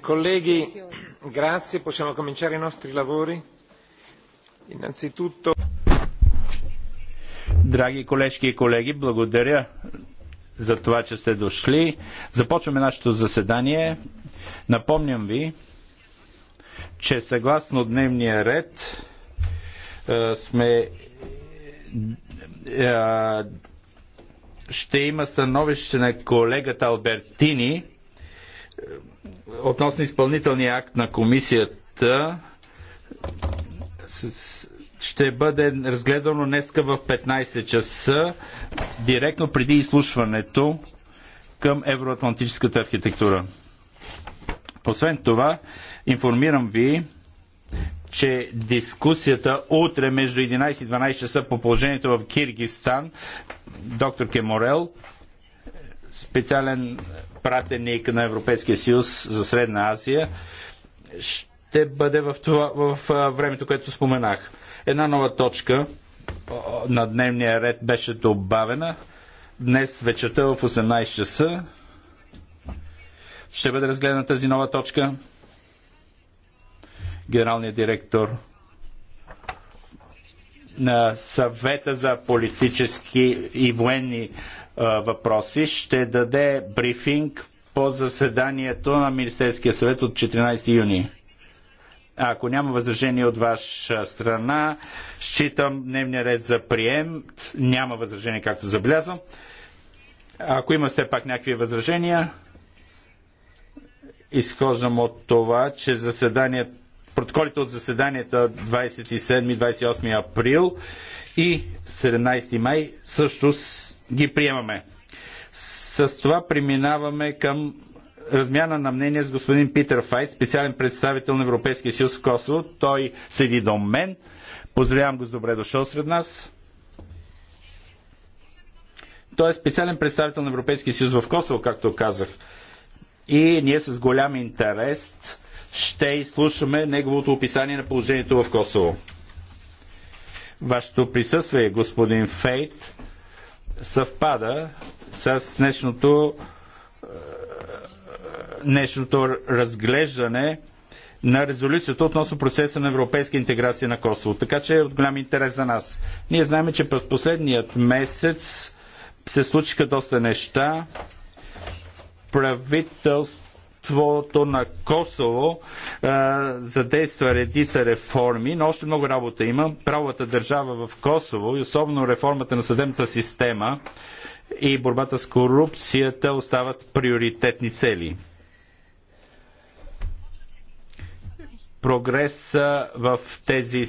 Colleghi, grazie, possiamo cominciare i nostri lavori. Innanzitutto... Драги колежки и колеги, благодаря за това, че сте дошли. Започваме нашето заседание. Напомням ви, че съгласно дневния ред е, сме е, е, ще има становище на колегата Албертини относно изпълнителния акт на комисията ще бъде разгледано днеска в 15 часа, директно преди изслушването към евроатлантическата архитектура. Освен това, информирам ви, че дискусията утре между 11 и 12 часа по положението в Киргизстан, доктор Кеморел, специален пратеник на Европейския съюз за Средна Азия, ще бъде в, това, в времето, което споменах. Една нова точка на дневния ред беше добавена. Днес вечерта в 18 часа ще бъде разгледана тази нова точка. Генералният директор на съвета за политически и военни въпроси ще даде брифинг по заседанието на Министерския съвет от 14 юни. Ако няма възражение от ваша страна, считам дневния ред за прием. Няма възражение, както забелязвам. Ако има все пак някакви възражения, изхождам от това, че заседанието протоколите от заседанията 27-28 април и 17 май също ги приемаме. С това преминаваме към размяна на мнение с господин Питър Файт, специален представител на Европейския съюз в Косово. Той седи до мен. Поздравявам го с добре дошъл сред нас. Той е специален представител на Европейския съюз в Косово, както казах. И ние с голям интерес ще изслушаме неговото описание на положението в Косово. Вашето присъствие, господин Фейт, съвпада с днешното, е, днешното разглеждане на резолюцията относно процеса на европейска интеграция на Косово. Така че е от голям интерес за нас. Ние знаем, че през последният месец се случиха доста неща. Правителството правителството на Косово а, е, задейства редица реформи, но още много работа има. Правовата държава в Косово и особено реформата на съдебната система и борбата с корупцията остават приоритетни цели. Прогрес в тези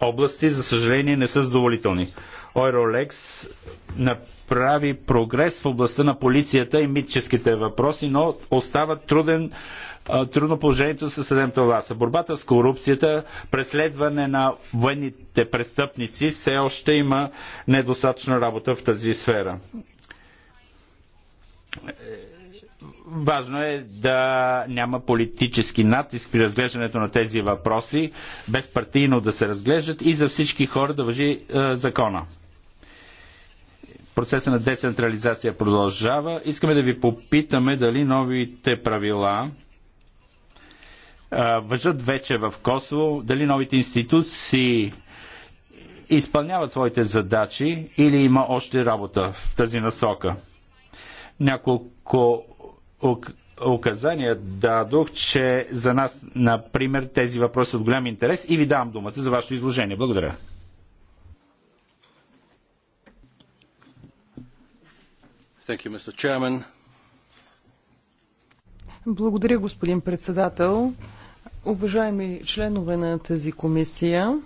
области, за съжаление, не са задоволителни. Ойролекс направи прогрес в областта на полицията и митческите въпроси, но остава труден трудно положението със съдебната власт. Борбата с корупцията, преследване на военните престъпници, все още има недостатъчна работа в тази сфера. Важно е да няма политически натиск при разглеждането на тези въпроси, безпартийно да се разглеждат и за всички хора да въжи е, закона. Процесът на децентрализация продължава. Искаме да ви попитаме дали новите правила въжат вече в Косово, дали новите институции изпълняват своите задачи или има още работа в тази насока. Няколко указания дадох, че за нас, например, тези въпроси от голям интерес и ви давам думата за вашето изложение. Благодаря. Благодаря, господин председател. Уважаеми членове на тази комисия,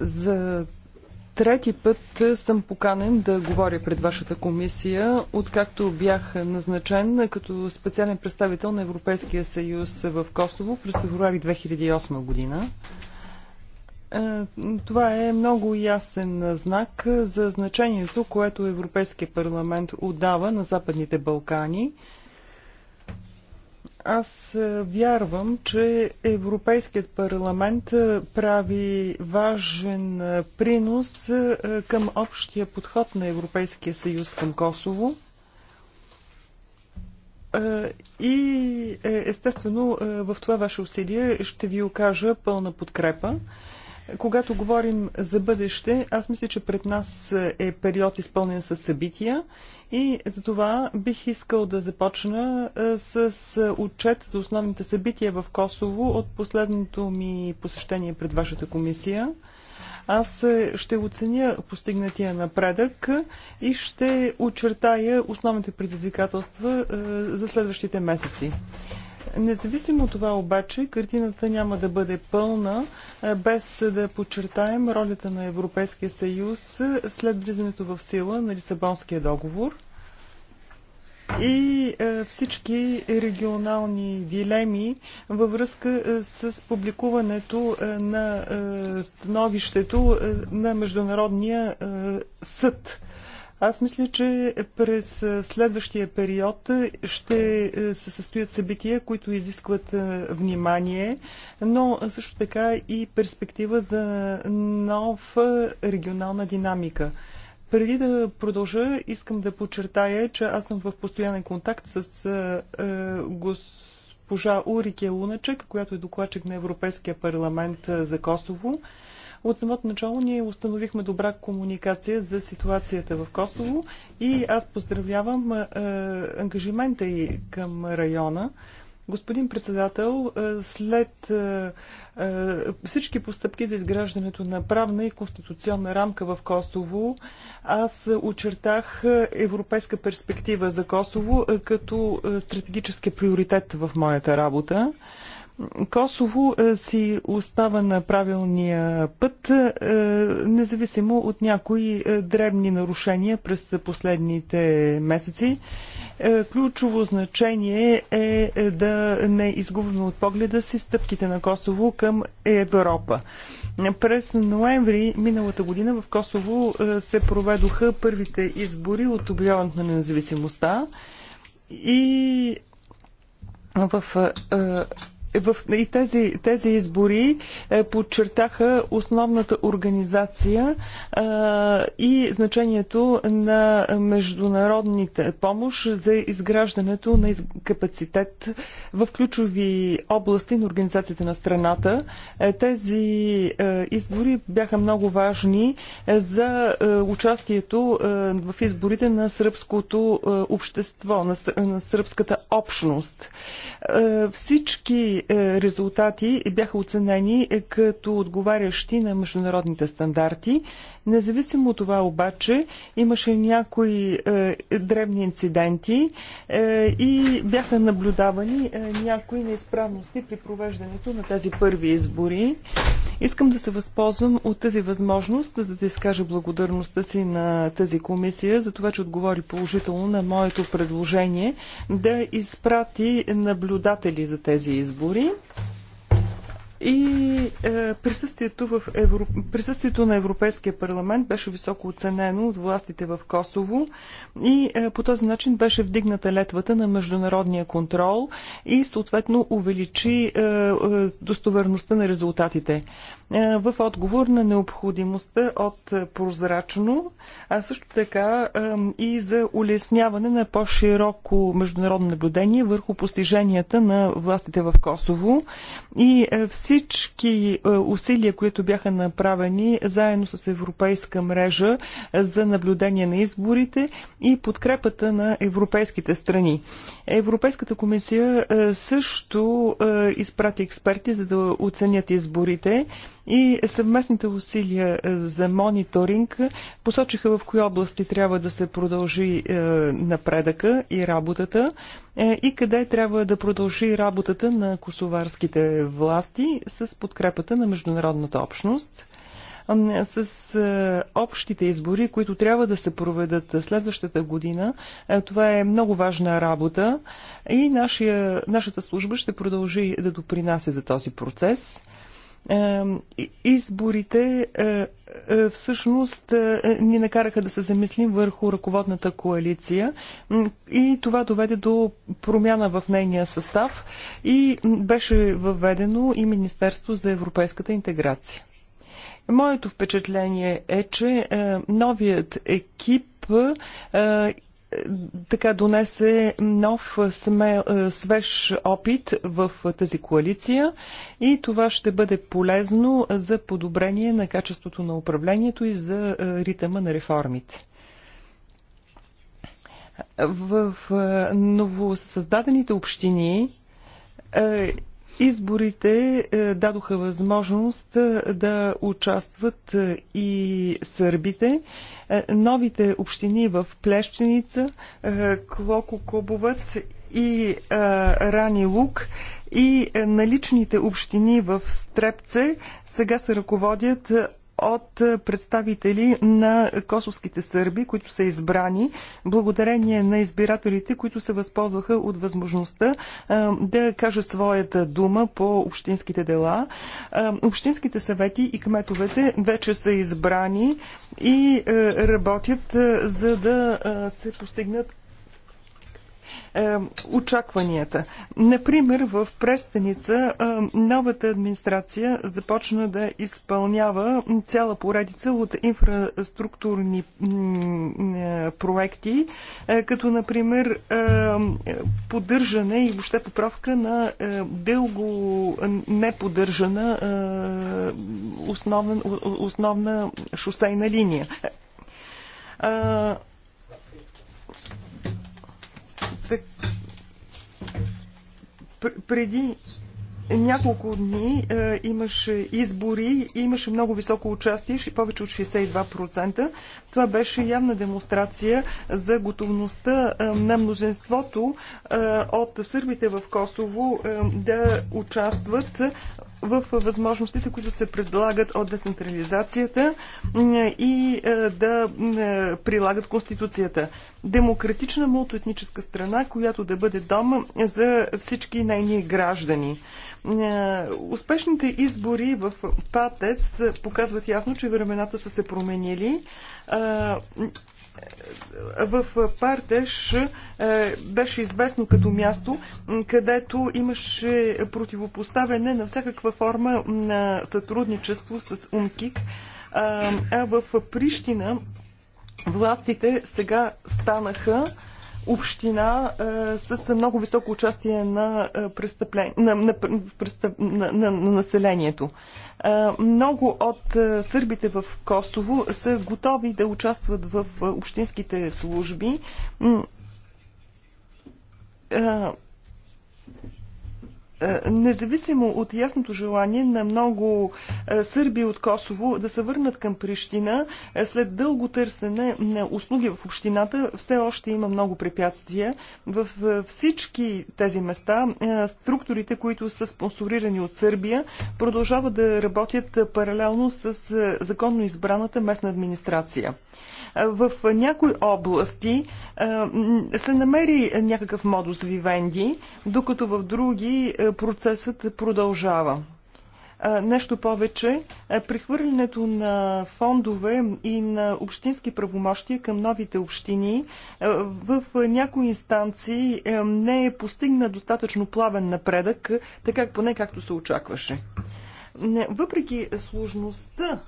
за трети път съм поканен да говоря пред вашата комисия, откакто бях назначен като специален представител на Европейския съюз в Косово през февруари 2008 година. Е, това е много ясен знак за значението, което Европейския парламент отдава на Западните Балкани. Аз е, вярвам, че Европейският парламент е, прави важен принос към общия подход на Европейския съюз към Косово и естествено в това ваше усилие ще ви окажа пълна подкрепа. Когато говорим за бъдеще, аз мисля, че пред нас е период изпълнен с събития и за това бих искал да започна с отчет за основните събития в Косово от последното ми посещение пред вашата комисия. Аз ще оценя постигнатия напредък и ще очертая основните предизвикателства за следващите месеци. Независимо от това обаче, картината няма да бъде пълна, без да подчертаем ролята на Европейския съюз след влизането в сила на Лисабонския договор и всички регионални дилеми във връзка с публикуването на становището на Международния съд аз мисля, че през следващия период ще се състоят събития, които изискват внимание, но също така и перспектива за нова регионална динамика. Преди да продължа, искам да подчертая, че аз съм в постоянен контакт с госпожа Урике Луначек, която е докладчик на Европейския парламент за Косово. От самото начало ние установихме добра комуникация за ситуацията в Косово и аз поздравявам е, ангажимента и към района. Господин председател, е, след е, е, всички постъпки за изграждането на правна и конституционна рамка в Косово, аз очертах европейска перспектива за Косово като стратегически приоритет в моята работа. Косово е, си остава на правилния път, е, независимо от някои е, дребни нарушения през последните месеци. Ключово значение е да не изгубим от погледа си стъпките на Косово към Европа. През ноември миналата година в Косово се проведоха първите избори от обявяването на независимостта и в е, в, и тези, тези избори е, подчертаха основната организация е, и значението на международните помощ за изграждането на из, капацитет в ключови области на организацията на страната. Е, тези е, избори бяха много важни е, за е, участието е, в изборите на сръбското е, общество, на, на сръбската общност. Е, всички е, резултати бяха оценени е, като отговарящи на международните стандарти. Независимо от това обаче, имаше някои е, древни инциденти е, и бяха наблюдавани е, някои неизправности при провеждането на тези първи избори. Искам да се възползвам от тази възможност, за да изкажа благодарността си на тази комисия за това, че отговори положително на моето предложение да изпрати наблюдатели за тези избори. И е, присъствието, в Евро... присъствието на Европейския парламент беше високо оценено от властите в Косово и е, по този начин беше вдигната летвата на международния контрол и съответно увеличи е, е, достоверността на резултатите. Е, в отговор на необходимостта от прозрачно, а също така е, и за улесняване на по-широко международно наблюдение върху постиженията на властите в Косово и е, всички е, усилия, които бяха направени заедно с Европейска мрежа е, за наблюдение на изборите и подкрепата на европейските страни. Европейската комисия е, също изпрати експерти, за да оценят изборите и съвместните усилия за мониторинг посочиха в кои области трябва да се продължи напредъка и работата. Е, и къде трябва да продължи работата на косоварските власти с подкрепата на международната общност с е, общите избори, които трябва да се проведат следващата година. Е, това е много важна работа и нашия, нашата служба ще продължи да допринася за този процес изборите е, е, всъщност е, ни накараха да се замислим върху ръководната коалиция и това доведе до промяна в нейния състав и беше въведено и Министерство за европейската интеграция. Моето впечатление е, че новият екип така донесе нов сме, е, свеж опит в тази коалиция и това ще бъде полезно за подобрение на качеството на управлението и за е, ритъма на реформите. В е, новосъздадените общини Изборите е, дадоха възможност е, да участват е, и сърбите. Новите общини в Плещеница, Клоко Кобовец и Рани Лук и наличните общини в Стрепце сега се ръководят от представители на косовските сърби, които са избрани, благодарение на избирателите, които се възползваха от възможността да кажат своята дума по общинските дела. Общинските съвети и кметовете вече са избрани и работят за да се постигнат е, очакванията. Например, в Престеница е, новата администрация започна да изпълнява цяла поредица от инфраструктурни е, проекти, е, като например е, поддържане и въобще поправка на е, дълго неподдържана е, основна, основна шосейна линия. Е, Преди няколко дни е, имаше избори, и имаше много високо участие, повече от 62%. Това беше явна демонстрация за готовността е, на мнозинството е, от сърбите в Косово е, да участват в възможностите, които се предлагат от децентрализацията и е, да е, прилагат Конституцията. Демократична мултоетническа страна, която да бъде дом за всички нейни граждани. Е, успешните избори в ПАТЕС показват ясно, че времената са се променили в Партеш е, беше известно като място, където имаше противопоставяне на всякаква форма на сътрудничество с УМКИК, е, а в Прищина властите сега станаха община е, с много високо участие на, е, престъплен... на, на, престъп... на, на, на населението. Е, много от сърбите в Косово са готови да участват в общинските служби е, независимо от ясното желание на много е, сърби от Косово да се върнат към Прищина, е, след дълго търсене на услуги в общината все още има много препятствия. В всички тези места структурите, които са спонсорирани от Сърбия, продължават да работят паралелно с законно избраната местна администрация. В някои области се намери някакъв модус вивенди, докато в други процесът продължава. Нещо повече, прехвърлянето на фондове и на общински правомощия към новите общини в някои инстанции не е постигна достатъчно плавен напредък, така поне както се очакваше. Въпреки сложността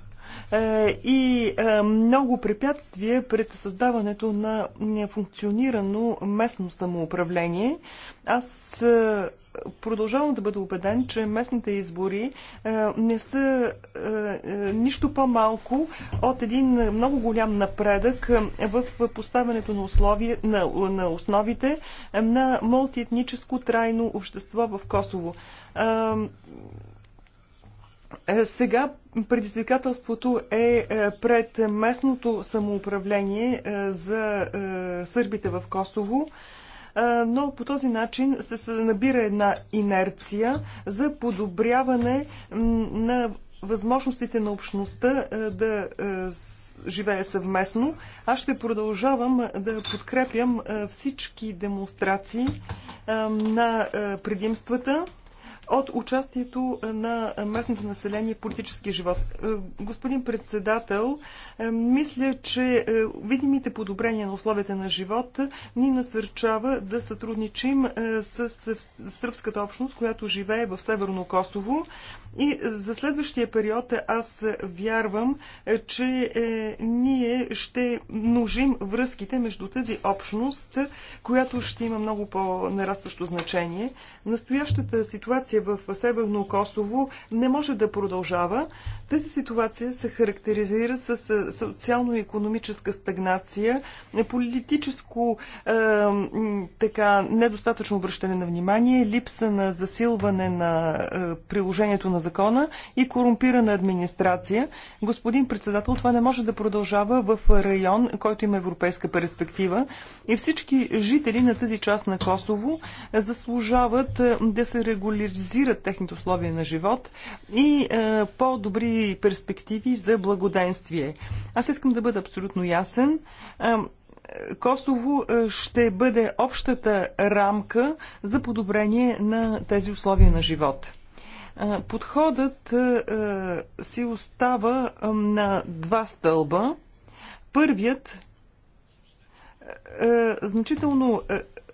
и много препятствия пред създаването на функционирано местно самоуправление. Аз продължавам да бъда убеден, че местните избори е, не са е, е, нищо по-малко от един много голям напредък в поставянето на, условие, на, на основите на мултиетническо трайно общество в Косово. Сега предизвикателството е пред местното самоуправление за сърбите в Косово но по този начин се набира една инерция за подобряване на възможностите на общността да живее съвместно. Аз ще продължавам да подкрепям всички демонстрации на предимствата от участието на местното население в политическия живот. Е, господин председател, е, мисля, че е, видимите подобрения на условията на живот ни насърчава да сътрудничим с сръбската общност, която живее в Северно Косово. И за следващия период аз вярвам, че ние ще множим връзките между тази общност, която ще има много по-нарастващо значение. Настоящата ситуация ситуация в Северно Косово не може да продължава. Тази ситуация се характеризира с социално-економическа стагнация, политическо е, така, недостатъчно обръщане на внимание, липса на засилване на е, приложението на закона и корумпирана администрация. Господин председател, това не може да продължава в район, който има европейска перспектива и всички жители на тази част на Косово заслужават да се регулиз оптимизират техните условия на живот и е, по-добри перспективи за благоденствие. Аз искам да бъда абсолютно ясен. Е, Косово е, ще бъде общата рамка за подобрение на тези условия на живот. Е, подходът си остава на два стълба. Първият значително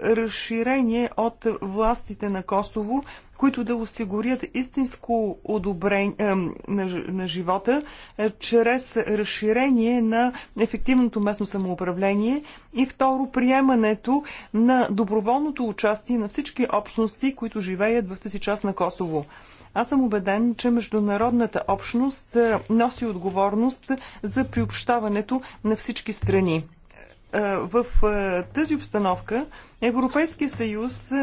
разширение от властите на Косово които да осигурят истинско одобрение е, на, на живота е, чрез разширение на ефективното местно самоуправление и второ приемането на доброволното участие на всички общности, които живеят в тази част на Косово. Аз съм убеден, че международната общност е, носи отговорност за приобщаването на всички страни. Е, в е, тази обстановка Европейския съюз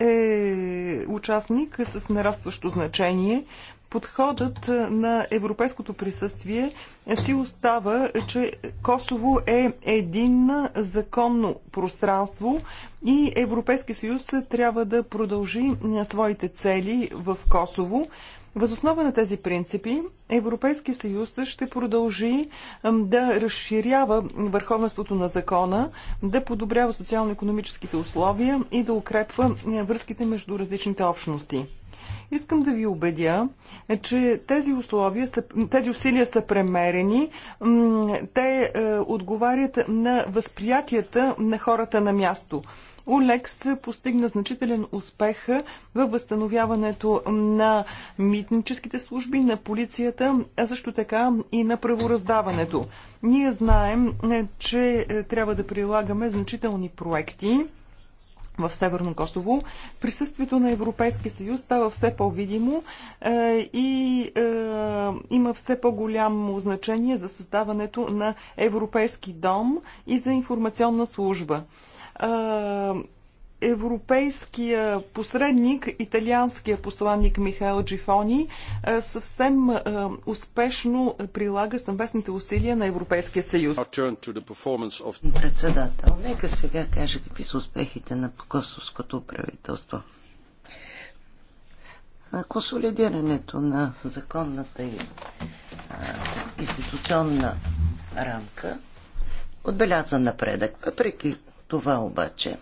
е участник с нарастващо значение. Подходът на европейското присъствие си остава, че Косово е един законно пространство и Европейски съюз трябва да продължи своите цели в Косово. Възоснова на тези принципи Европейски съюз ще продължи да разширява върховенството на закона, да подобрява социално-економическите условия и да укрепва е, връзките между различните общности. Искам да ви убедя, е, че тези, условия са, тези усилия са премерени. Те е, отговарят на възприятията на хората на място. Олекс постигна значителен успех във възстановяването на митническите служби, на полицията, а също така и на правораздаването. Ние знаем, че е, трябва да прилагаме значителни проекти в Северно Косово. Присъствието на Европейския съюз става все по-видимо е, и е, има все по-голямо значение за създаването на Европейски дом и за информационна служба европейския посредник, италианския посланник Михаил Джифони, съвсем успешно прилага съвместните усилия на Европейския съюз. Председател, нека сега кажа какви са успехите на косовското правителство. Консолидирането на законната и институционна рамка отбеляза напредък, въпреки това обаче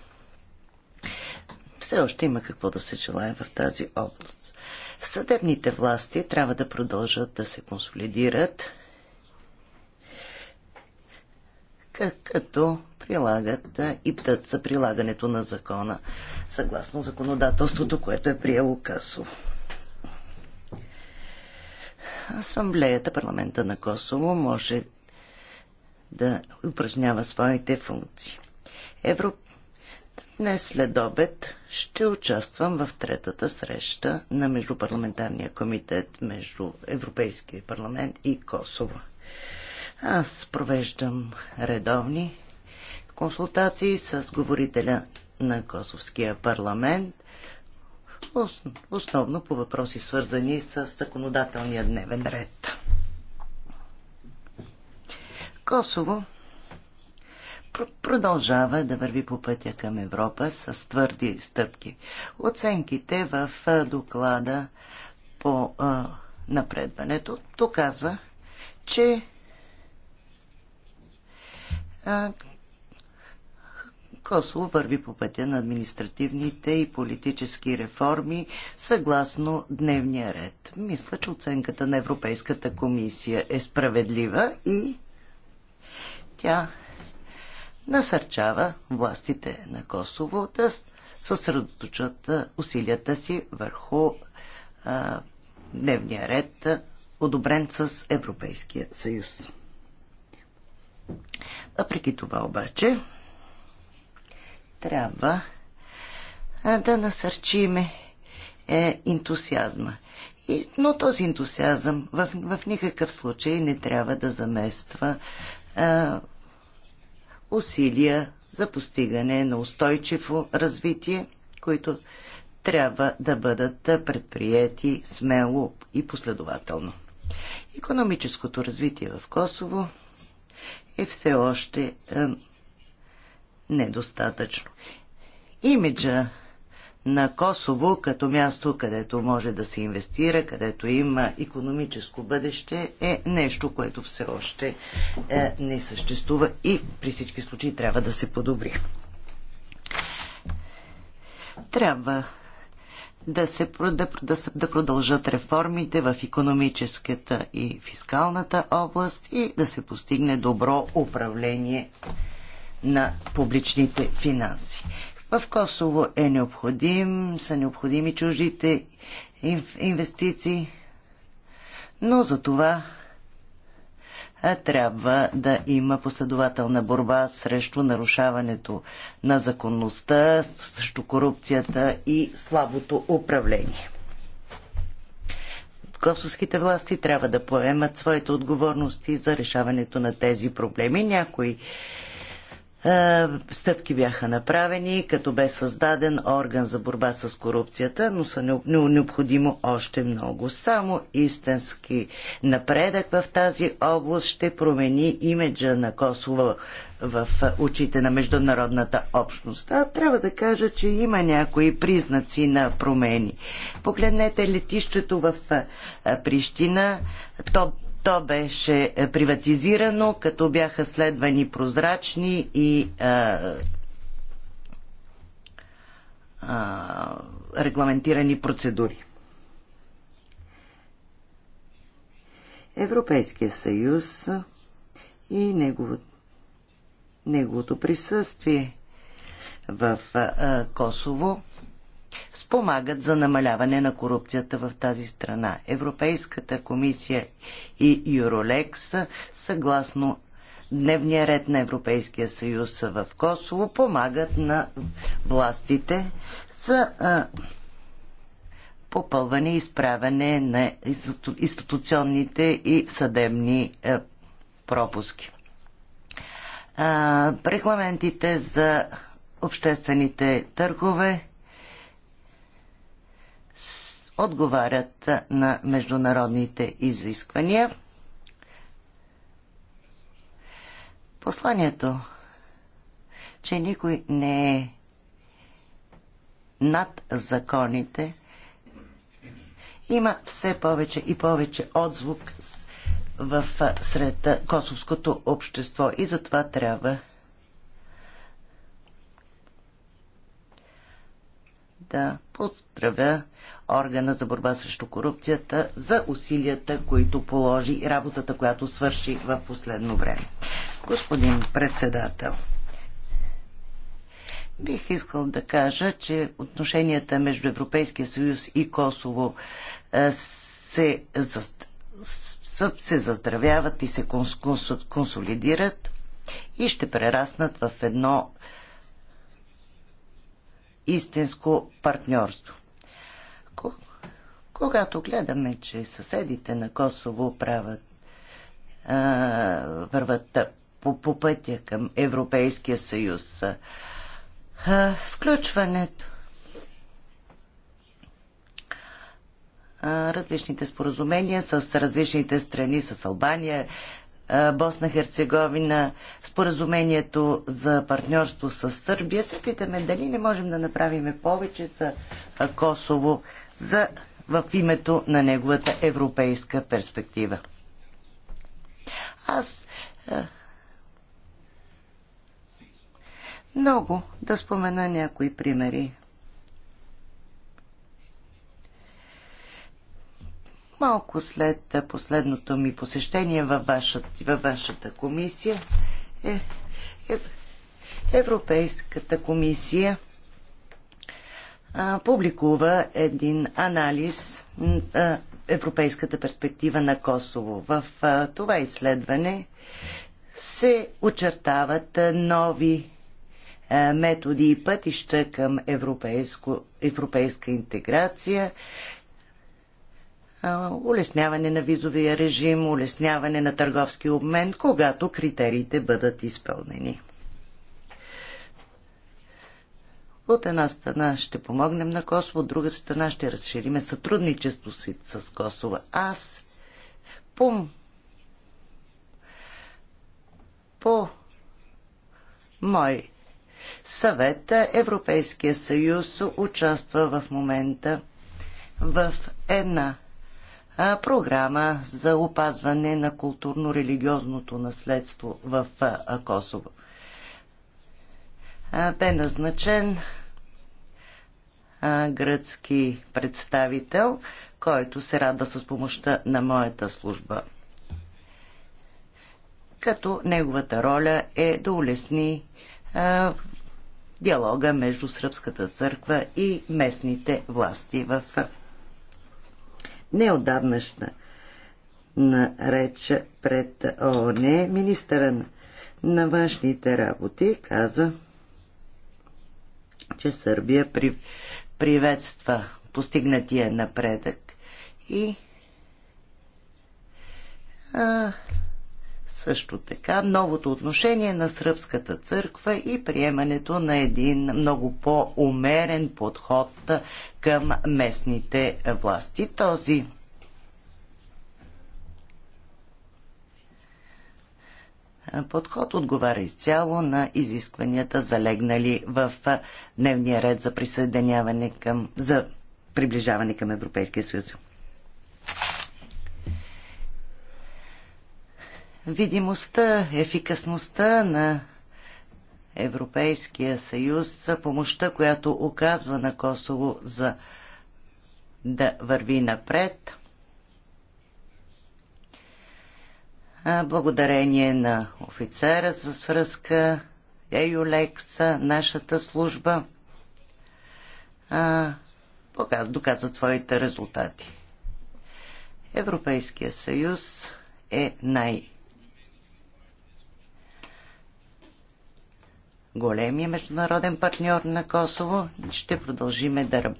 все още има какво да се желая в тази област. Съдебните власти трябва да продължат да се консолидират, като прилагат и птат за прилагането на закона, съгласно законодателството, което е приело касо. Асамблеята, парламента на Косово, може да упражнява своите функции. Европ... Днес след обед ще участвам в третата среща на Междупарламентарния комитет между Европейския парламент и Косово. Аз провеждам редовни консултации с говорителя на Косовския парламент, основно по въпроси свързани с законодателния дневен ред. Косово продължава да върви по пътя към Европа с твърди стъпки. Оценките в доклада по напредването доказва, че Косово върви по пътя на административните и политически реформи съгласно дневния ред. Мисля, че оценката на Европейската комисия е справедлива и тя насърчава властите на Косово да съсредоточат усилията си върху а, дневния ред, одобрен с Европейския съюз. Въпреки това обаче, трябва да насърчиме е, ентусиазма. И, но този ентусиазъм в, в никакъв случай не трябва да замества усилия за постигане на устойчиво развитие, които трябва да бъдат предприяти смело и последователно. Економическото развитие в Косово е все още е, недостатъчно. Имиджа на Косово като място, където може да се инвестира, където има економическо бъдеще, е нещо, което все още е, не съществува и при всички случаи трябва да се подобри. Трябва да, се, да, да, да продължат реформите в економическата и фискалната област и да се постигне добро управление на публичните финанси. В Косово е необходим, са необходими чуждите инвестиции, но за това трябва да има последователна борба срещу нарушаването на законността, срещу корупцията и слабото управление. Косовските власти трябва да поемат своите отговорности за решаването на тези проблеми. Някои е, стъпки бяха направени, като бе създаден орган за борба с корупцията, но са необходимо още много. Само истински напредък в тази област ще промени имиджа на Косово в очите на международната общност. А трябва да кажа, че има някои признаци на промени. Погледнете летището в е, Прищина. То то беше е, приватизирано, като бяха следвани прозрачни и а, е, а, е, регламентирани процедури. Европейския съюз и неговото, неговото присъствие в а, Косово спомагат за намаляване на корупцията в тази страна. Европейската комисия и Юролекс, съгласно дневния ред на Европейския съюз в Косово, помагат на властите за попълване и изправяне на институционните и съдебни пропуски. регламентите за обществените търгове отговарят на международните изисквания. Посланието, че никой не е над законите, има все повече и повече отзвук в сред косовското общество и затова трябва да поздравя органа за борба срещу корупцията за усилията, които положи и работата, която свърши в последно време. Господин председател, бих искал да кажа, че отношенията между Европейския съюз и Косово е, се, се заздравяват и се консолидират и ще прераснат в едно истинско партньорство. Когато гледаме, че съседите на Косово правят, а, върват по, по пътя към Европейския съюз, а, включването различните споразумения с различните страни, с Албания, Босна Херцеговина, споразумението за партньорство с Сърбия, се питаме дали не можем да направим повече за Косово за, в името на неговата европейска перспектива. Аз много да спомена някои примери. Малко след последното ми посещение във вашата, във вашата комисия, е, е, Европейската комисия а, публикува един анализ а, Европейската перспектива на Косово. В а, това изследване се очертават нови методи и пътища към европейско, европейска интеграция, улесняване на визовия режим, улесняване на търговски обмен, когато критериите бъдат изпълнени. От една страна ще помогнем на Косово, от друга страна ще разшириме сътрудничество си с Косово. Аз пум по мой съвет Европейския съюз участва в момента в една програма за опазване на културно-религиозното наследство в Косово. Бе назначен гръцки представител, който се радва с помощта на моята служба. Като неговата роля е да улесни а, диалога между Сръбската църква и местните власти в неодавнашна на пред ООН, министъра на, на външните работи каза, че Сърбия при, приветства постигнатия напредък и а, също така новото отношение на Сръбската църква и приемането на един много по-умерен подход към местните власти. Този подход отговаря изцяло на изискванията, залегнали в дневния ред за присъединяване към, за приближаване към Европейския съюз. видимостта, ефикасността на Европейския съюз за помощта, която оказва на Косово за да върви напред. Благодарение на офицера с връзка, Еюлекса, нашата служба, Доказва своите резултати. Европейския съюз е най- големия международен партньор на Косово. Ще продължиме да,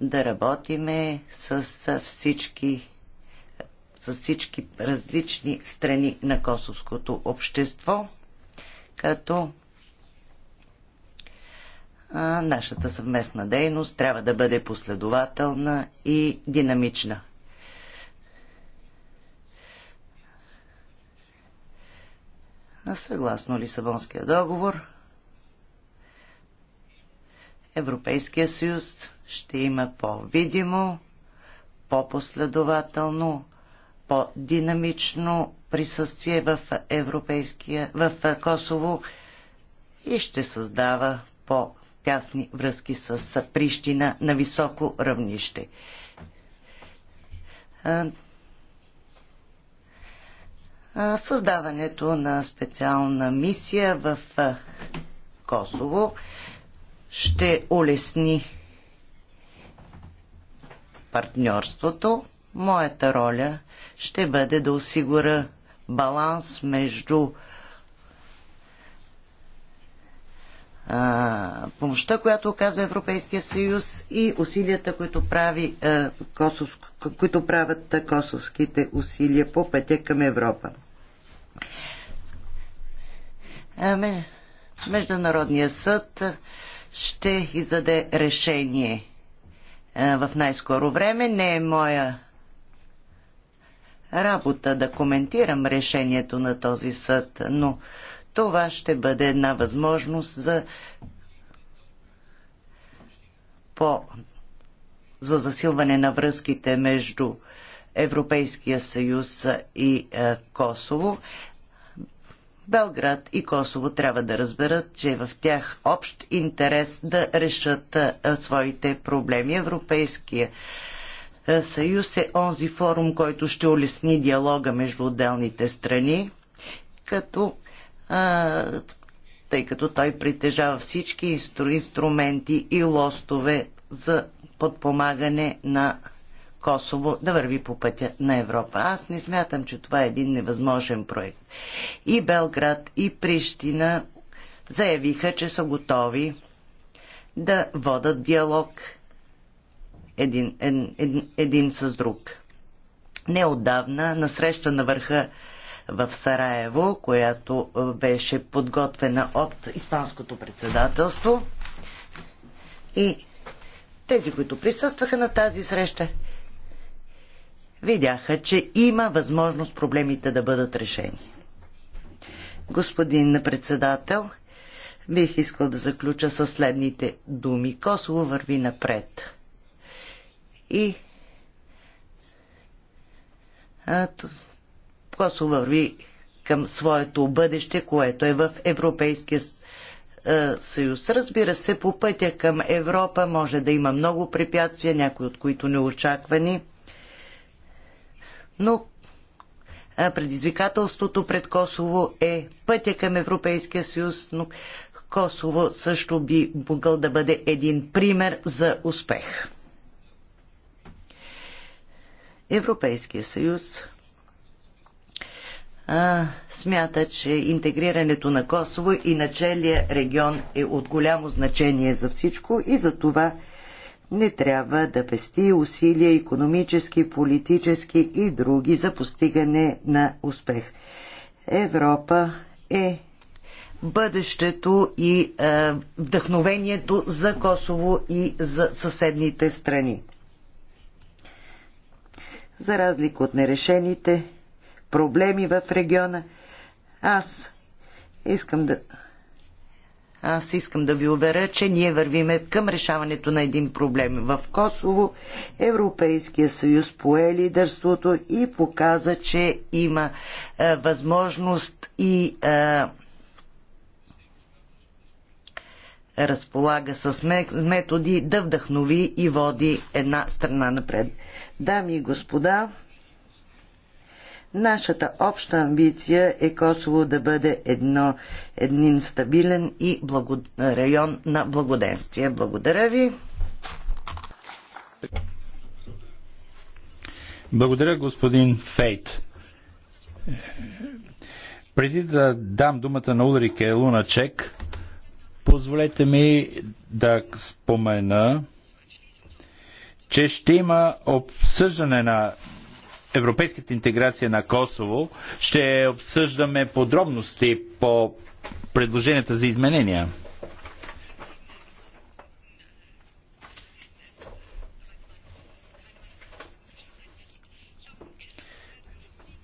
да работиме с, всички с всички различни страни на косовското общество, като а, нашата съвместна дейност трябва да бъде последователна и динамична. съгласно Лисабонския договор, Европейския съюз ще има по-видимо, по-последователно, по-динамично присъствие в, европейския, в Косово и ще създава по-тясни връзки с Прищина на високо равнище създаването на специална мисия в Косово ще улесни партньорството. Моята роля ще бъде да осигуря баланс между помощта, която оказва Европейския съюз и усилията, които, прави, които правят косовските усилия по пътя към Европа. Международния съд ще издаде решение в най-скоро време. Не е моя работа да коментирам решението на този съд, но това ще бъде една възможност за по за засилване на връзките между Европейския съюз и е, Косово. Белград и Косово трябва да разберат, че е в тях общ интерес да решат е, своите проблеми. Европейския е, съюз е онзи форум, който ще улесни диалога между отделните страни, като тъй като той притежава всички инстру, инструменти и лостове за подпомагане на Косово да върви по пътя на Европа. Аз не смятам, че това е един невъзможен проект. И Белград, и Прищина заявиха, че са готови да водат диалог един, един, един, един с друг. Неодавна на среща на върха в Сараево, която е, беше подготвена от Испанското председателство. И тези, които присъстваха на тази среща, видяха, че има възможност проблемите да бъдат решени. Господин председател, бих искал да заключа със следните думи. Косово върви напред. И а, Косово върви към своето бъдеще, което е в Европейския е, съюз. Разбира се, по пътя към Европа може да има много препятствия, някои от които неочаквани, но предизвикателството пред Косово е пътя към Европейския съюз, но Косово също би могъл да бъде един пример за успех. Европейския съюз а, смята, че интегрирането на Косово и на целия регион е от голямо значение за всичко и за това не трябва да пести усилия економически, политически и други за постигане на успех. Европа е бъдещето и е, вдъхновението за Косово и за съседните страни. За разлика от нерешените проблеми в региона. Аз искам да. Аз искам да ви уверя, че ние вървиме към решаването на един проблем. В Косово Европейския съюз пое лидерството и показа, че има е, възможност и е, разполага с методи да вдъхнови и води една страна напред. Дами и господа, Нашата обща амбиция е Косово да бъде едно, един стабилен и благо, район на благоденствие. Благодаря ви. Благодаря, господин Фейт. Преди да дам думата на Улрике Луначек, позволете ми да спомена, че ще има обсъждане на европейската интеграция на Косово ще обсъждаме подробности по предложенията за изменения.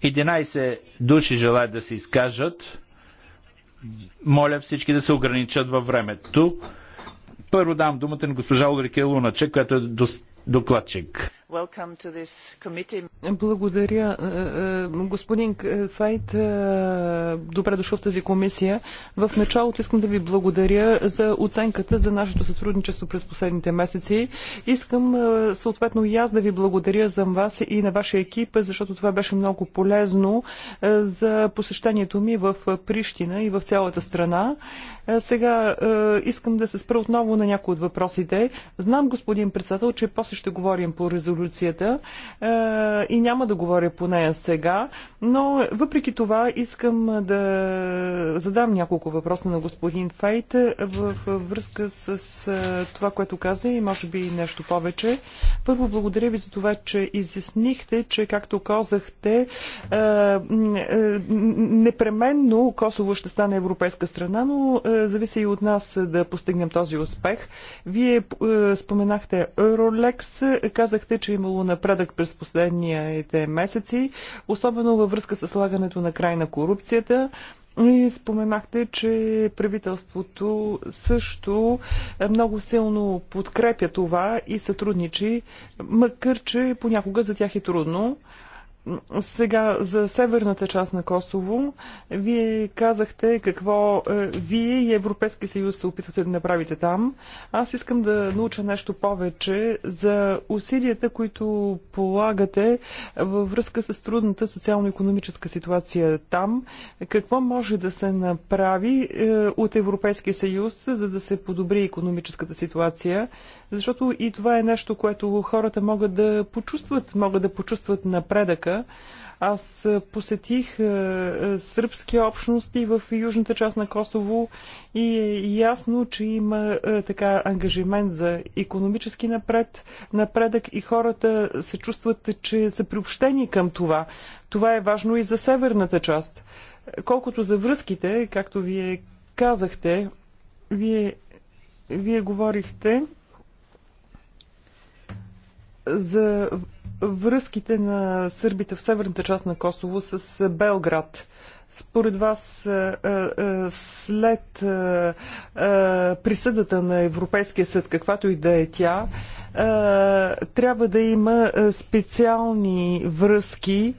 Единайсе души желаят да се изкажат. Моля всички да се ограничат във времето. Първо дам думата на госпожа Улрике Луначе, която е докладчик. Благодаря, е, е, господин Файт. Е, добре дошъл в тази комисия. В началото искам да ви благодаря за оценката за нашето сътрудничество през последните месеци. Искам съответно и аз да ви благодаря за вас и на вашия екип, защото това беше много полезно за посещението ми в Прищина и в цялата страна. Е, сега е, искам да се спра отново на някои от въпросите. Знам, господин председател, че после ще говорим по резолюцията е, и няма да говоря по нея сега, но въпреки това искам да задам няколко въпроса на господин Фейт в връзка с това, което каза и може би нещо повече. Първо, благодаря ви за това, че изяснихте, че, както казахте, непременно Косово ще стане европейска страна, но е, зависи и от нас е, да постигнем този успех. Вие е, споменахте Eurolex, казахте, че имало напредък през последните месеци, особено във връзка с слагането на край на корупцията. И споменахте, че правителството също много силно подкрепя това и сътрудничи, макар че понякога за тях е трудно. Сега, за северната част на Косово, вие казахте какво е, вие и Европейския съюз се опитвате да направите там. Аз искам да науча нещо повече за усилията, които полагате във връзка с трудната социално-економическа ситуация там. Какво може да се направи е, от Европейския съюз, за да се подобри економическата ситуация? защото и това е нещо, което хората могат да почувстват, могат да почувстват напредъка. Аз посетих сръбски общности в южната част на Косово и е ясно, че има така ангажимент за економически напред, напредък и хората се чувстват, че са приобщени към това. Това е важно и за северната част. Колкото за връзките, както вие казахте, вие, вие говорихте за връзките на сърбите в северната част на Косово с Белград. Според вас, след присъдата на Европейския съд, каквато и да е тя, трябва да има специални връзки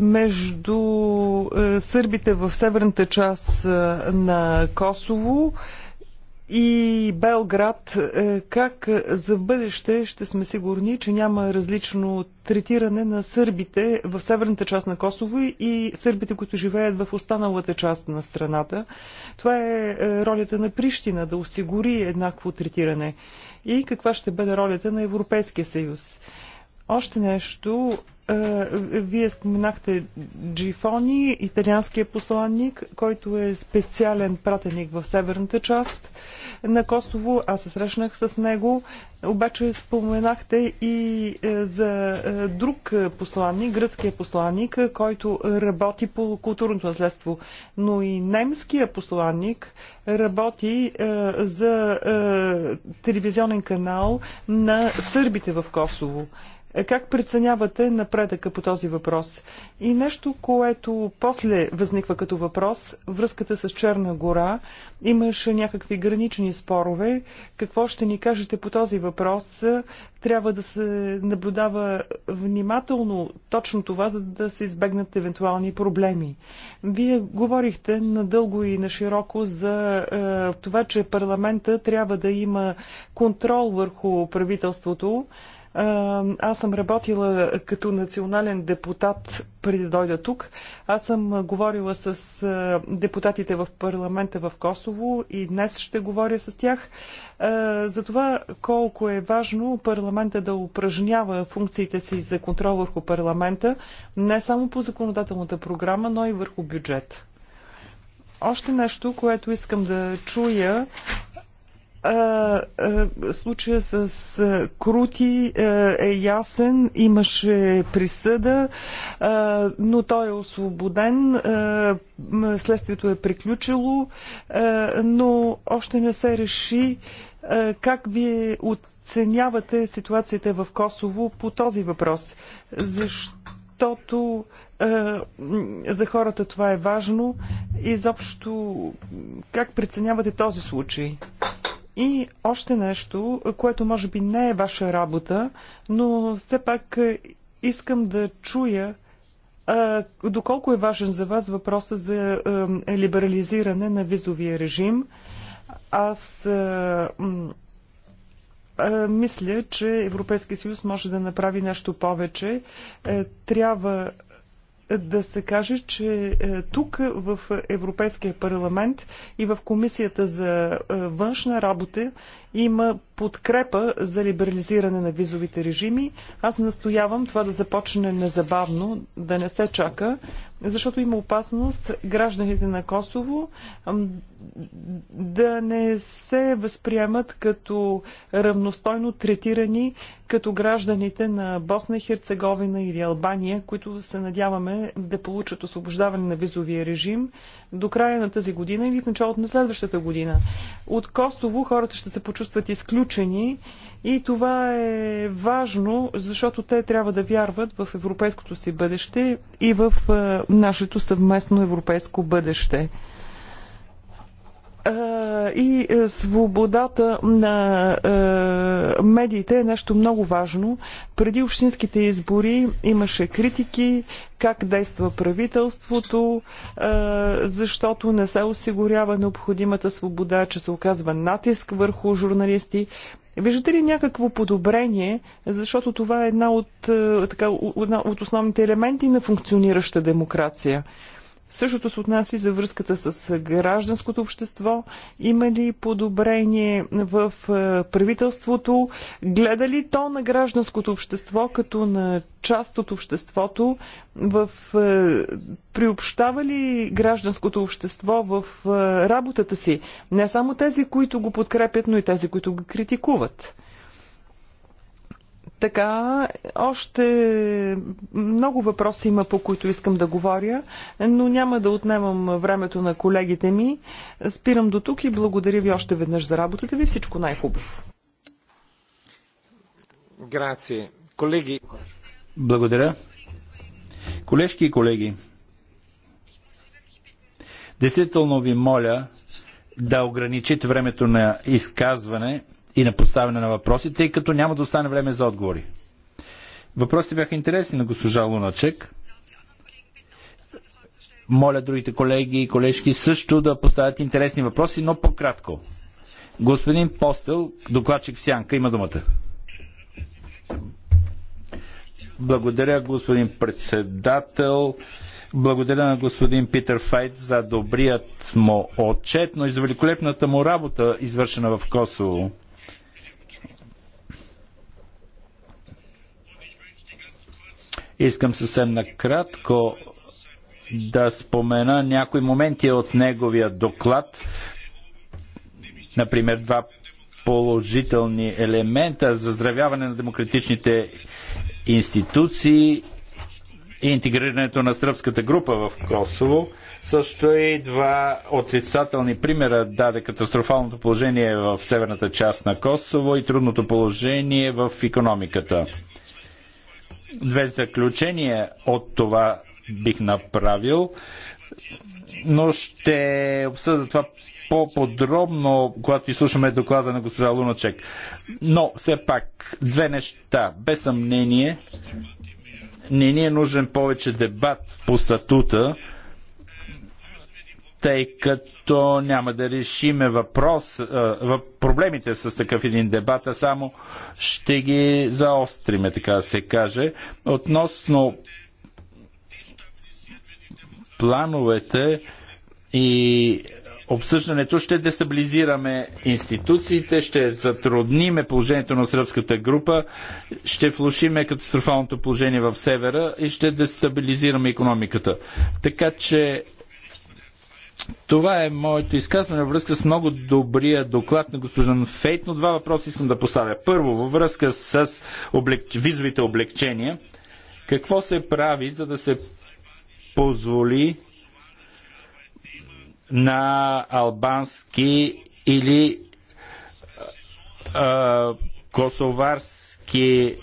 между сърбите в северната част на Косово и Белград, е, как за бъдеще ще сме сигурни, че няма различно третиране на сърбите в северната част на Косово и сърбите, които живеят в останалата част на страната. Това е, е ролята на Прищина да осигури еднакво третиране. И каква ще бъде ролята на Европейския съюз? Още нещо вие споменахте Джифони, италианския посланник, който е специален пратеник в северната част на Косово. Аз се срещнах с него. Обаче споменахте и е, за е, друг посланник, гръцкия посланник, който работи по културното наследство. Но и немския посланник работи е, за телевизионен канал на сърбите в Косово. Е, как преценявате напредъка по този въпрос? И нещо, което после възниква като въпрос, връзката с Черна гора, имаше някакви гранични спорове. Какво ще ни кажете по този въпрос? Трябва да се наблюдава внимателно точно това, за да се избегнат евентуални проблеми. Вие говорихте надълго и на широко за е, това, че парламента трябва да има контрол върху правителството. Аз съм работила като национален депутат преди да дойда тук. Аз съм говорила с депутатите в парламента в Косово и днес ще говоря с тях за това колко е важно парламента да упражнява функциите си за контрол върху парламента, не само по законодателната програма, но и върху бюджет. Още нещо, което искам да чуя случая с Крути е ясен, имаше присъда, но той е освободен, следствието е приключило, но още не се реши как вие оценявате ситуацията в Косово по този въпрос? Защото за хората това е важно. Изобщо, как преценявате този случай? И още нещо, което може би не е ваша работа, но все пак е, искам да чуя а, е, доколко е важен за вас въпроса за а, е, либерализиране на визовия режим. Аз а, мисля, че Европейския съюз може да направи нещо повече. Трябва да се каже, че е, тук в Европейския парламент и в Комисията за е, външна работа има подкрепа за либерализиране на визовите режими. Аз настоявам това да започне незабавно, да не се чака, защото има опасност гражданите на Косово да не се възприемат като равностойно третирани като гражданите на Босна и Херцеговина или Албания, които се надяваме да получат освобождаване на визовия режим до края на тази година или в началото на следващата година. От Косово хората ще се почувстват изключени и това е важно, защото те трябва да вярват в европейското си бъдеще и в е, нашето съвместно европейско бъдеще е, и е, свободата на медиите е нещо много важно. Преди общинските избори имаше критики как действа правителството, защото не се осигурява необходимата свобода, че се оказва натиск върху журналисти. Е, виждате ли някакво подобрение, защото това е една от, е, така, една от основните елементи на функционираща демокрация? Същото се отнася и за връзката с гражданското общество. Има ли подобрение в е, правителството? Гледа ли то на гражданското общество като на част от обществото? В, е, приобщава ли гражданското общество в е, работата си? Не само тези, които го подкрепят, но и тези, които го критикуват. Така, още много въпроси има, по които искам да говоря, но няма да отнемам времето на колегите ми. Спирам до тук и благодаря ви още веднъж за работата ви. Всичко най-хубаво. Грации. Колеги. Благодаря. Колежки и колеги, действително ви моля да ограничите времето на изказване и на поставяне на въпроси, тъй като няма да остане време за отговори. Въпросите бяха интересни на госпожа Луначек. Моля другите колеги и колежки също да поставят интересни въпроси, но по-кратко. Господин Постел, докладчик в Сянка, има думата. Благодаря, господин председател. Благодаря на господин Питер Файт за добрият му отчет, но и за великолепната му работа, извършена в Косово. Искам съвсем накратко да спомена някои моменти от неговия доклад. Например, два положителни елемента за здравяване на демократичните институции и интегрирането на сръбската група в Косово. Също и два отрицателни примера даде катастрофалното положение в северната част на Косово и трудното положение в економиката две заключения от това бих направил, но ще обсъда това по-подробно, когато изслушаме доклада на госпожа Луначек. Но все пак, две неща. Без съмнение, не ни е нужен повече дебат по статута, тъй като няма да решиме въпрос, проблемите с такъв един дебат, а само ще ги заостриме, така да се каже. Относно плановете и обсъждането ще дестабилизираме институциите, ще затрудниме положението на сръбската група, ще влушиме катастрофалното положение в севера и ще дестабилизираме економиката. Така че това е моето изказване във връзка с много добрия доклад на господин Фейт, но два въпроса искам да поставя. Първо, във връзка с облег... визовите облегчения, какво се прави, за да се позволи на албански или а, косоварски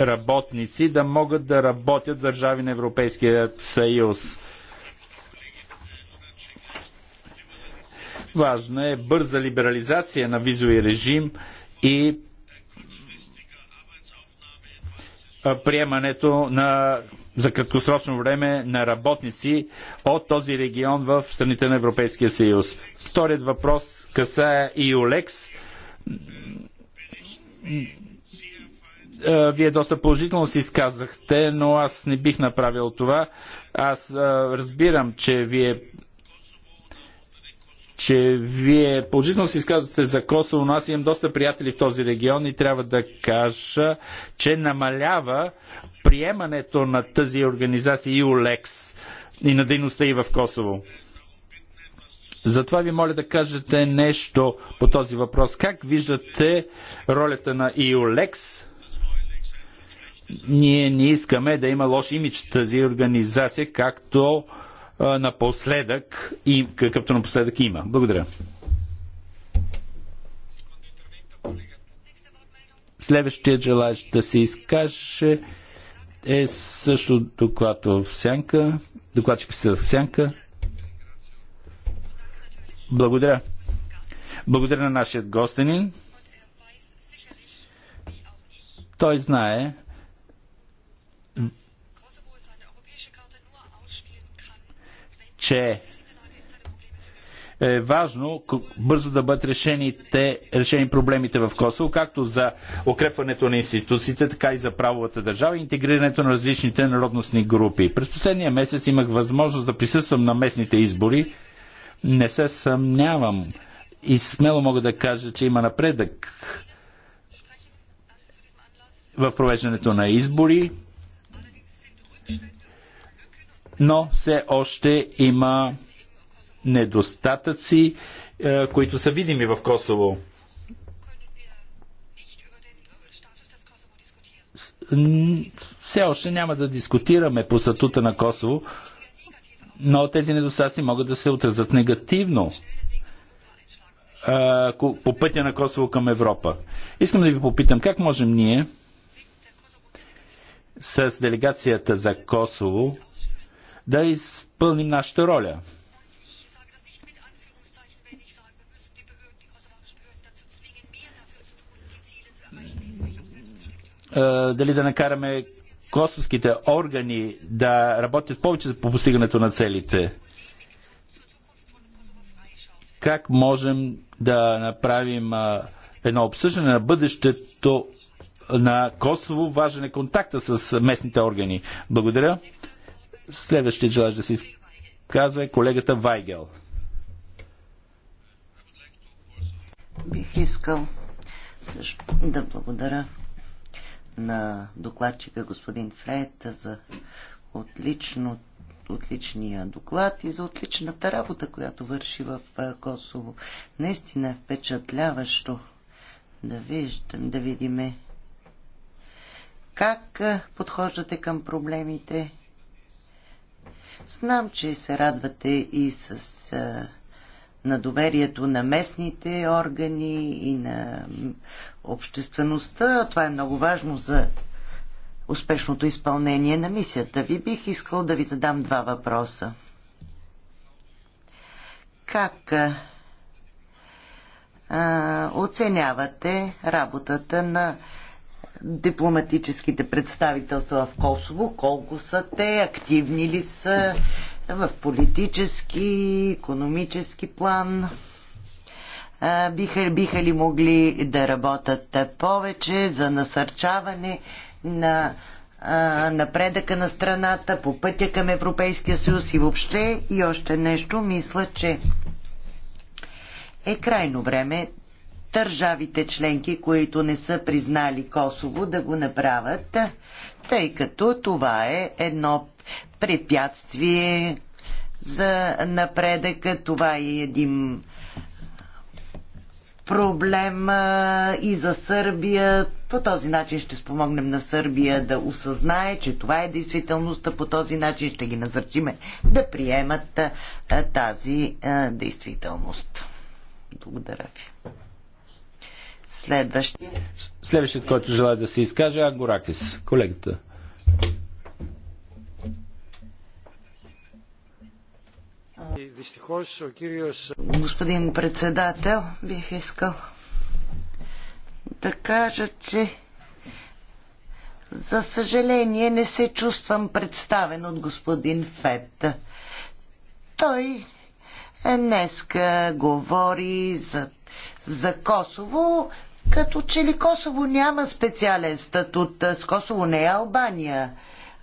работници да могат да работят в държави на Европейския съюз? Важна е бърза либерализация на визови режим и приемането на, за краткосрочно време на работници от този регион в страните на Европейския съюз. Вторият въпрос касае и Олекс. Вие доста положително си изказахте, но аз не бих направил това. Аз разбирам, че вие че вие положително се изказвате за Косово, но аз имам доста приятели в този регион и трябва да кажа, че намалява приемането на тази организация ОЛЕКС и на дейността и в Косово. Затова ви моля да кажете нещо по този въпрос. Как виждате ролята на ИОЛЕКС? Ние не искаме да има лош имидж тази организация, както напоследък, и, какъвто напоследък има. Благодаря. Следващият желаящ да се изкаже е също доклад в сянка. Докладчик се в сянка. Благодаря. Благодаря на нашия гостенин. Той знае, че е важно бързо да бъдат решени, те, решени проблемите в Косово, както за укрепването на институциите, така и за правовата държава и интегрирането на различните народностни групи. През последния месец имах възможност да присъствам на местните избори. Не се съмнявам и смело мога да кажа, че има напредък в провеждането на избори но все още има недостатъци, е, които са видими в Косово. Все още няма да дискутираме по статута на Косово, но тези недостатъци могат да се отразят негативно е, по пътя на Косово към Европа. Искам да ви попитам, как можем ние с делегацията за Косово да изпълним нашата роля. Е, дали да накараме косовските органи да работят повече по постигането на целите. Как можем да направим а, едно обсъждане на бъдещето на Косово? Важен е контакта с местните органи. Благодаря. Следващия желаж да се изказва е колегата Вайгел. Бих искал също да благодаря на докладчика господин Фред за отлично, отличния доклад и за отличната работа, която върши в Косово. Наистина е впечатляващо да, виждам, да видиме как подхождате към проблемите Знам, че се радвате и с а, на доверието на местните органи и на обществеността. Това е много важно за успешното изпълнение на мисията ви. Бих искал да ви задам два въпроса. Как а, оценявате работата на дипломатическите представителства в Косово, колко са те, активни ли са в политически, економически план. Биха, биха ли могли да работят повече за насърчаване на напредъка на страната по пътя към Европейския съюз и въобще и още нещо, мисля, че е крайно време държавите членки, които не са признали Косово, да го направят, тъй като това е едно препятствие за напредъка. Това е един проблем и за Сърбия. По този начин ще спомогнем на Сърбия да осъзнае, че това е действителността. По този начин ще ги насърчиме да приемат тази действителност. Благодаря ви. Следващия. Следващият, който желая да се изкаже, е Агоракис, колегата. Господин председател, бих искал да кажа, че за съжаление не се чувствам представен от господин Фет. Той днеска говори за, за Косово, като че ли Косово няма специален статут, с Косово не е Албания.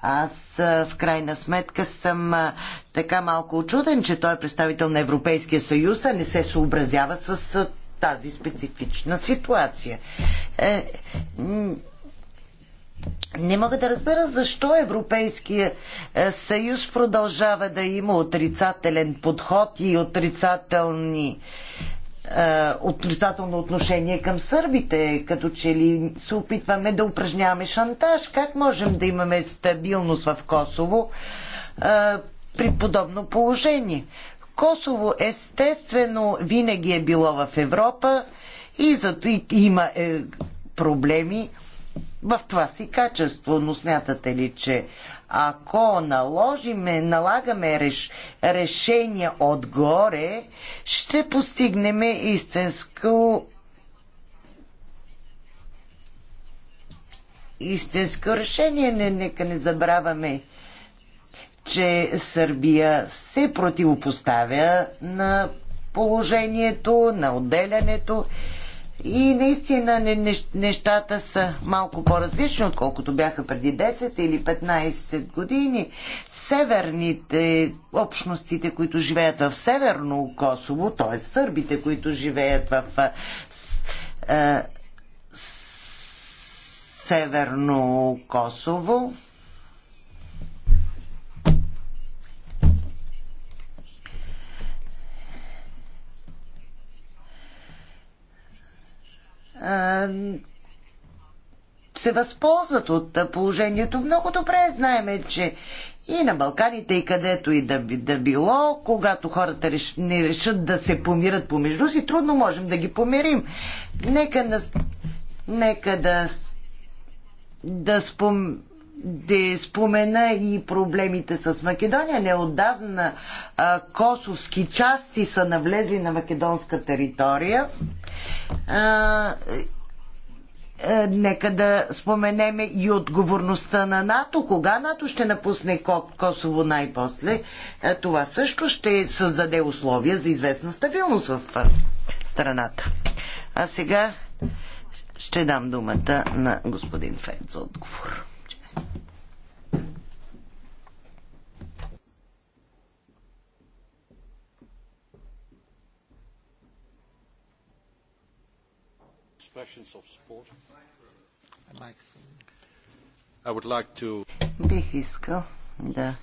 Аз в крайна сметка съм така малко очуден, че той е представител на Европейския съюз, а не се съобразява с тази специфична ситуация. Е, не мога да разбера защо Европейския е, съюз продължава да има отрицателен подход и отрицателни е, отрицателно отношение към сърбите, като че ли се опитваме да упражняваме шантаж. Как можем да имаме стабилност в Косово а, е, при подобно положение? Косово естествено винаги е било в Европа и зато има е, проблеми в това си качество, но смятате ли, че ако наложиме, налагаме реш, решения отгоре, ще постигнем истинско истинско решение. Не, нека не забравяме, че Сърбия се противопоставя на положението, на отделянето и наистина нещата са малко по-различни, отколкото бяха преди 10 или 15 години. Северните общностите, които живеят в Северно Косово, т.е. сърбите, които живеят в Северно Косово, се възползват от положението. Много добре знаеме, че и на Балканите, и където и да, да било, когато хората реш, не решат да се помират помежду си, трудно можем да ги помирим. Нека да, нека да, да спом, да спомена и проблемите с Македония. Неодавна а, косовски части са навлезли на македонска територия. А, е, нека да споменеме и отговорността на НАТО. Кога НАТО ще напусне Косово най-после, е, това също ще създаде условия за известна стабилност в страната. А сега ще дам думата на господин Фед за отговор. Бих искал да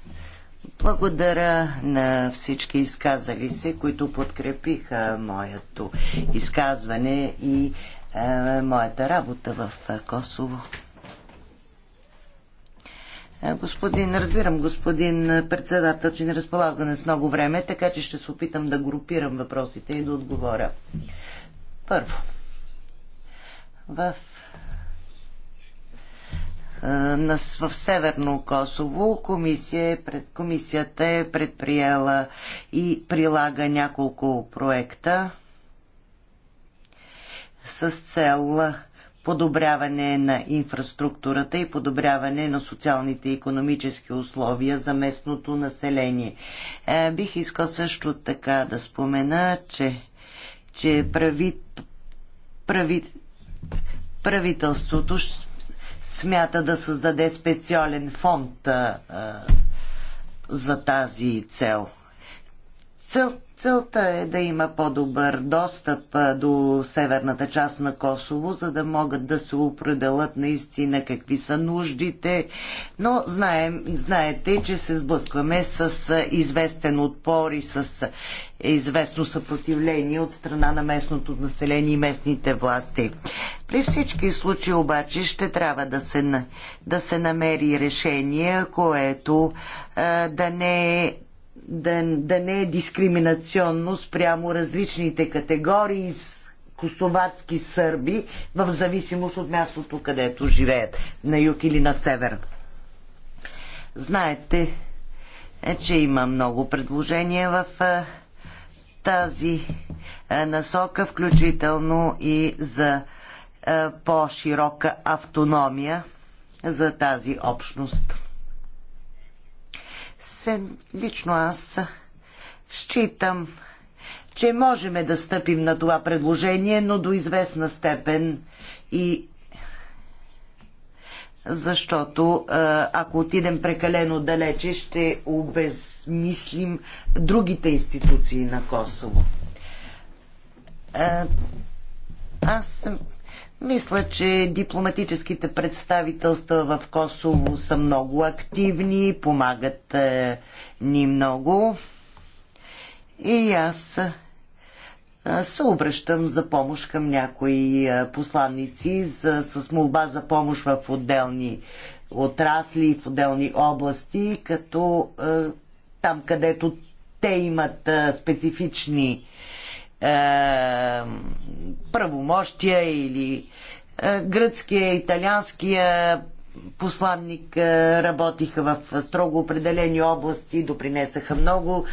благодаря на всички изказали се, които подкрепиха моето изказване и е, моята работа в Косово. Е, господин, разбирам, господин е, председател, че не разполагаме с много време, така че ще се опитам да групирам въпросите и да отговоря. Първо, в, е, в Северно Косово комисия, пред, комисията е предприела и прилага няколко проекта с цел подобряване на инфраструктурата и подобряване на социалните и економически условия за местното население. Е, бих искал също така да спомена, че, че прави, прави, правителството смята да създаде специален фонд а, е, а, е, за тази цел. Цел, Целта е да има по-добър достъп до северната част на Косово, за да могат да се определят наистина какви са нуждите, но знаем, знаете, че се сблъскваме с известен отпор и с известно съпротивление от страна на местното население и местните власти. При всички случаи обаче ще трябва да се, да се намери решение, което да не е да, да не е дискриминационно спрямо различните категории с косоварски сърби, в зависимост от мястото, където живеят, на юг или на север. Знаете, е, че има много предложения в е, тази е, насока, включително и за е, по-широка автономия за тази общност. Сем, лично аз считам, че можем да стъпим на това предложение, но до известна степен и защото ако отидем прекалено далече, ще обезмислим другите институции на Косово. Аз мисля, че дипломатическите представителства в Косово са много активни, помагат е, ни много. И аз е, се обръщам за помощ към някои е, посланници за, с молба за помощ в отделни отрасли, в отделни области, като там, където те имат специфични е, правомощия или е, гръцкия, италианския посланник е, работиха в строго определени области, допринесаха много.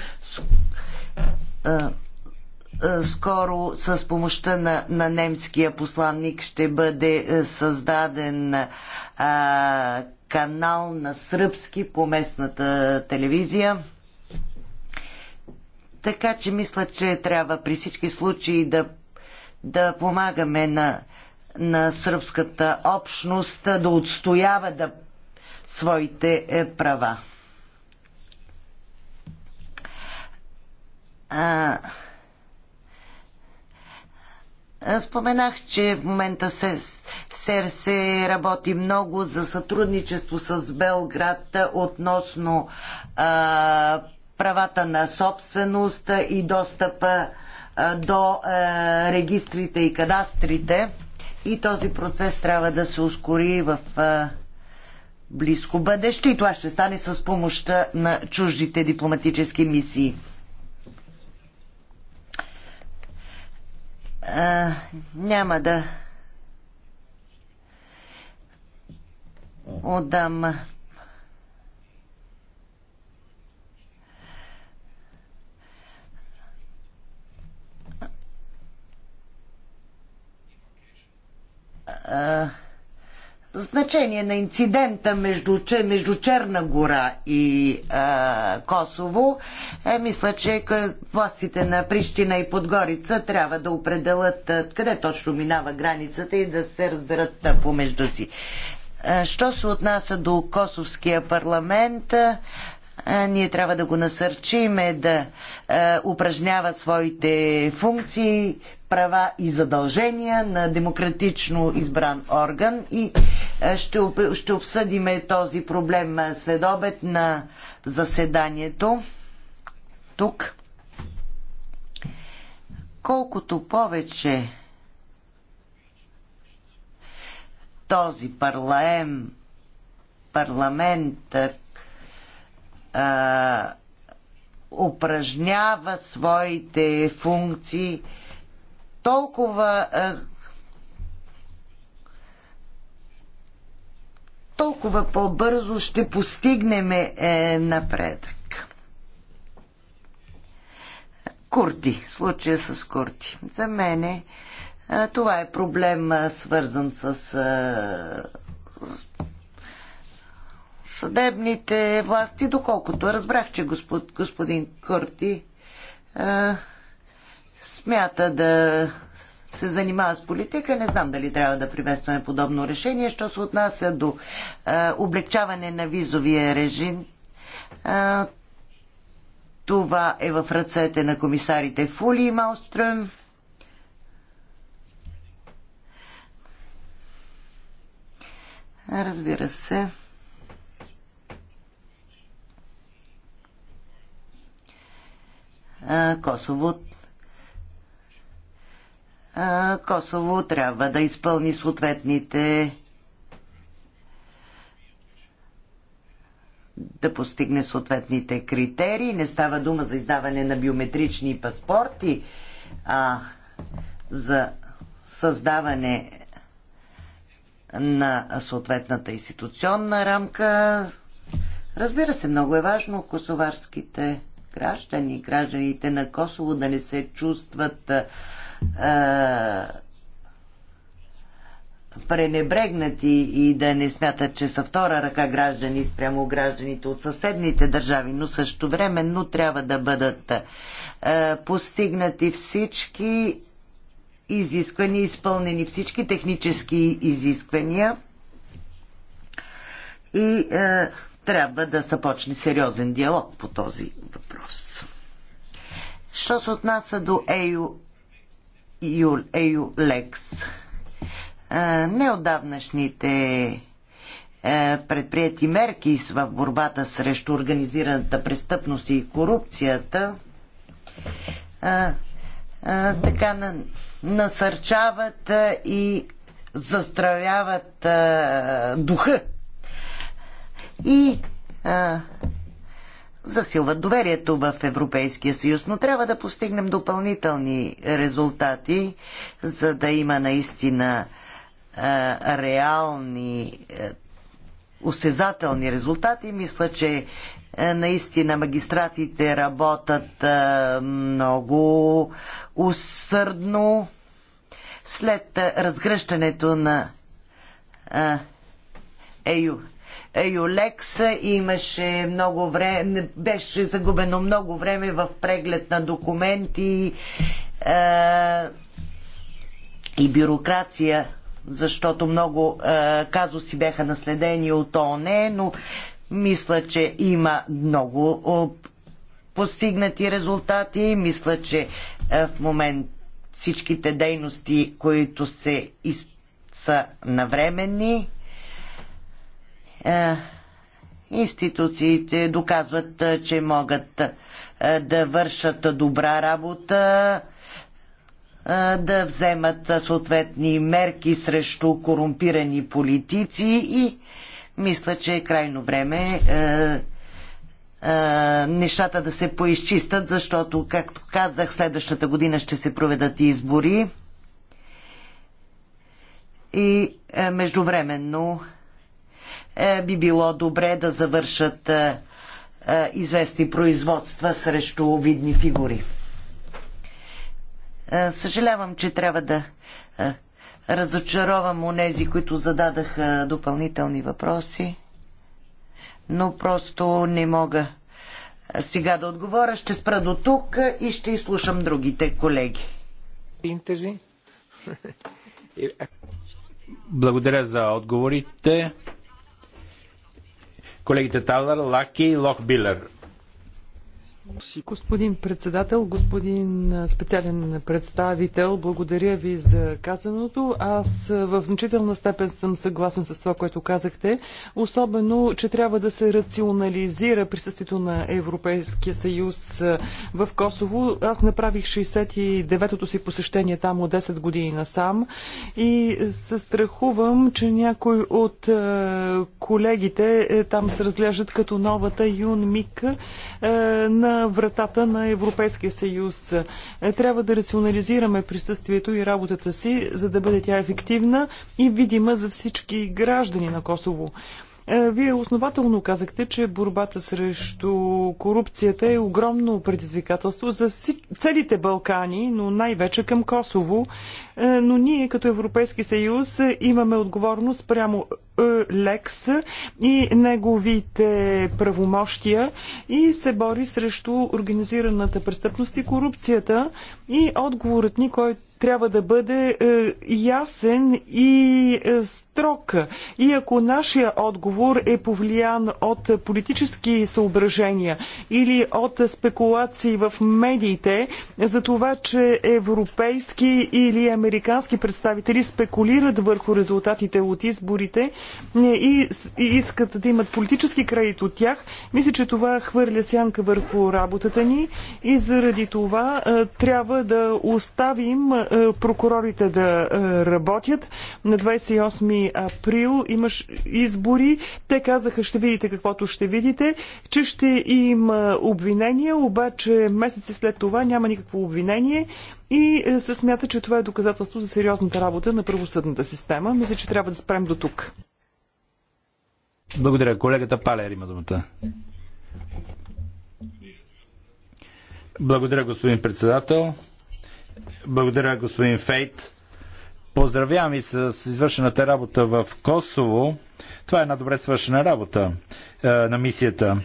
Скоро с помощта на, на немския посланник ще бъде създаден а, канал на сръбски по местната телевизия. Така че мисля, че трябва при всички случаи да, да помагаме на, на сръбската общност да отстоява да, своите е, права. А, Споменах, че в момента се, СЕР се работи много за сътрудничество с Белград относно а, правата на собственост и достъпа до регистрите и кадастрите. И този процес трябва да се ускори в близко бъдеще и това ще стане с помощта на чуждите дипломатически мисии. А, няма да отдам значение на инцидента между, между Черна гора и а, Косово, е, мисля, че властите на Прищина и Подгорица трябва да определят къде точно минава границата и да се разберат помежду си. А, що се отнася до Косовския парламент, ние трябва да го насърчиме да упражнява своите функции, права и задължения на демократично избран орган и е, ще, ще обсъдиме този проблем е, след обед на заседанието тук. Колкото повече този парлаем, парламент а, е, упражнява своите функции, толкова е, толкова по-бързо ще постигнем е, напредък. Курти, случая с Курти. За мен е, това е проблем е, свързан с, е, с съдебните власти, доколкото разбрах, че господ, господин Курти е, смята да се занимава с политика. Не знам дали трябва да приветстваме подобно решение. Що се отнася до а, облегчаване на визовия режим, а, това е в ръцете на комисарите Фули и Малстрем. Разбира се. Косово Косово трябва да изпълни съответните да постигне съответните критерии. Не става дума за издаване на биометрични паспорти, а за създаване на съответната институционна рамка. Разбира се, много е важно косоварските граждани, гражданите на Косово да не се чувстват е, пренебрегнати и да не смятат, че са втора ръка граждани спрямо гражданите от съседните държави, но също но трябва да бъдат а, е, постигнати всички изисквания, изпълнени всички технически изисквания и а, е, трябва да започне сериозен диалог по този въпрос. Що се отнася до ЕЮ EULEX. Неодавнашните предприяти мерки в борбата срещу организираната престъпност и корупцията така насърчават и застравяват духа. И а, засилват доверието в Европейския съюз, но трябва да постигнем допълнителни резултати, за да има наистина а, реални, а, осезателни резултати. Мисля, че а, наистина магистратите работят много усърдно след разгръщането на ЕЮ Юлекс имаше много време, беше загубено много време в преглед на документи е, и бюрокрация, защото много е, казуси бяха наследени от ООН, но мисля, че има много е, постигнати резултати. Мисля, че е, в момент всичките дейности, които се изпълняват, са навременни, е, институциите доказват, е, че могат е, да вършат добра работа, да вземат съответни мерки срещу корумпирани политици и мисля, че е крайно време нещата да се поизчистат, защото, както казах, следващата година ще се проведат и избори. И междувременно е, би било добре да завършат е, е, известни производства срещу видни фигури. Съжалявам, че трябва да разочаровам онези, които зададаха допълнителни въпроси, но просто не мога сега да отговоря. Ще спра до тук и ще изслушам другите колеги. Благодаря за отговорите колегите Талър, Лаки и Лох Билер. Господин председател, господин специален представител, благодаря ви за казаното. Аз в значителна степен съм съгласен с това, което казахте, особено, че трябва да се рационализира присъствието на Европейския съюз в Косово. Аз направих 69 то си посещение там от 10 години насам и се страхувам, че някой от колегите е, там се разглеждат като новата Юн Мик на вратата на Европейския съюз. Е, трябва да рационализираме присъствието и работата си, за да бъде тя ефективна и видима за всички граждани на Косово. Е, вие основателно казахте, че борбата срещу корупцията е огромно предизвикателство за целите Балкани, но най-вече към Косово. Е, но ние като Европейски съюз имаме отговорност прямо лекс и неговите правомощия и се бори срещу организираната престъпност и корупцията. И отговорът ни, който трябва да бъде е, ясен и е, строг. И ако нашия отговор е повлиян от политически съображения или от спекулации в медиите за това, че европейски или американски представители спекулират върху резултатите от изборите, и, и искат да имат политически кредит от тях, мисля, че това хвърля сянка върху работата ни и заради това а, е, трябва да оставим а, е, прокурорите да а, е, работят. На 28 април имаш избори. Те казаха, ще видите каквото ще видите, че ще има обвинения, обаче месеци след това няма никакво обвинение и се смята, че това е доказателство за сериозната работа на правосъдната система. Мисля, че трябва да спрем до тук. Благодаря. Колегата Палер има думата. Благодаря, господин председател. Благодаря, господин Фейт. Поздравявам и с извършената работа в Косово. Това е една добре свършена работа е, на мисията.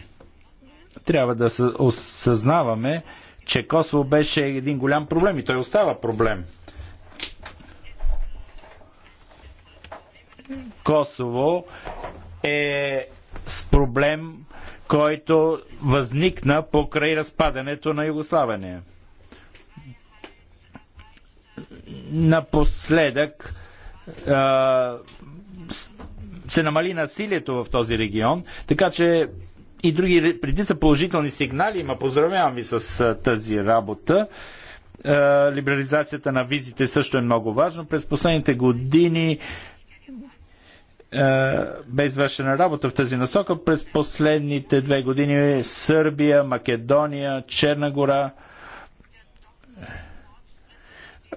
Трябва да осъзнаваме, че Косово беше един голям проблем и той остава проблем. Косово е с проблем, който възникна покрай разпадането на Югославяне. Напоследък а, се намали насилието в този регион, така че и други преди са положителни сигнали, има поздравявам ви с а, тази работа. А, либерализацията на визите също е много важно. През последните години е, бе извършена работа в тази насока през последните две години Сърбия, Македония, Черна гора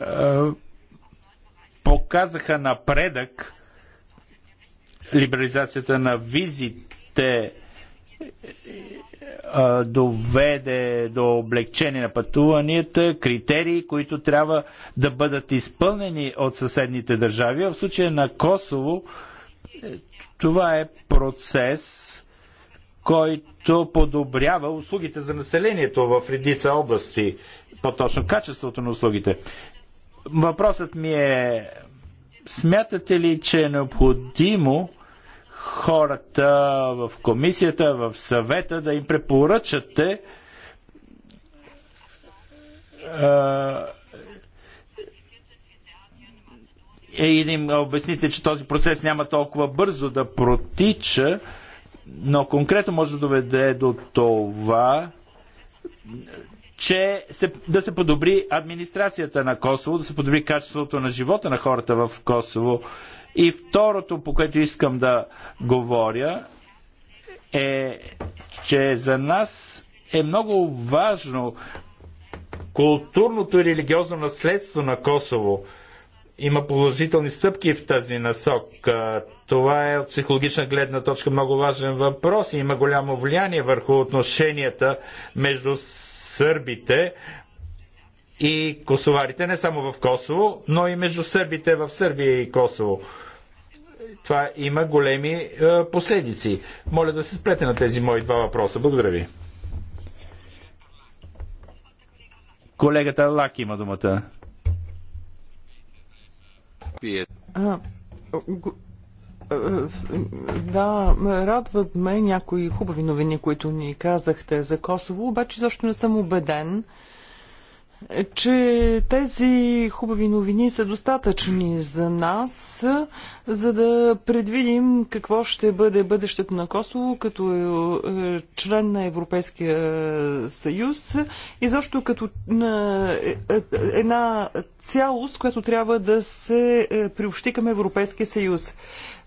е, показаха напредък либерализацията на визите е, доведе до облегчение на пътуванията, критерии, които трябва да бъдат изпълнени от съседните държави. В случая на Косово това е процес, който подобрява услугите за населението в редица области, по-точно качеството на услугите. Въпросът ми е, смятате ли, че е необходимо хората в комисията, в съвета да им препоръчате Е, и да им обясните, че този процес няма толкова бързо да протича, но конкретно може да доведе до това, че се, да се подобри администрацията на Косово, да се подобри качеството на живота на хората в Косово. И второто, по което искам да говоря, е, че за нас е много важно културното и религиозно наследство на Косово – има положителни стъпки в тази насок. Това е от психологична гледна точка много важен въпрос и има голямо влияние върху отношенията между сърбите и косоварите, не само в Косово, но и между сърбите в Сърбия и Косово. Това има големи е, последици. Моля да се спрете на тези мои два въпроса. Благодаря ви. Колегата Лак има думата. Да, радват ме някои хубави новини, които ни казахте за Косово, обаче защо не съм убеден, че тези хубави новини са достатъчни за нас, за да предвидим какво ще бъде бъдещето на Косово като е, е, член на Европейския съюз и защо като е, една цялост, която трябва да се приобщи към Европейския съюз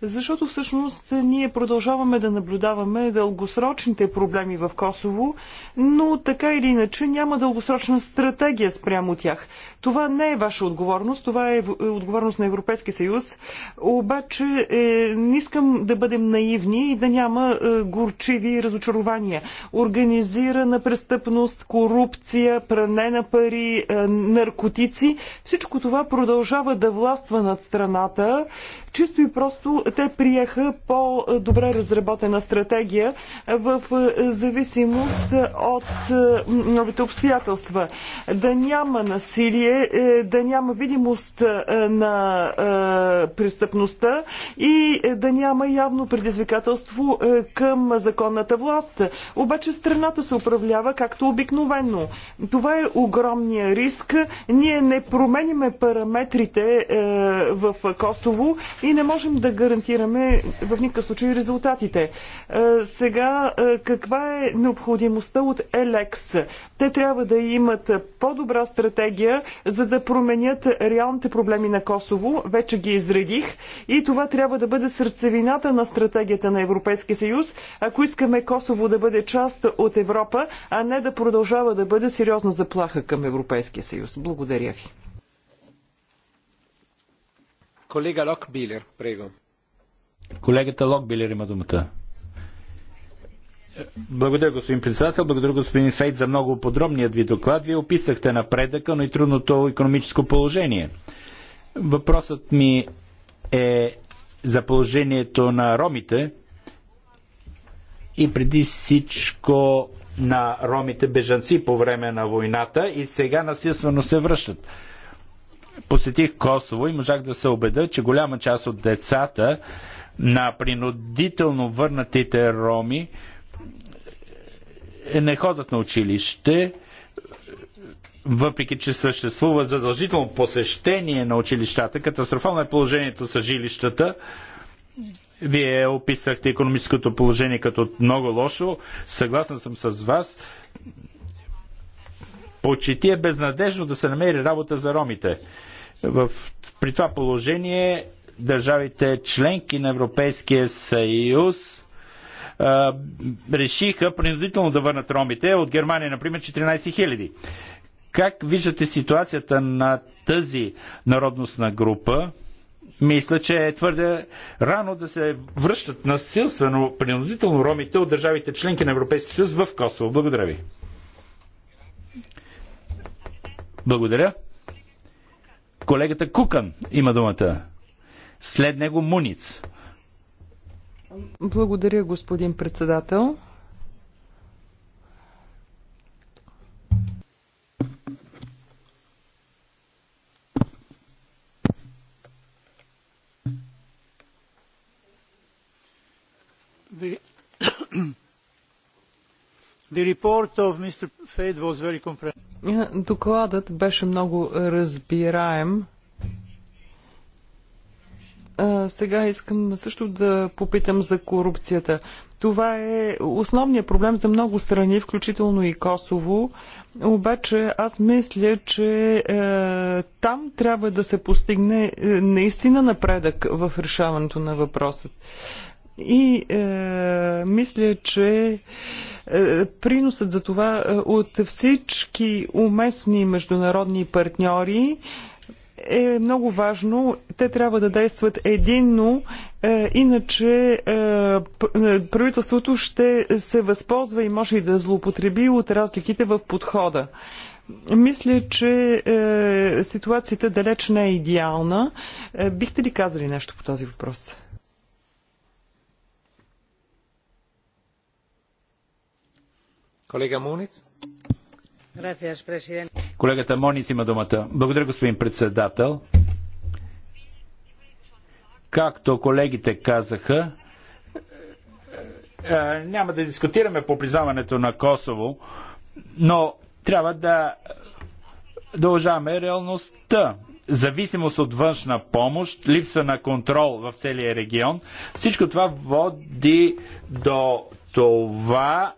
защото всъщност ние продължаваме да наблюдаваме дългосрочните проблеми в Косово, но така или иначе няма дългосрочна стратегия спрямо тях. Това не е ваша отговорност, това е, е отговорност на Европейския съюз, обаче е, не искам да бъдем наивни и да няма е, горчиви разочарования. Организирана престъпност, корупция, пране на пари, е, наркотици, всичко това продължава да властва над страната Чисто и просто те приеха по-добре разработена стратегия в зависимост от е, новите обстоятелства. Да няма насилие, е, да няма видимост е, на престъпността и да няма явно предизвикателство към законната власт. Обаче страната се управлява както обикновено. Това е огромния риск. Ние не промениме параметрите в Косово и не можем да гарантираме в никакъв случай резултатите. Е, сега, е, каква е необходимостта от Елекс? Те трябва да имат по-добра стратегия, за да променят реалните проблеми на Косово. Вече ги изредих. И това трябва да бъде сърцевината на стратегията на Европейския съюз, ако искаме Косово да бъде част от Европа, а не да продължава да бъде сериозна заплаха към Европейския съюз. Благодаря ви. Колега Локбилер, прего. Колегата Локбилер има думата. Благодаря, господин председател. Благодаря, господин Фейт, за много подробният ви доклад. Вие описахте напредъка, но и трудното економическо положение. Въпросът ми е за положението на ромите и преди всичко на ромите бежанци по време на войната и сега насилствено се връщат посетих Косово и можах да се убеда, че голяма част от децата на принудително върнатите роми е, не ходят на училище, въпреки че съществува задължително посещение на училищата. Катастрофално е положението с жилищата. Вие описахте економическото положение като много лошо. Съгласен съм с вас. Почти е безнадежно да се намери работа за ромите. В, при това положение държавите членки на Европейския съюз а, решиха принудително да върнат ромите от Германия, например, 14 000. Как виждате ситуацията на тази народностна група? Мисля, че е твърде рано да се връщат насилствено, принудително ромите от държавите членки на Европейския съюз в Косово. Благодаря ви. Благодаря. Колегата Кукан има думата. След него Муниц. Благодаря, господин председател. Е, докладът беше много разбираем. Сега искам също да попитам за корупцията. Това е основният проблем за много страни, включително и Косово. Обаче аз мисля, че е, там трябва да се постигне е, наистина напредък в решаването на въпросът. И е, мисля, че е, приносът за това е, от всички уместни международни партньори е много важно. Те трябва да действат единно, е, иначе е, е, правителството ще се възползва и може и да злоупотреби от разликите в подхода. Мисля, че е, ситуацията далеч не е идеална. Е, бихте ли казали нещо по този въпрос? Колегата Мониц има думата. Благодаря, господин председател. Както колегите казаха, е, няма да дискутираме по признаването на Косово, но трябва да дължаме реалността. Зависимост от външна помощ, липса на контрол в целия регион, всичко това води до това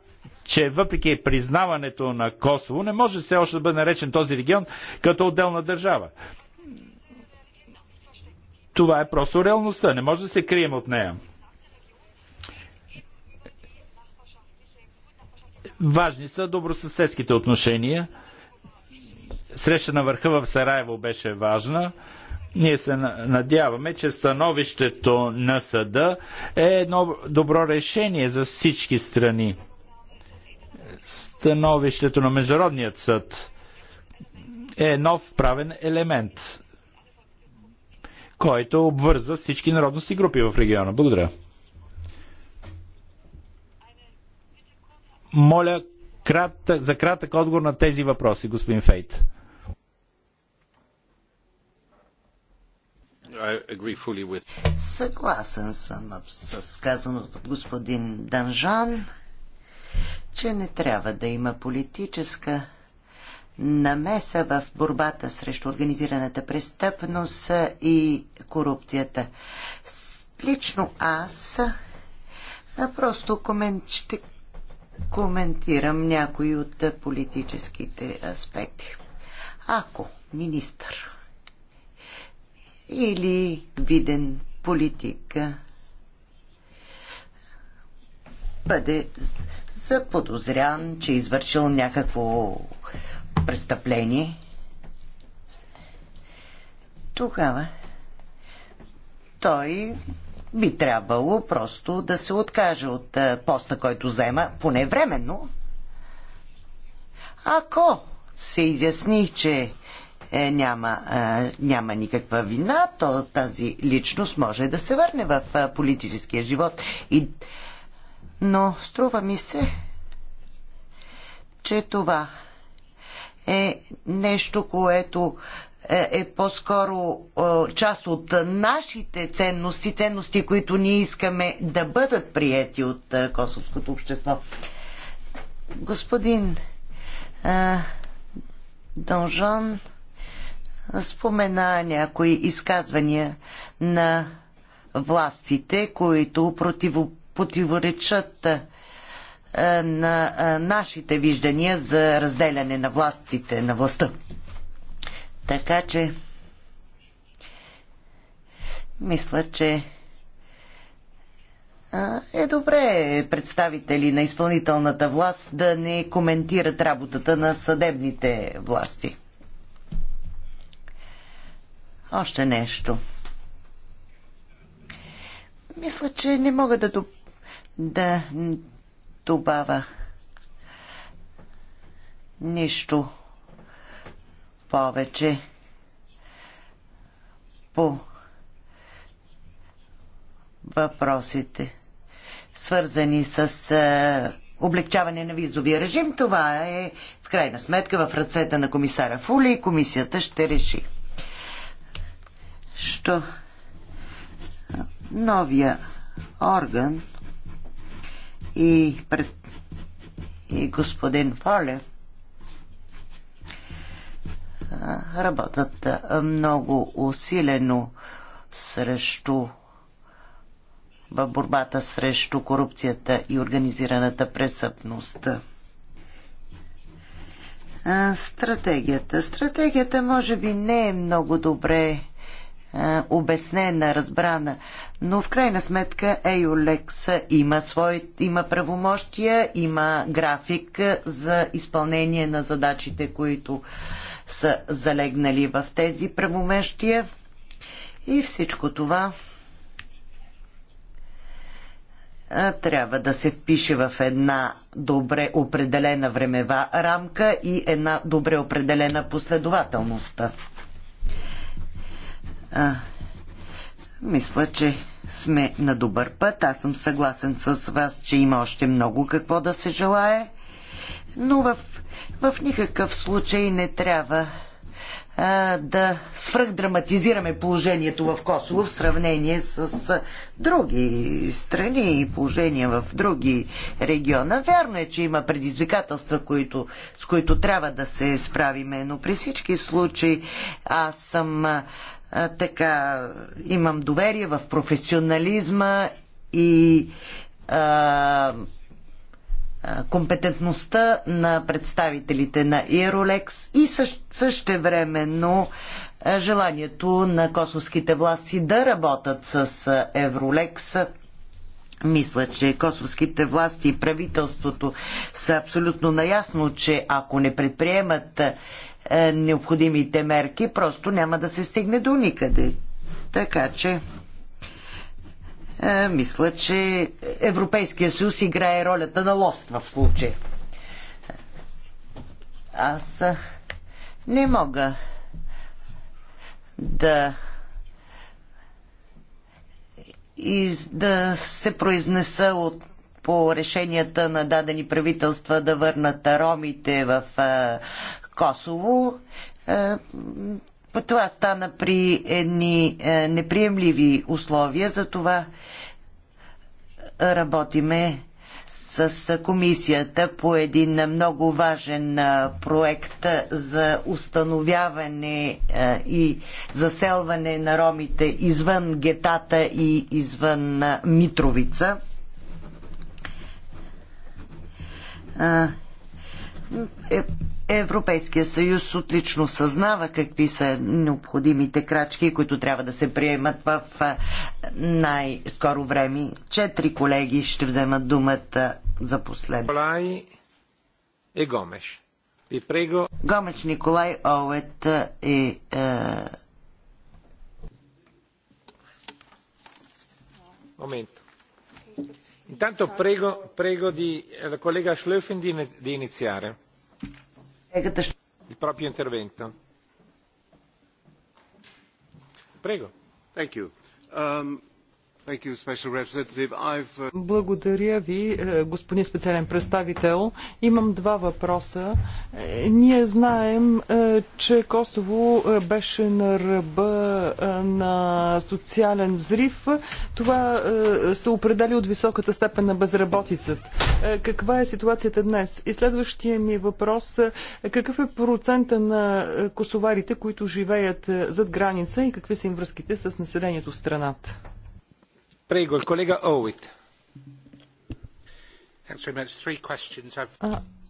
че въпреки признаването на Косово, не може все още да бъде наречен този регион като отделна държава. Това е просто реалността. Не може да се крием от нея. Важни са добросъседските отношения. Среща на върха в Сараево беше важна. Ние се надяваме, че становището на съда е едно добро решение за всички страни становището на Международният съд е нов правен елемент, който обвързва всички народности групи в региона. Благодаря. Моля кратък, за кратък отговор на тези въпроси, господин Фейт. With... Съгласен съм с казаното от господин Данжан че не трябва да има политическа намеса в борбата срещу организираната престъпност и корупцията. Лично аз просто комен... ще коментирам някои от политическите аспекти. Ако министър или виден политик бъде подозрян, че е извършил някакво престъпление, тогава той би трябвало просто да се откаже от е, поста, който взема, поне временно. Ако се изясни, че е, няма, е, няма никаква вина, то тази личност може да се върне в е, политическия живот. И но струва ми се, че това е нещо, което е, е по-скоро е, част от нашите ценности, ценности, които ние искаме да бъдат приети от е, косовското общество. Господин а, Донжон спомена някои изказвания на властите, които противопоставят противоречат на нашите виждания за разделяне на властите, на властта. Така че, мисля, че е добре представители на изпълнителната власт да не коментират работата на съдебните власти. Още нещо. Мисля, че не мога да, допълня да добава нищо повече по въпросите, свързани с е, облегчаване на визовия режим. Това е в крайна сметка в ръцете на комисара Фули и комисията ще реши. Що новия орган и, пред, и господин Фоле работят много усилено срещу в борбата срещу корупцията и организираната престъпност. Стратегията. Стратегията може би не е много добре е, обяснена, разбрана. Но в крайна сметка Еолекс има, свой, има правомощия, има график за изпълнение на задачите, които са залегнали в тези правомещия. И всичко това е, трябва да се впише в една добре определена времева рамка и една добре определена последователност. А, мисля, че сме на добър път. Аз съм съгласен с вас, че има още много какво да се желае, но в, в никакъв случай не трябва да свръхдраматизираме положението в Косово в сравнение с други страни и положения в други региона. Вярно е, че има предизвикателства, които, с които трябва да се справиме, но при всички случаи аз съм а, така, имам доверие в професионализма и а, компетентността на представителите на Иролекс и същевременно желанието на косовските власти да работят с Евролекс. Мисля, че косовските власти и правителството са абсолютно наясно, че ако не предприемат необходимите мерки, просто няма да се стигне до никъде. Така че е, мисля, че Европейския съюз играе ролята на лост в случая. Аз е, не мога да и да се произнеса от по решенията на дадени правителства да върнат ромите в е, Косово. Това стана при едни е, неприемливи условия, затова е, работиме с комисията по един много важен е, проект за установяване и заселване на ромите извън гетата и извън Митровица. Е, Европейския съюз отлично съзнава какви са необходимите крачки, които трябва да се приемат в най-скоро време. Четири колеги ще вземат думата за последно. Николай и Гомеш. Ви прего... Гомеш Николай Овет и... Е... Момент. Intanto prego, prego di, la collega Schlöfen di, di iniziare il proprio intervento. Prego. Thank you. Um, Uh, Благодаря ви, е, господин специален представител. Имам два въпроса. Е, ние знаем, е, че Косово беше на ръба на социален взрив. Това се определи от високата степен на безработицата. Каква е ситуацията днес? И следващия ми въпрос какъв е процента на косоварите, които живеят зад граница и какви са им връзките с населението в страната?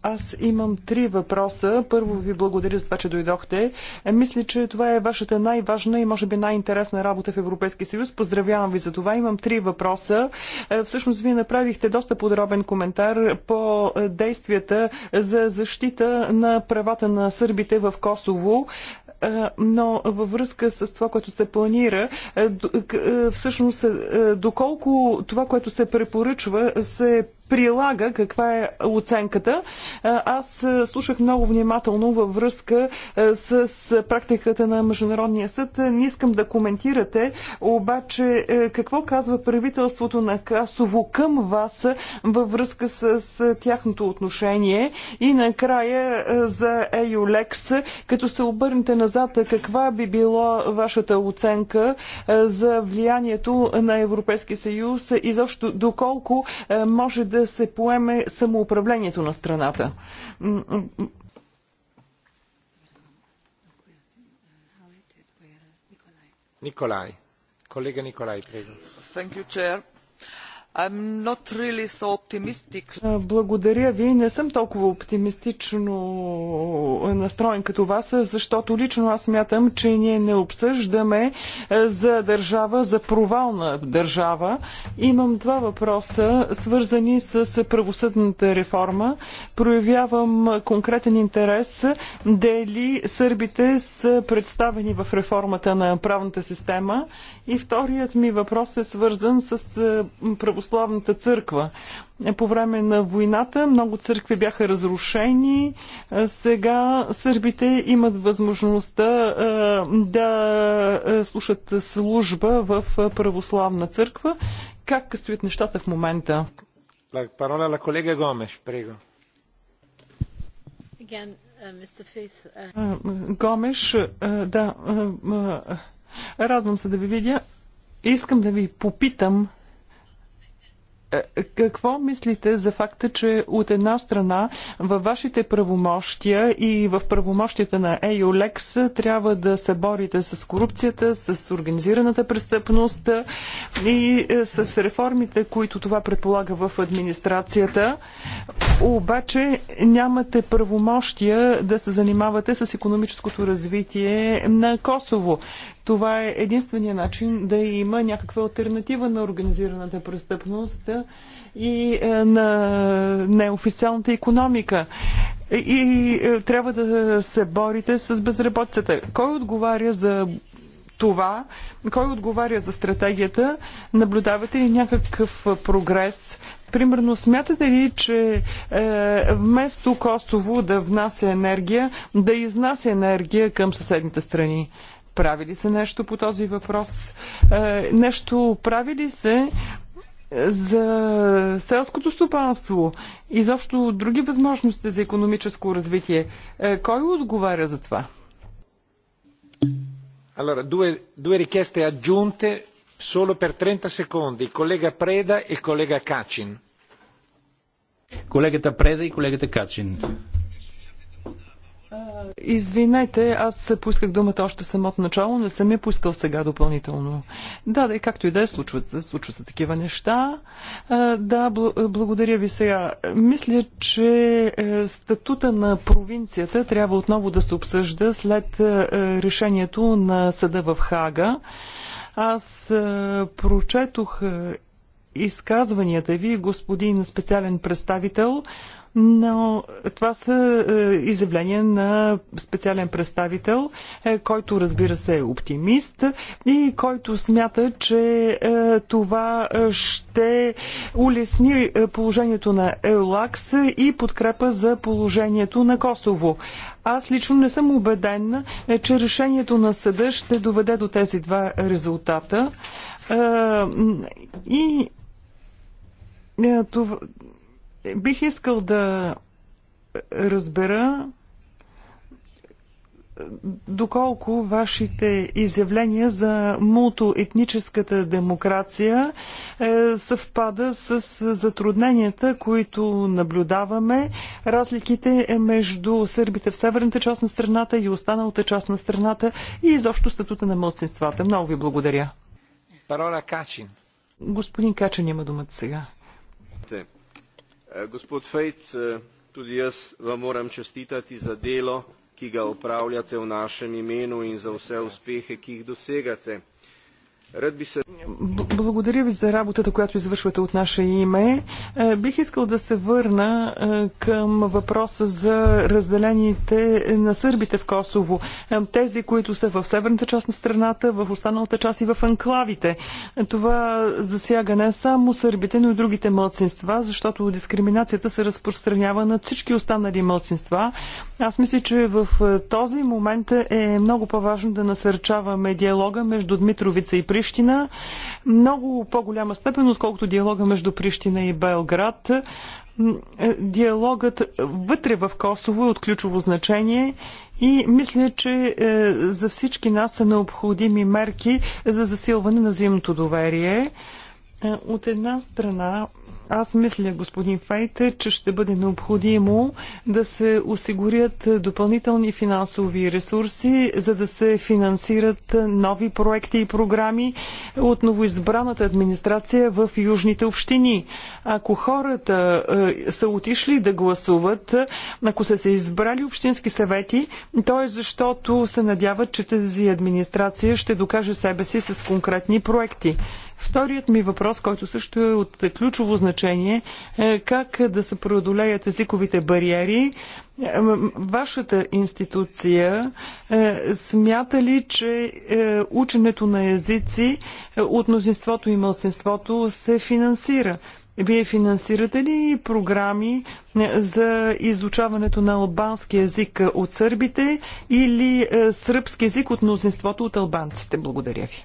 Аз имам три въпроса. Първо ви благодаря за това, че дойдохте. Е, мисля, че това е вашата най-важна и може би най-интересна работа в Европейския съюз. Поздравявам ви за това. Имам три въпроса. Е, всъщност, вие направихте доста подробен коментар по е, действията за защита на правата на сърбите в Косово но във връзка с това, което се планира, е, е, е, всъщност доколко това, което се препоръчва, се прилага, каква е оценката. Аз слушах много внимателно във връзка с практиката на Международния съд. Не искам да коментирате, обаче какво казва правителството на Касово към вас във връзка с тяхното отношение и накрая за Еюлекс, като се обърнете назад, каква би била вашата оценка за влиянието на Европейския съюз и защо доколко може да да се поеме самоуправлението на страната. Николай. Колега Николай, Thank you, Chair. Really so Благодаря ви. Не съм толкова оптимистично настроен като вас, защото лично аз мятам, че ние не обсъждаме за държава, за провална държава. Имам два въпроса, свързани с правосъдната реформа. Проявявам конкретен интерес дали сърбите са представени в реформата на правната система. И вторият ми въпрос е свързан с правосъдната православната църква. По време на войната много църкви бяха разрушени. Сега сърбите имат възможността да слушат служба в православна църква. Как стоят нещата в момента? Парола на колега Гомеш, прего. Гомеш, да, радвам се да ви видя. Искам да ви попитам е, е, какво мислите за факта, че от една страна във вашите правомощия и в правомощията на ЕЮЛЕКС трябва да се борите с корупцията, с организираната престъпност и е, с реформите, които това предполага в администрацията, обаче нямате правомощия да се занимавате с економическото развитие на Косово. Това е единствения начин да има някаква альтернатива на организираната престъпност и е, на неофициалната економика. И е, трябва да се борите с безработицата. Кой отговаря за това, кой отговаря за стратегията, наблюдавате ли някакъв прогрес? Примерно, смятате ли, че е, вместо Косово да внася енергия, да изнася енергия към съседните страни? Прави ли се нещо по този въпрос? Е, нещо прави ли се е, за селското стопанство, изобщо други възможности за економическо развитие. Е, кой отговаря за това? Allora, due, due richieste aggiunte solo per 30 secondi, il collega Preda e il collega Cacin. Collega Preda e collega Качин. Извинете, аз поисках думата още в самото начало, не съм я поискал сега допълнително. Да, да, и както и да е, случват се, случват се такива неща. Да, бл- благодаря ви сега. Мисля, че е, статута на провинцията трябва отново да се обсъжда след е, решението на съда в Хага. Аз е, прочетох изказванията ви, господин специален представител, но това са е, изявления на специален представител, е, който разбира се е оптимист и който смята, че е, това ще улесни положението на ЕЛАКС и подкрепа за положението на Косово. Аз лично не съм убеден, че решението на съда ще доведе до тези два резултата. И това, Бих искал да разбера доколко вашите изявления за мултоетническата демокрация е, съвпада с затрудненията, които наблюдаваме, разликите е между сърбите в северната част на страната и останалата част на страната и изобщо статута на младсинствата. Много ви благодаря. Парола Качин. Господин Качин има думата сега. Gospod fejt tudi jaz vam moram čestitati za delo, ki ga opravljate v našem imenu in za vse uspehe, ki jih dosegate благодаря ви за работата, която извършвате от наше име. Е, бих искал да се върна е, към въпроса за разделените на сърбите в Косово. Е, тези, които са в северната част на страната, в останалата част и в анклавите. Това засяга не само сърбите, но и другите младсинства, защото дискриминацията се разпространява на всички останали младсинства. Аз мисля, че в този момент е много по-важно да насърчаваме диалога между Дмитровица и Приш Прищина. Много по-голяма степен, отколкото диалога между Прищина и Белград. Е, диалогът вътре в Косово е от ключово значение и мисля, че е, за всички нас са необходими мерки за засилване на взаимното доверие. Е, от една страна аз мисля, господин Фейте, че ще бъде необходимо да се осигурят допълнителни финансови ресурси, за да се финансират нови проекти и програми от новоизбраната администрация в южните общини. Ако хората е, са отишли да гласуват, ако са се избрали общински съвети, то е защото се надяват, че тази администрация ще докаже себе си с конкретни проекти. Вторият ми въпрос, който също е от ключово значение, е как да се преодолеят езиковите бариери. Вашата институция е, смята ли, че е, ученето на езици е, от мнозинството и мълцинството се финансира? Вие финансирате ли програми е, за изучаването на албански язик от сърбите или е, сръбски език от мнозинството от албанците? Благодаря ви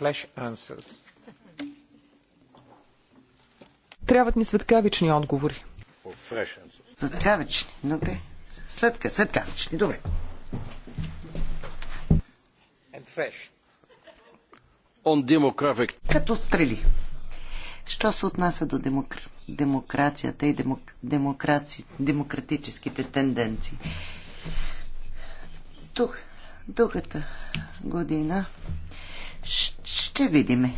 flash answers. Трябват ни светкавични отговори. Светкавични, добре. Светка, светкавични, добре. And fresh. On demographic. Като стрели. Що се отнася до демокр... демокрацията и демок... демокраци... демократическите тенденции? Тук, другата година ще видиме.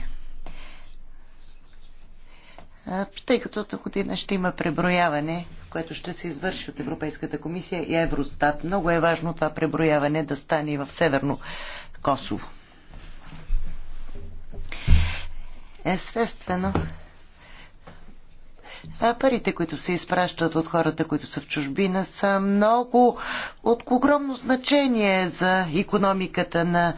Тъй като от година ще има преброяване, което ще се извърши от Европейската комисия и Евростат. Много е важно това преброяване да стане и в Северно Косово. Естествено, парите, които се изпращат от хората, които са в чужбина, са много от огромно значение за економиката на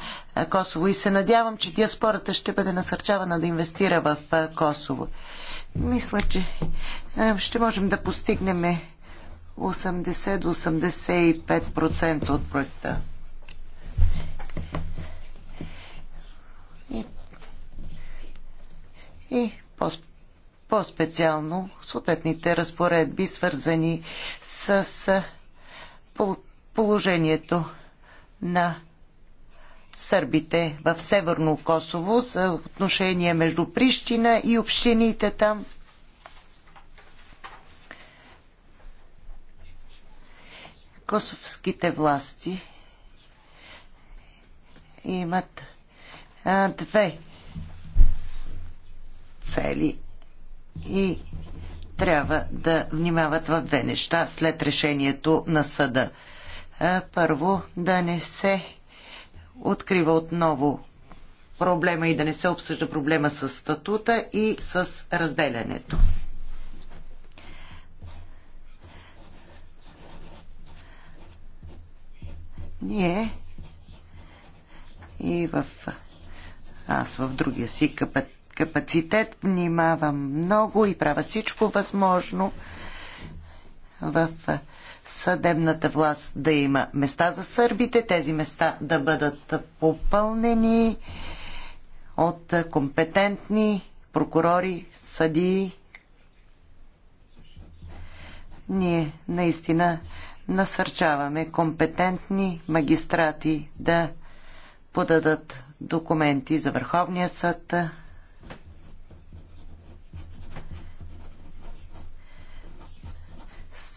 Косово и се надявам, че диаспората ще бъде насърчавана да инвестира в Косово. Мисля, че ще можем да постигнем 80-85% от проекта. И, и по спорно по-специално съответните разпоредби, свързани с положението на сърбите в Северно Косово за отношение между Прищина и общините там. Косовските власти имат а, две цели и трябва да внимават в две неща след решението на съда. Първо, да не се открива отново проблема и да не се обсъжда проблема с статута и с разделянето. Ние и в аз в другия си капет капацитет. Внимавам много и правя всичко възможно в съдебната власт да има места за сърбите, тези места да бъдат попълнени от компетентни прокурори, съдии. Ние наистина насърчаваме компетентни магистрати да подадат документи за Върховния съд,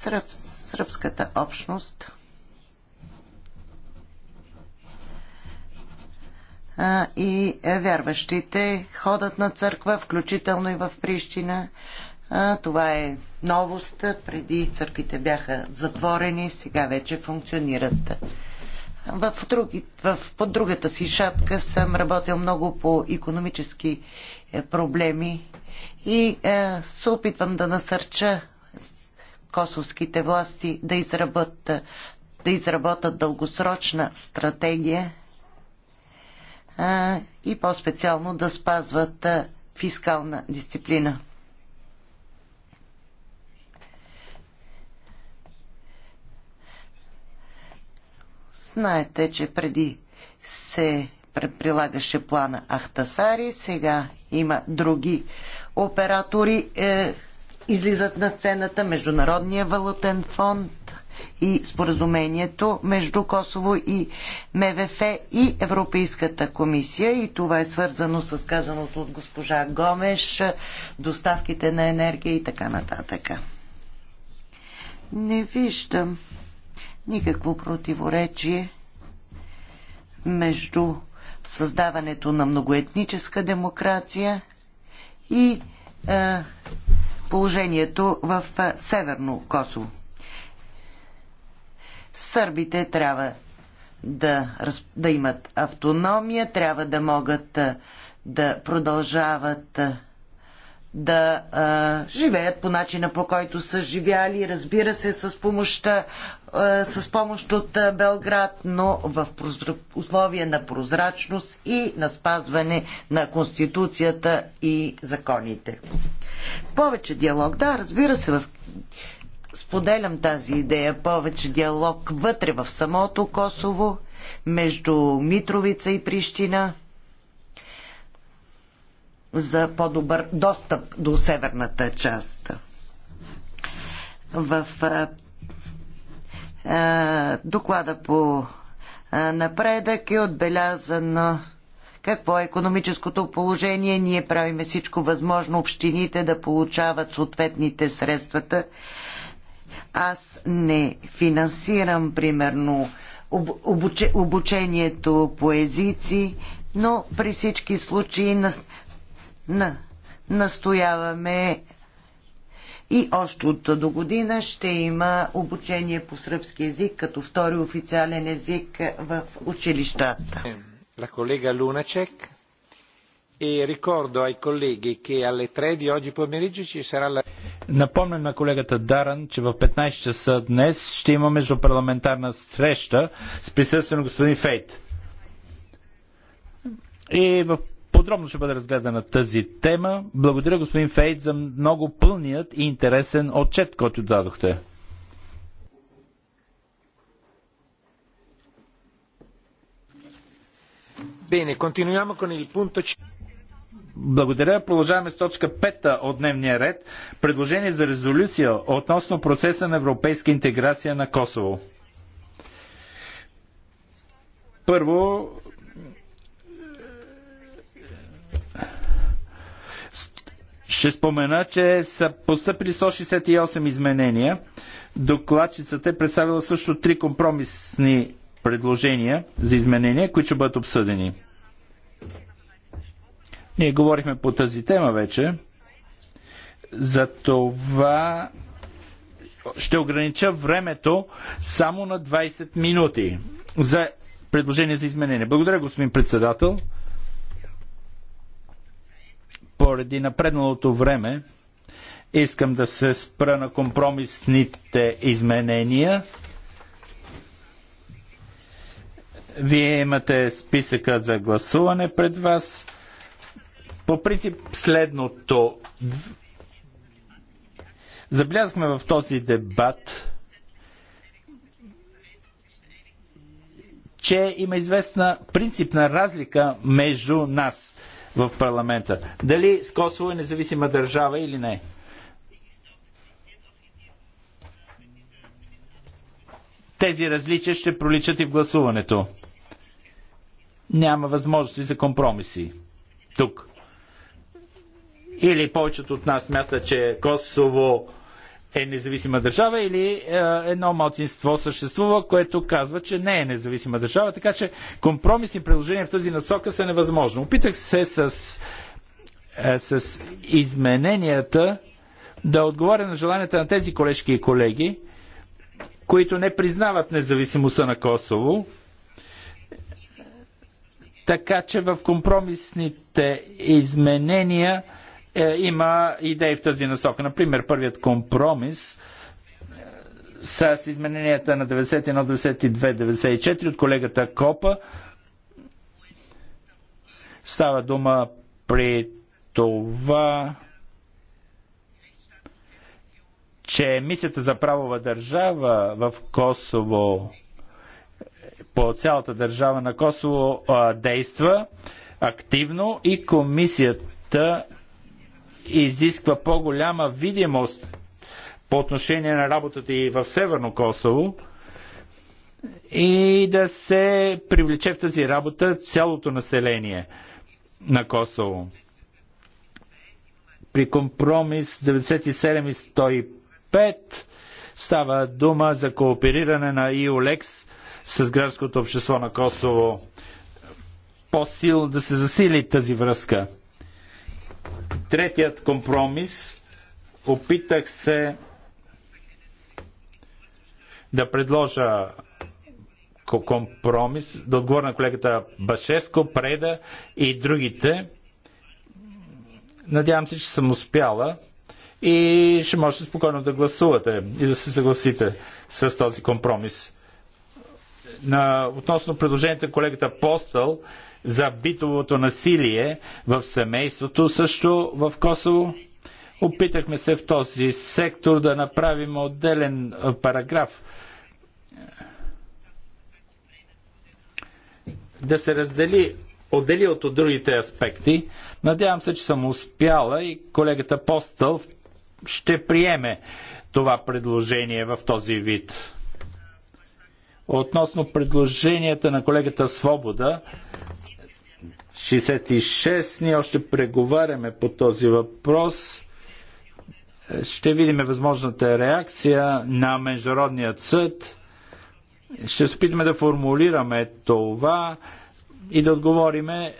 сръб, сръбската общност. и вярващите ходят на църква, включително и в Прищина. Това е новост. Преди църквите бяха затворени, сега вече функционират. В, други, в, под другата си шапка съм работил много по економически е, проблеми и е, се опитвам да насърча косовските власти да изработят, е, да дългосрочна стратегия а, е, и по-специално да спазват а, е, фискална дисциплина. Знаете, че преди се прилагаше плана Ахтасари, сега има други оператори, е, излизат на сцената Международния валутен фонд и споразумението между Косово и МВФ и Европейската комисия. И това е свързано с казаното от госпожа Гомеш, доставките на енергия и така нататък. Не виждам никакво противоречие между създаването на многоетническа демокрация и е, положението в Северно Косово. Сърбите трябва да, да имат автономия, трябва да могат да продължават да а, живеят по начина по който са живяли, разбира се, с помощта е, с помощ от е, Белград, но в условия на прозрачност и на спазване на Конституцията и законите. Повече диалог, да, разбира се, в... споделям тази идея, повече диалог вътре в самото Косово, между Митровица и Прищина за по-добър достъп до северната част. В е, е, доклада по е, напредък е отбелязано какво е економическото положение. Ние правиме всичко възможно общините да получават съответните средствата. Аз не финансирам, примерно, обучението по езици, но при всички случаи на, на, настояваме и още от до година ще има обучение по сръбски език като втори официален език в училищата. La collega Lunacek e ricordo ai colleghi che alle 3 di oggi pomeriggio ci sarà la Напомням на колегата Даран, че в 15 часа днес ще има междупарламентарна среща с присъствие на господин Фейт. И в подробно ще бъде разгледана тази тема. Благодаря господин Фейт за много пълният и интересен отчет, който дадохте. Bene, continuiamo con il punto благодаря. Продължаваме с точка 5 от дневния ред. Предложение за резолюция относно процеса на европейска интеграция на Косово. Първо Ще спомена, че са поступили 168 изменения. Докладчицата е представила също три компромисни предложения за изменения, които ще бъдат обсъдени. Ние говорихме по тази тема вече. За това ще огранича времето само на 20 минути за предложение за изменение. Благодаря, господин председател. Поради напредналото време искам да се спра на компромисните изменения. Вие имате списъка за гласуване пред вас. По принцип следното. Забелязахме в този дебат, че има известна принципна разлика между нас – в парламента. Дали с Косово е независима държава или не? Тези различия ще проличат и в гласуването. Няма възможности за компромиси. Тук. Или повечето от нас смятат, че Косово е независима държава или е, едно малцинство съществува, което казва, че не е независима държава, така че компромисни предложения в тази насока са невъзможно. Опитах се с, е, с измененията да отговоря на желанията на тези колежки и колеги, които не признават независимостта на Косово, така че в компромисните изменения – е, има идеи в тази насока. Например, първият компромис е, с измененията на 91, 92, 94 от колегата Копа. Става дума при това, че мисията за правова държава в Косово по цялата държава на Косово а, действа активно и комисията изисква по-голяма видимост по отношение на работата и в Северно Косово и да се привлече в тази работа цялото население на Косово. При компромис 97 и 105 става дума за коопериране на ИОЛЕКС с гражданското общество на Косово. По-сил да се засили тази връзка. Третият компромис опитах се да предложа компромис, да отговоря на колегата Башеско, Преда и другите. Надявам се, че съм успяла и ще можете спокойно да гласувате и да се съгласите с този компромис. На, относно предложението на колегата Постъл, за битовото насилие в семейството също в Косово. Опитахме се в този сектор да направим отделен параграф. Да се раздели отдели от другите аспекти. Надявам се, че съм успяла и колегата Постъл ще приеме това предложение в този вид. Относно предложенията на колегата Свобода, 66. Ние още преговаряме по този въпрос. Ще видим възможната реакция на Международният съд. Ще се опитаме да формулираме това и да отговориме е,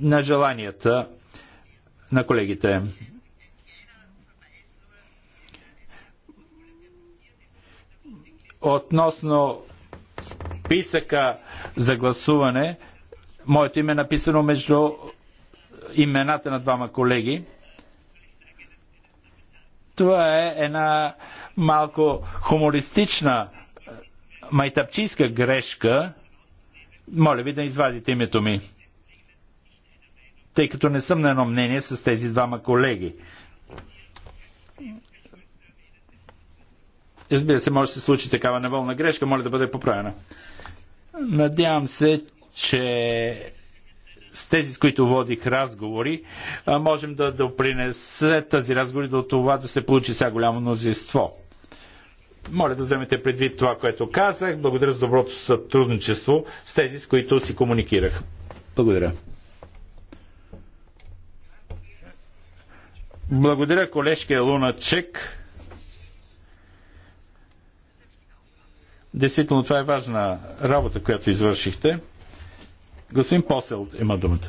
на желанията на колегите. Относно списъка за гласуване, Моето име е написано между имената на двама колеги. Това е една малко хумористична е, майтапчийска грешка. Моля ви да извадите името ми. Тъй като не съм на едно мнение с тези двама колеги. Разбира се, може да се случи такава неволна грешка, моля да бъде поправена. Надявам се, че с тези, с които водих разговори, можем да допринесе тази разговори до това да се получи сега голямо мнозинство. Моля да вземете предвид това, което казах. Благодаря за доброто сътрудничество с тези, с които си комуникирах. Благодаря. Благодаря, колежка Луначек. Действително, това е важна работа, която извършихте. Господин Посел има думата.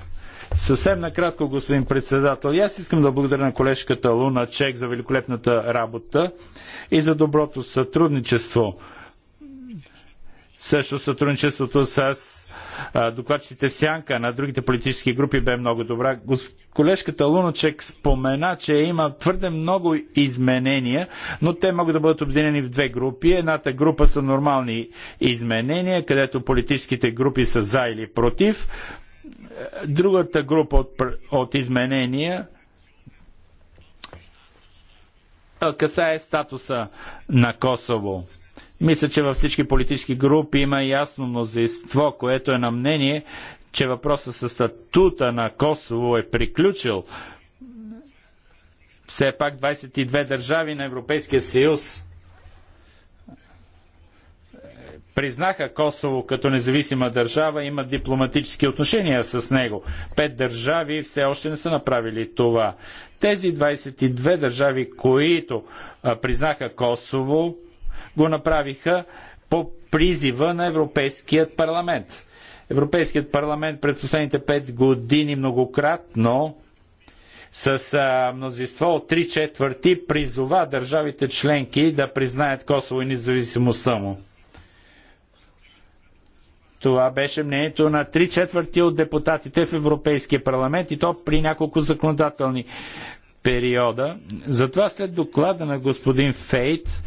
Съвсем накратко, господин председател, и аз искам да благодаря на колежката Луна Чек за великолепната работа и за доброто сътрудничество също сътрудничеството с докладчиците в сянка на другите политически групи бе много добра. Колежката Луночек спомена, че има твърде много изменения, но те могат да бъдат обединени в две групи. Едната група са нормални изменения, където политическите групи са за или против. Другата група от, от изменения касае статуса на Косово. Мисля, че във всички политически групи има ясно мнозинство, което е на мнение, че въпросът със статута на Косово е приключил. Все пак 22 държави на Европейския съюз признаха Косово като независима държава, имат дипломатически отношения с него. Пет държави все още не са направили това. Тези 22 държави, които признаха Косово, го направиха по призива на Европейският парламент. Европейският парламент пред последните 5 години многократно с а, мнозинство от 3 четвърти призова държавите членки да признаят Косово и независимостта му. Това беше мнението на три четвърти от депутатите в Европейския парламент и то при няколко законодателни периода. Затова след доклада на господин Фейт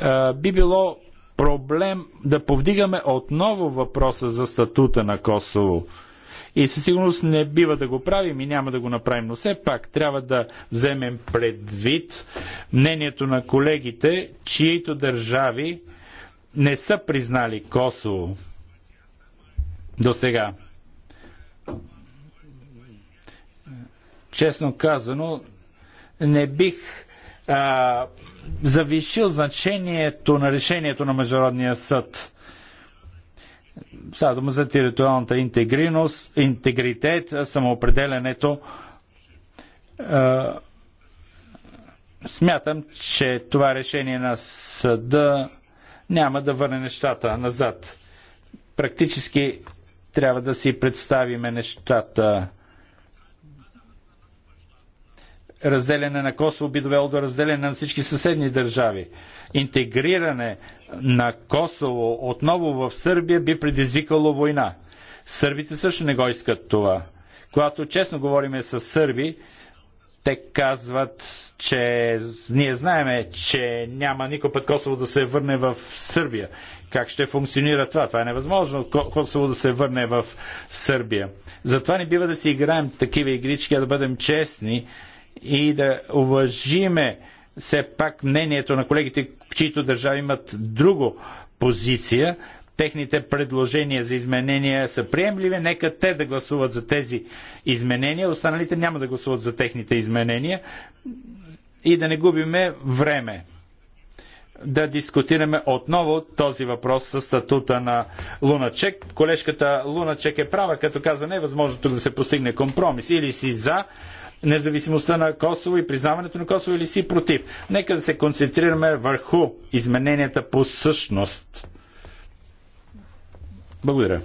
е, би било проблем да повдигаме отново въпроса за статута на Косово. И със сигурност не бива да го правим и няма да го направим, но все пак трябва да вземем предвид мнението на колегите, чието държави не са признали Косово до сега. Честно казано, не бих а, завишил значението на решението на Международния съд. Сега дума за териториалната интегриност, интегритет, самоопределянето. Е, смятам, че това решение на съда няма да върне нещата назад. Практически трябва да си представиме нещата разделяне на Косово би довело до разделяне на всички съседни държави. Интегриране на Косово отново в Сърбия би предизвикало война. Сърбите също не го искат това. Когато честно говориме с сърби, те казват, че ние знаеме, че няма никой път Косово да се върне в Сърбия. Как ще функционира това? Това е невъзможно Косово да се върне в Сърбия. Затова не бива да си играем такива игрички, а да бъдем честни и да уважиме все пак мнението на колегите, чието държави имат друго позиция. Техните предложения за изменения са приемливи. Нека те да гласуват за тези изменения. Останалите няма да гласуват за техните изменения. И да не губиме време да дискутираме отново този въпрос с статута на Луначек. Колежката Луначек е права, като казва, не е възможно тук да се постигне компромис. Или си за независимостта на Косово и признаването на Косово или си против. Нека да се концентрираме върху измененията по същност. Благодаря.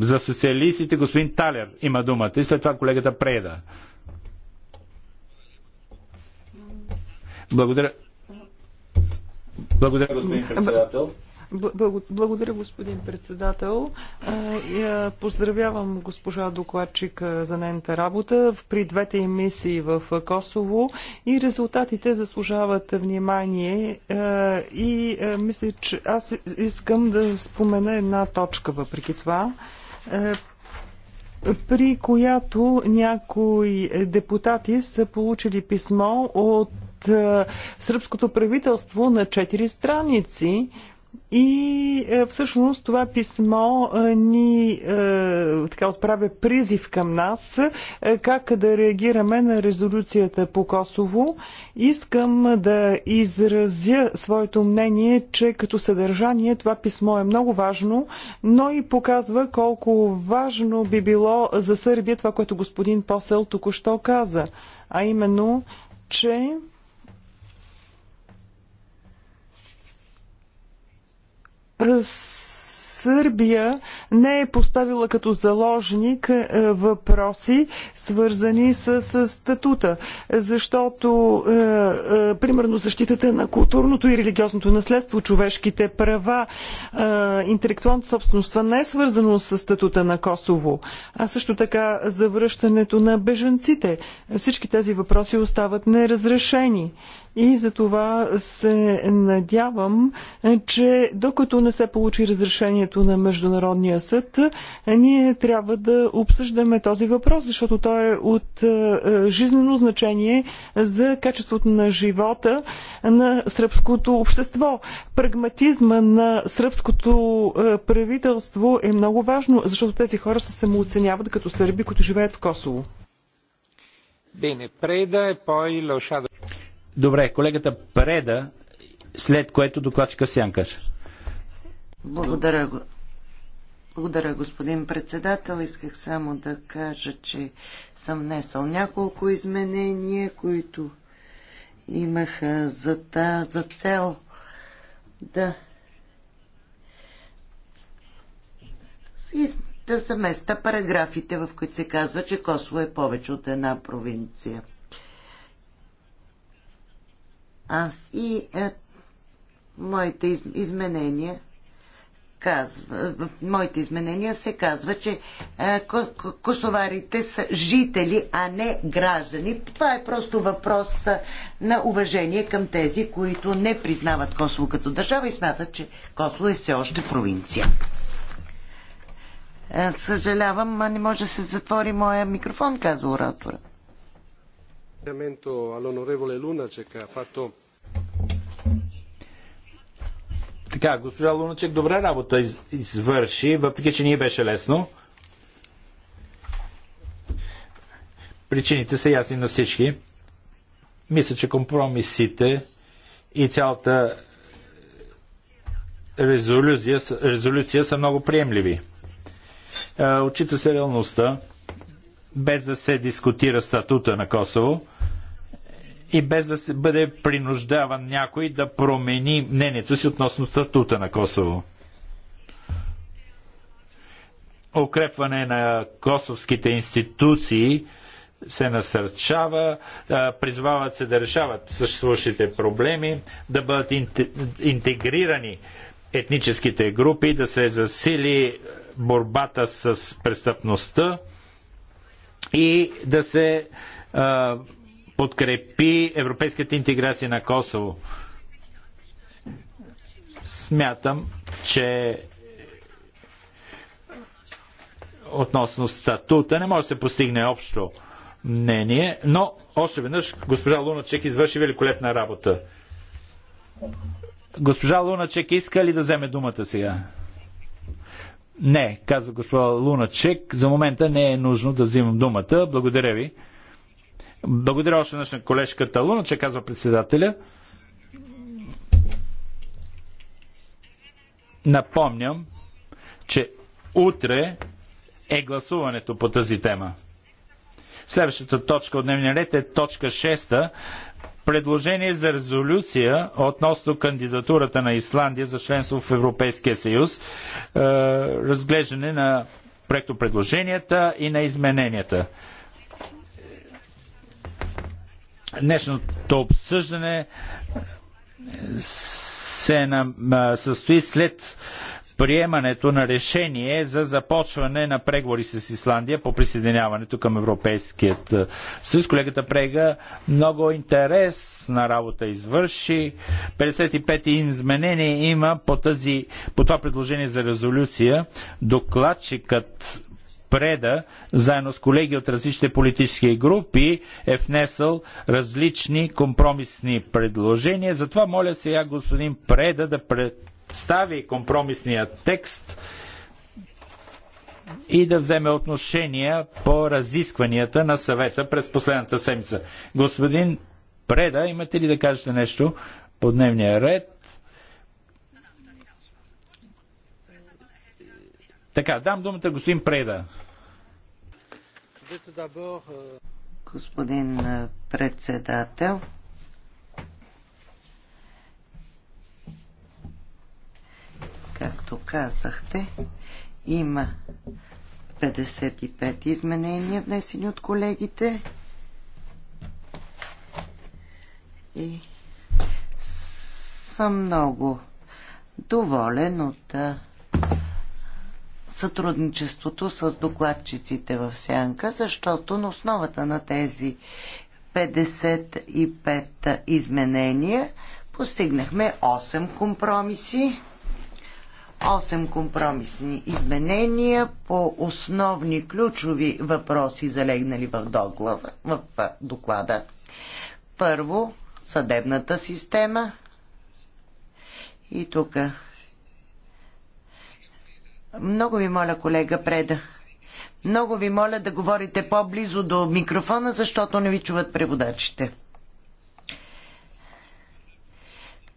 За социалистите господин Талер има думата и след това колегата Преда. Благодаря. Благодаря, господин председател. Благодаря, господин председател. Поздравявам госпожа Докладчик за нейната работа при двете емисии мисии в Косово и резултатите заслужават внимание и мисля, че аз искам да спомена една точка въпреки това при която някои депутати са получили писмо от сръбското правителство на четири страници, и е, всъщност това писмо е, ни е, така отправя призив към нас как да реагираме на резолюцията по Косово. Искам да изразя своето мнение, че като съдържание това писмо е много важно, но и показва колко важно би било за Сърбия това, което господин Посел току-що каза, а именно, че Сърбия не е поставила като заложник е, въпроси, свързани с, статута, защото, е, е, примерно, защитата на културното и религиозното наследство, човешките права, интелектуалната собственост, това не е свързано с статута на Косово, а също така завръщането на бежанците. Всички тези въпроси остават неразрешени и за това се надявам, е, че докато не се получи разрешението на Международния съд, е, ние трябва да обсъждаме този въпрос, защото той е от е, жизнено значение за качеството на живота на сръбското общество. Прагматизма на сръбското правителство е много важно, защото тези хора се самооценяват като сърби, които живеят в Косово. Bene, Preda e poi lo Shadow. Добре, колегата Преда, след което докладчика Сянкаш. Благодаря, благодаря, господин председател. Исках само да кажа, че съм внесъл няколко изменения, които имаха за, та, за цел да да съместа параграфите, в които се казва, че Косово е повече от една провинция. Аз и е, моите из, изменения казва, в моите изменения се казва, че е, косоварите са жители, а не граждани. Това е просто въпрос е, на уважение към тези, които не признават Косово като държава и смятат, че Косово е все още провинция. Е, съжалявам, не може да се затвори моя микрофон, казва оратора. All'onorevole Lunacek ha fatto така, госпожа Луначек добра работа из, извърши, въпреки че ние беше лесно. Причините са ясни на всички. Мисля, че компромисите и цялата резолюция, резолюция са много приемливи. Е, отчита се реалността, без да се дискутира статута на Косово и без да се бъде принуждаван някой да промени мнението си относно статута на Косово. Укрепване на косовските институции се насърчава, призвават се да решават съществуващите проблеми, да бъдат интегрирани етническите групи, да се засили борбата с престъпността и да се подкрепи европейската интеграция на Косово. Смятам, че относно статута не може да се постигне общо мнение, но още веднъж госпожа Луначек извърши великолепна работа. Госпожа Луначек иска ли да вземе думата сега? Не, казва госпожа Луначек. За момента не е нужно да взимам думата. Благодаря ви. Благодаря още на колежката Луна, че казва председателя. Напомням, че утре е гласуването по тази тема. Следващата точка от дневния ред е точка 6. Предложение за резолюция относно кандидатурата на Исландия за членство в Европейския съюз. Е, разглеждане на проектопредложенията и на измененията днешното обсъждане се състои след приемането на решение за започване на преговори с Исландия по присъединяването към Европейският съюз. Колегата Прега много интересна работа извърши. 55 изменения има по, тази, по това предложение за резолюция. Докладчикът Преда, заедно с колеги от различните политически групи, е внесъл различни компромисни предложения. Затова моля сега господин Преда да представи компромисния текст и да вземе отношение по разискванията на съвета през последната седмица. Господин Преда, имате ли да кажете нещо по дневния ред? Така, дам думата господин Преда. Господин председател, както казахте, има 55 изменения, внесени от колегите. И съм много доволен от сътрудничеството с докладчиците в Сянка, защото на основата на тези 55 изменения постигнахме 8 компромиси. 8 компромисни изменения по основни ключови въпроси, залегнали в, доглава, в доклада. Първо, съдебната система. И тук много ви моля, колега Преда. Много ви моля да говорите по-близо до микрофона, защото не ви чуват преводачите.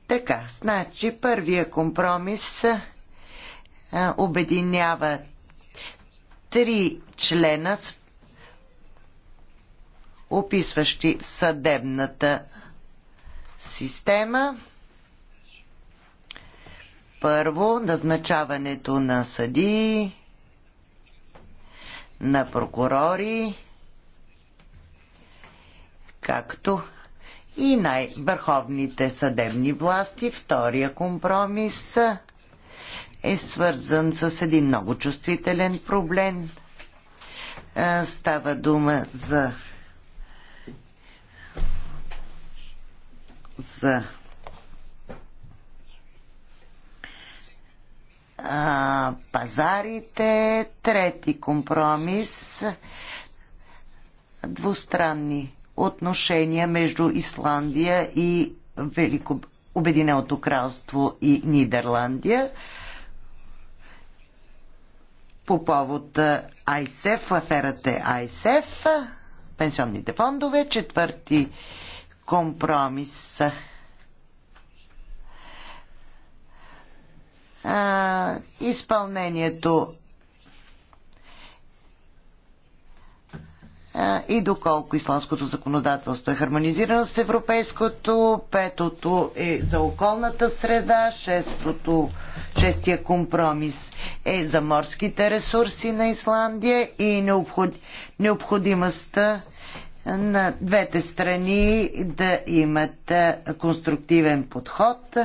Така, значи първия компромис а, обединява три члена, описващи съдебната система. Първо, назначаването на съдии, на прокурори, както и най-върховните съдебни власти. Втория компромис е свързан с един много чувствителен проблем. Става дума за за а, пазарите. Трети компромис двустранни отношения между Исландия и Велико... Обединеното кралство и Нидерландия по повод АйСЕФ, аферата АйСЕФ, пенсионните фондове, четвърти компромис а, изпълнението и доколко исландското законодателство е хармонизирано с европейското. Петото е за околната среда. Шестото, шестия компромис е за морските ресурси на Исландия и необход, необходимостта на двете страни да имат конструктивен подход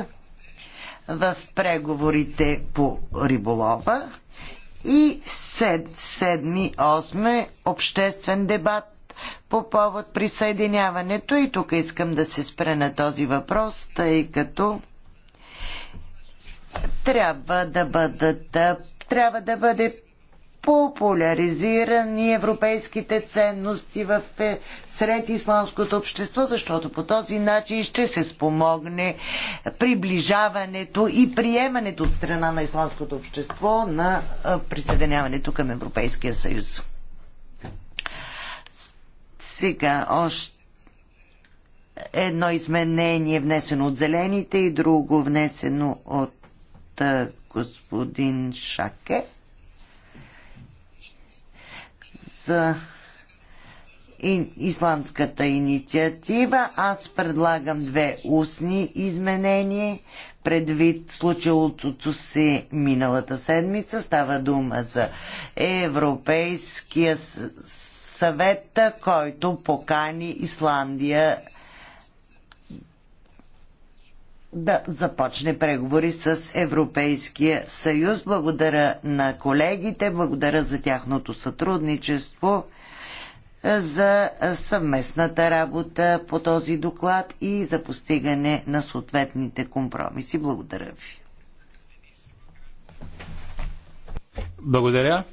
в преговорите по риболова и 7-8 обществен дебат по повод присъединяването и тук искам да се спре на този въпрос, тъй като трябва да бъдат трябва да бъде популяризирани европейските ценности в е, сред исламското общество, защото по този начин ще се спомогне приближаването и приемането от страна на исламското общество на е, присъединяването към Европейския съюз. Сега още едно изменение внесено от зелените и друго внесено от е, господин Шаке исландската инициатива. Аз предлагам две устни изменения предвид случилото се миналата седмица. Става дума за Европейския съвет, който покани Исландия да започне преговори с Европейския съюз. Благодаря на колегите, благодаря за тяхното сътрудничество, е, за съвместната работа по този доклад и за постигане на съответните компромиси. Благодаря ви. Благодаря.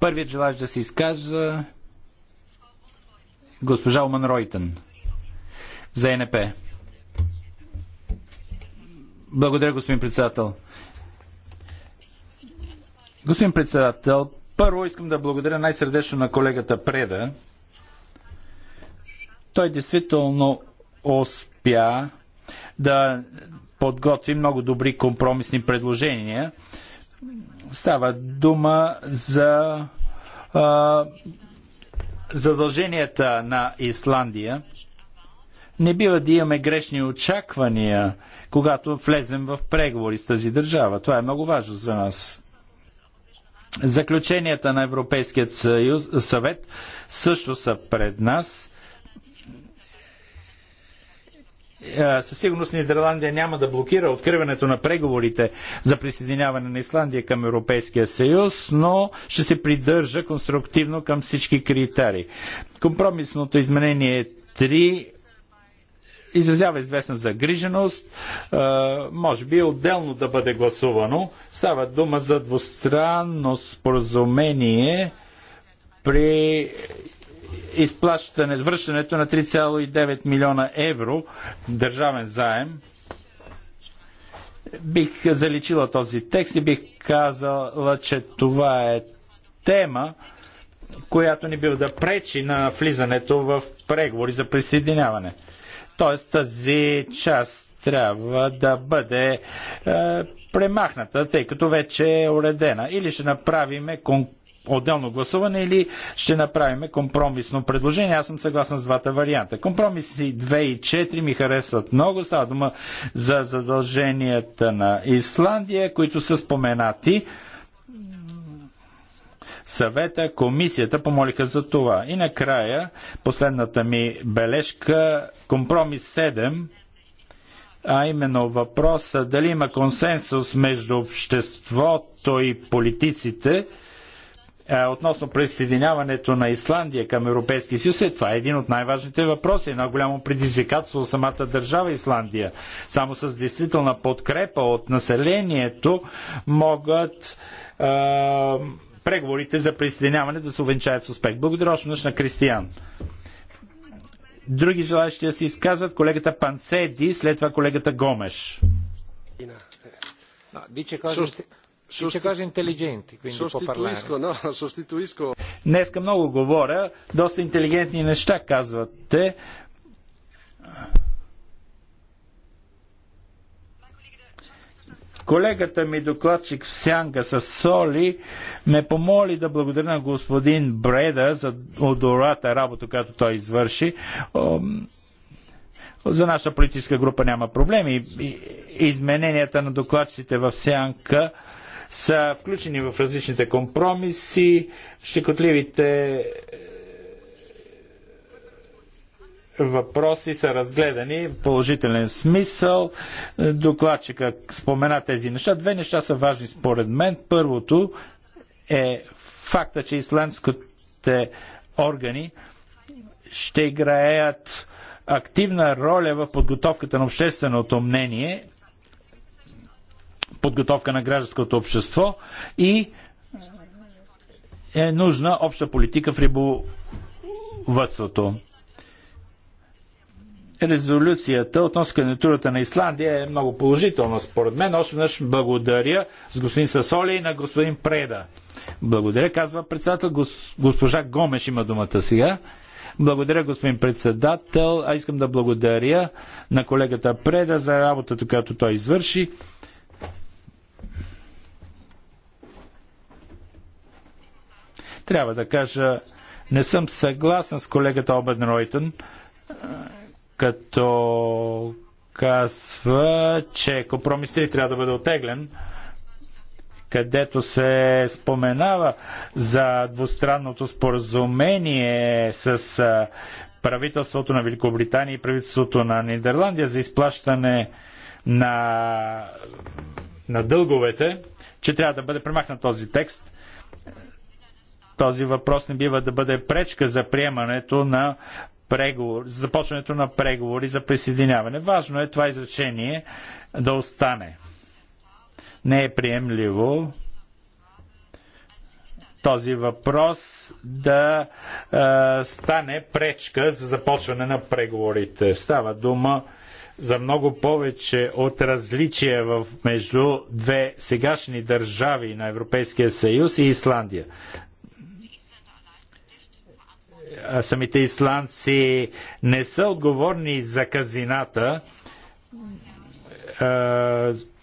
Първият желаж да се изкажа госпожа Оман Ройтен за НП. Благодаря, господин председател. Господин председател, първо искам да благодаря най-сърдечно на колегата Преда. Той действително успя да подготви много добри компромисни предложения. Става дума за а, задълженията на Исландия. Не бива да имаме грешни очаквания когато влезем в преговори с тази държава. Това е много важно за нас. Заключенията на Европейският съюз, съвет също са пред нас. Е, със сигурност Нидерландия няма да блокира откриването на преговорите за присъединяване на Исландия към Европейския съюз, но ще се придържа конструктивно към всички критерии. Компромисното изменение изразява известна загриженост, може би отделно да бъде гласувано. Става дума за двустранно споразумение при изплащане, връщането на 3,9 милиона евро държавен заем. Бих заличила този текст и бих казала, че това е тема, която ни бива да пречи на влизането в преговори за присъединяване. Т.е. тази част трябва да бъде е, премахната, тъй като вече е уредена. Или ще направиме кон... отделно гласуване или ще направим компромисно предложение. Аз съм съгласен с двата варианта. Компромиси 2 и 4 ми харесват много. Става дума за задълженията на Исландия, които са споменати. Съвета, комисията помолиха за това. И накрая, последната ми бележка, компромис 7, а именно въпроса дали има консенсус между обществото и политиците е, относно присъединяването на Исландия към Европейския съюз. Е, това е един от най-важните въпроси. Едно голямо предизвикателство за самата държава Исландия. Само с действителна подкрепа от населението могат е, преговорите за присъединяване да се увенчаят с успех. Благодаря още на Кристиян. Други желаящи да се изказват колегата Панседи, след това колегата Гомеш. Днеска много говоря, доста интелигентни неща казвате. Колегата ми докладчик в Сянга с Соли ме помоли да благодаря на господин Бреда за одората работа, която той извърши. За наша политическа група няма проблеми. Измененията на докладчите в Сянка са включени в различните компромиси. Щекотливите въпроси са разгледани в положителен смисъл. Докладчика спомена тези неща. Две неща са важни според мен. Първото е факта, че исландските органи ще играят активна роля в подготовката на общественото мнение, подготовка на гражданското общество и е нужна обща политика в рибовътството резолюцията относно кандидатурата на Исландия е много положителна според мен. Още веднъж благодаря с господин Сасоли и на господин Преда. Благодаря, казва председател. Госпожа Гомеш има думата сега. Благодаря, господин председател. А искам да благодаря на колегата Преда за работата, която той извърши. Трябва да кажа, не съм съгласен с колегата Обеден Ройтън като казва, че компромис 3 трябва да бъде отеглен, където се споменава за двустранното споразумение с правителството на Великобритания и правителството на Нидерландия за изплащане на, на дълговете, че трябва да бъде премахнат този текст. Този въпрос не бива да бъде пречка за приемането на преговор, за започването на преговори за присъединяване. Важно е това изречение да остане. Не е приемливо този въпрос да а, стане пречка за започване на преговорите. Става дума за много повече от различия в между две сегашни държави на Европейския съюз и Исландия самите исландци не са отговорни за казината,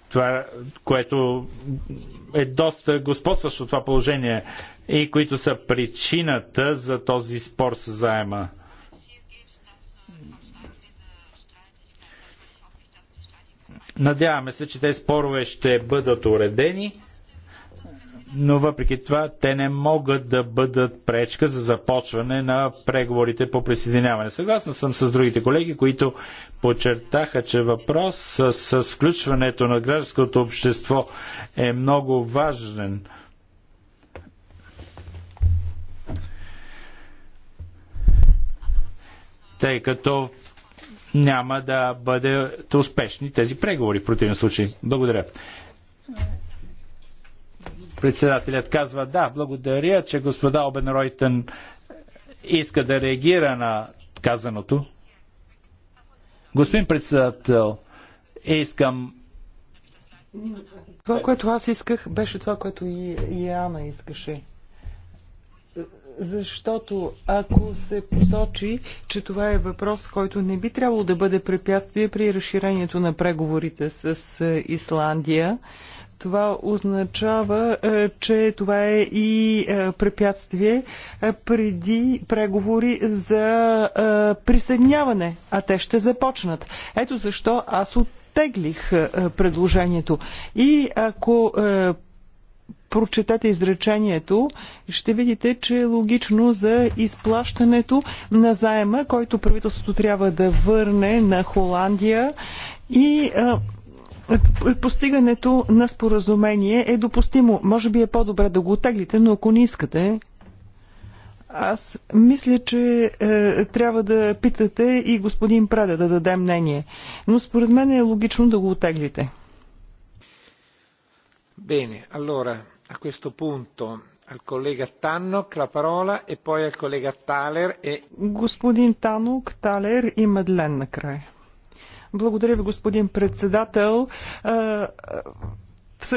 това, което е доста господстващо това положение и които са причината за този спор с заема. Надяваме се, че тези спорове ще бъдат уредени но въпреки това те не могат да бъдат пречка за започване на преговорите по присъединяване. Съгласна съм с другите колеги, които подчертаха, че въпрос с, с включването на гражданското общество е много важен. Тъй като няма да бъдат успешни тези преговори в противен случай. Благодаря. Председателят казва да, благодаря, че господа Обен Обенройтен иска да реагира на казаното. Господин председател, искам това, което аз исках, беше това, което и, и Ана искаше. Защото ако се посочи, че това е въпрос, който не би трябвало да бъде препятствие при разширението на преговорите с е, Исландия, това означава, е, че това е и е, препятствие е, преди преговори за присъединяване, а те ще започнат. Ето защо аз оттеглих предложението. И ако прочетете изречението, ще видите, че е логично за изплащането на заема, който правителството трябва да върне на Холандия и а, е, постигането на споразумение е допустимо. Може би е по-добре да го отеглите, но ако не искате, аз мисля, че е, трябва да питате и господин Прада да даде мнение. Но според мен е логично да го отеглите. Bene, allora a questo punto al collega Tannock la parola e poi al collega Thaler e... Господин Танок, Талер и Мадлен накрая. Благодаря ви, господин председател.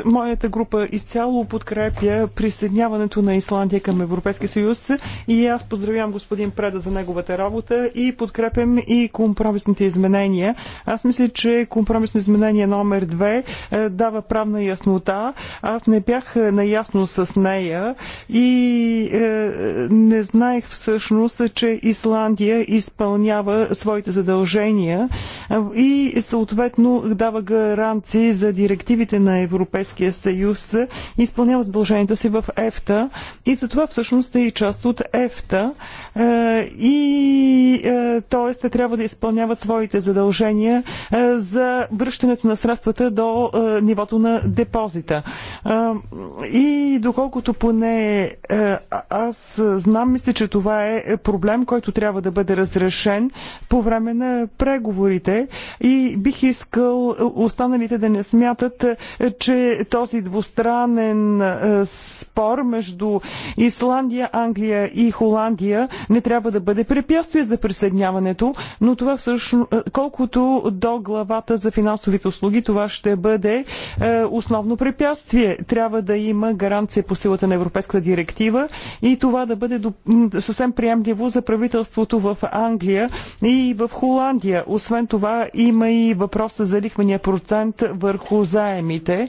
Моята група изцяло подкрепя присъединяването на Исландия към Европейския съюз и аз поздравявам господин Преда за неговата работа и подкрепям и компромисните изменения. Аз мисля, че компромисно изменение номер 2 е, дава правна яснота. Аз не бях е, наясно с нея и е, не знаех всъщност, че Исландия изпълнява своите задължения и съответно дава гаранции за директивите на Европейския Европейския съюз изпълнява задълженията си в ЕФТА и затова всъщност е и част от ЕФТА е, и т.е. те трябва да изпълняват своите задължения е, за връщането на средствата до е, нивото на депозита. И доколкото поне аз знам, мисля, че това е проблем, който трябва да бъде разрешен по време на преговорите и бих искал останалите да не смятат, че този двустранен е, спор между Исландия, Англия и Холандия не трябва да бъде препятствие за присъединяването, но това всъщност, е, колкото до главата за финансовите услуги, това ще бъде е, основно препятствие. Трябва да има гаранция по силата на Европейската директива и това да бъде съвсем приемливо за правителството в Англия и в Холандия. Освен това има и въпроса за лихвения процент върху заемите.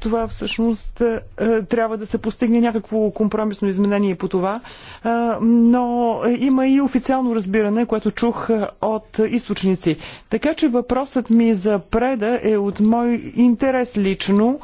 Това всъщност трябва да се постигне някакво компромисно изменение по това. Но има и официално разбиране, което чух от източници. Така че въпросът ми за преда е от мой интерес лично.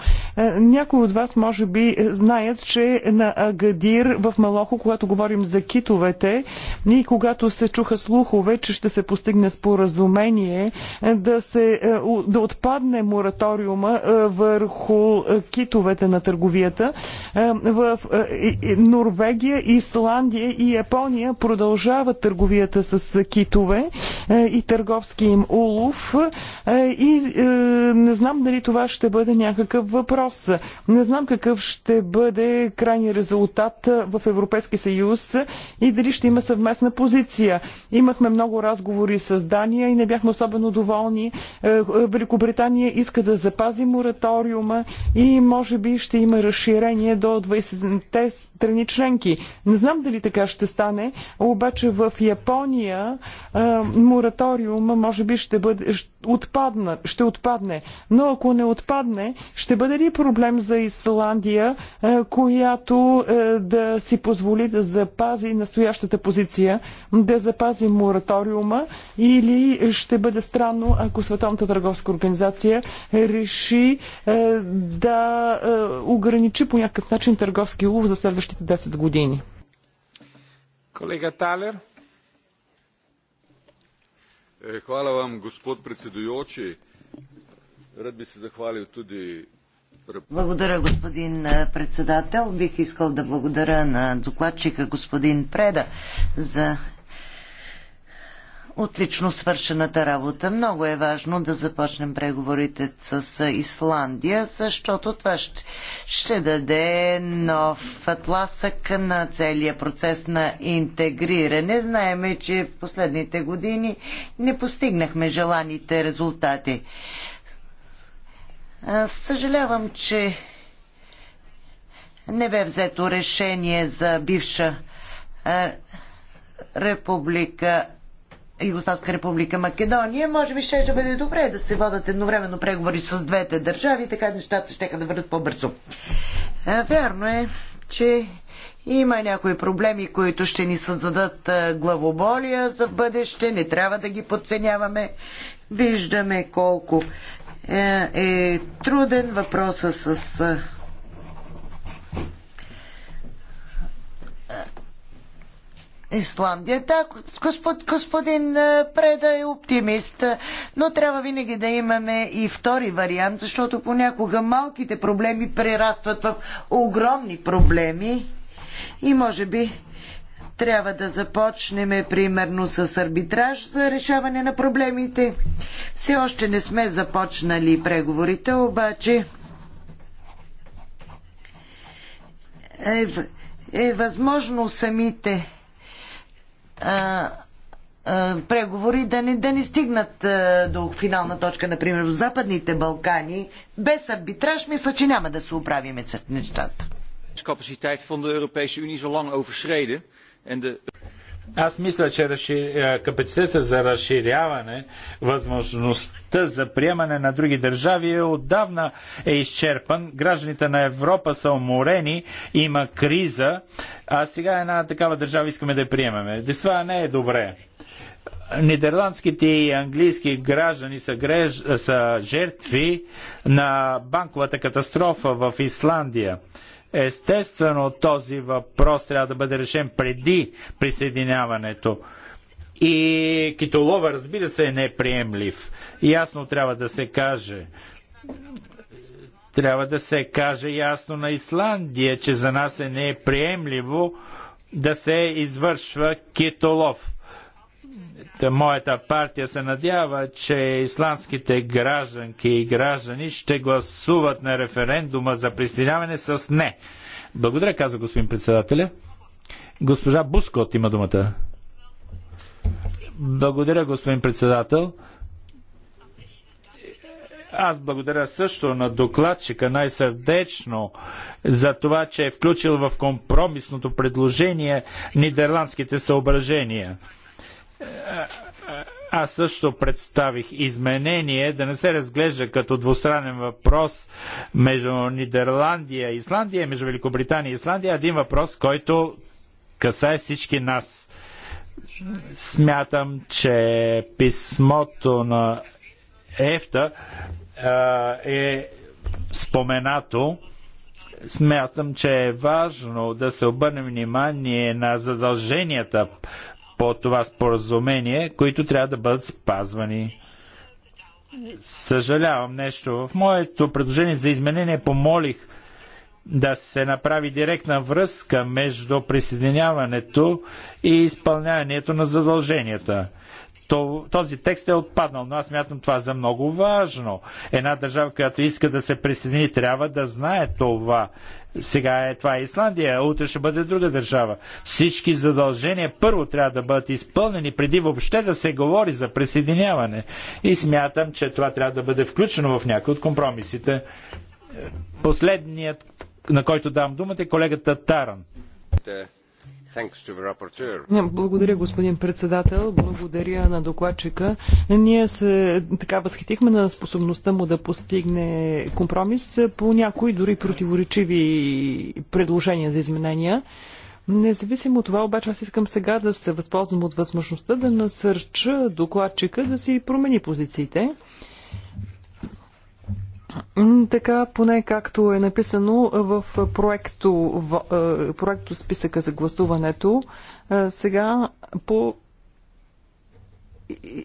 Някои от вас може би знаят, че на Агадир в Малохо, когато говорим за китовете и когато се чуха слухове, че ще се постигне споразумение да, се, да отпадне мораториума в върху е, китовете на търговията. Е, в е, Норвегия, Исландия и Япония продължават търговията с китове и търговски им улов. И не знам дали това ще бъде някакъв въпрос. Не знам какъв ще бъде крайния резултат в Европейския съюз и дали ще има съвместна позиция. Имахме много разговори с Дания и не бяхме особено доволни. Великобритания иска да запази мораториум мораториума и може би ще има разширение до 20-те страни членки. Не знам дали така ще стане, обаче в Япония а, мораториума може би ще бъде ще отпадна, ще отпадне. Но ако не отпадне, ще бъде ли проблем за Исландия, а, която а, да си позволи да запази настоящата позиция, да запази мораториума или ще бъде странно, ако Световната търговска организация реши е, да е, ограничи по някакъв начин търговски улов за следващите 10 години. Колега Талер. Е, хвала вам, господ председуючи. Rad би се захвалил туди благодаря, господин председател. Бих искал да благодаря на докладчика господин Преда за отлично свършената работа. Много е важно да започнем преговорите с Исландия, защото това ще, ще даде нов тласък на целия процес на интегриране. Знаеме, че в последните години не постигнахме желаните резултати. Съжалявам, че не бе взето решение за бивша република Югославска република Македония, може би ще, бъде добре да се водат едновременно преговори с двете държави, така нещата ще да върнат по-бързо. Вярно е, че има някои проблеми, които ще ни създадат главоболия за бъдеще. Не трябва да ги подценяваме. Виждаме колко е, е труден въпроса с Исландия. Да, господ, господин Преда е оптимист, но трябва винаги да имаме и втори вариант, защото понякога малките проблеми прерастват в огромни проблеми и може би трябва да започнем примерно с арбитраж за решаване на проблемите. Все още не сме започнали преговорите, обаче е, е възможно самите а, преговори да не, да не стигнат а, до финална точка, например, в Западните Балкани, без арбитраж, мисля, че няма да се оправим нещата. capaciteit на de Europese е zo overschreden en de аз мисля, че разшир... Е, капацитета за разширяване, възможността за приемане на други държави е отдавна е изчерпан. Гражданите на Европа са уморени, има криза, а сега една такава държава искаме да я приемаме. Това не е добре. Нидерландските и английски граждани са, греж... са жертви на банковата катастрофа в Исландия. Естествено, този въпрос трябва да бъде решен преди присъединяването. И китолова, разбира се, е неприемлив. Ясно трябва да се каже. Трябва да се каже ясно на Исландия, че за нас е неприемливо да се извършва китолов моята партия се надява, че исландските гражданки и граждани ще гласуват на референдума за присъединяване с не. Благодаря, каза господин председателя. Госпожа Бускот има думата. Благодаря, господин председател. Аз благодаря също на докладчика най-сърдечно за това, че е включил в компромисното предложение нидерландските съображения аз също представих изменение да не се разглежда като двустранен въпрос между Нидерландия и Исландия, между Великобритания и Исландия, един въпрос, който касае всички нас. Смятам, че писмото на ЕФТА е споменато смятам, че е важно да се обърне внимание на задълженията по това споразумение, които трябва да бъдат спазвани. Съжалявам нещо. В моето предложение за изменение помолих да се направи директна връзка между присъединяването и изпълняването на задълженията този текст е отпаднал, но аз мятам това за много важно. Една държава, която иска да се присъедини, трябва да знае това. Сега е това е Исландия, утре ще бъде друга държава. Всички задължения първо трябва да бъдат изпълнени, преди въобще да се говори за присъединяване. И смятам, че това трябва да бъде включено в някои от компромисите. Последният, на който дам думата, е колегата Таран. Благодаря, господин председател. Благодаря на докладчика. Ние се така възхитихме на способността му да постигне компромис по някои дори противоречиви предложения за изменения. Независимо от това, обаче аз искам сега да се възползвам от възможността да насърча докладчика да си промени позициите. Така, поне както е написано в проекто, в, е, проекто списъка за гласуването, е, сега по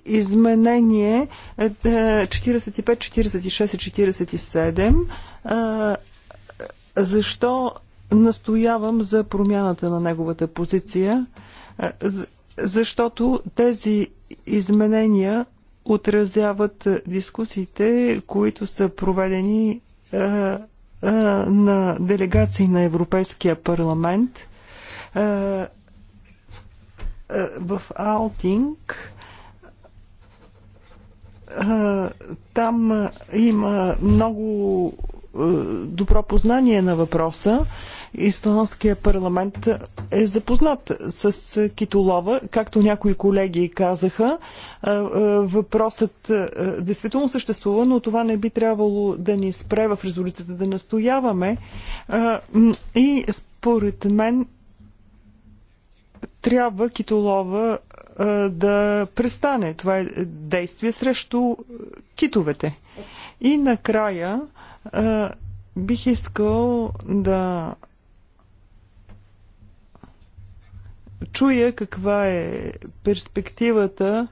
изменение 45, е, 46 и 47, защо настоявам за промяната на неговата позиция, защото тези изменения отразяват дискусиите, които са проведени а, а, на делегации на Европейския парламент а, а, в Алтинг. А, там има много добро познание на въпроса. Исландския парламент е запознат с китолова, както някои колеги казаха. Е, е, въпросът е, действително съществува, но това не би трябвало да ни спре в резолюцията да настояваме. И според мен трябва китолова да престане. Това е действие срещу китовете. И накрая бих искал да чуя каква е перспективата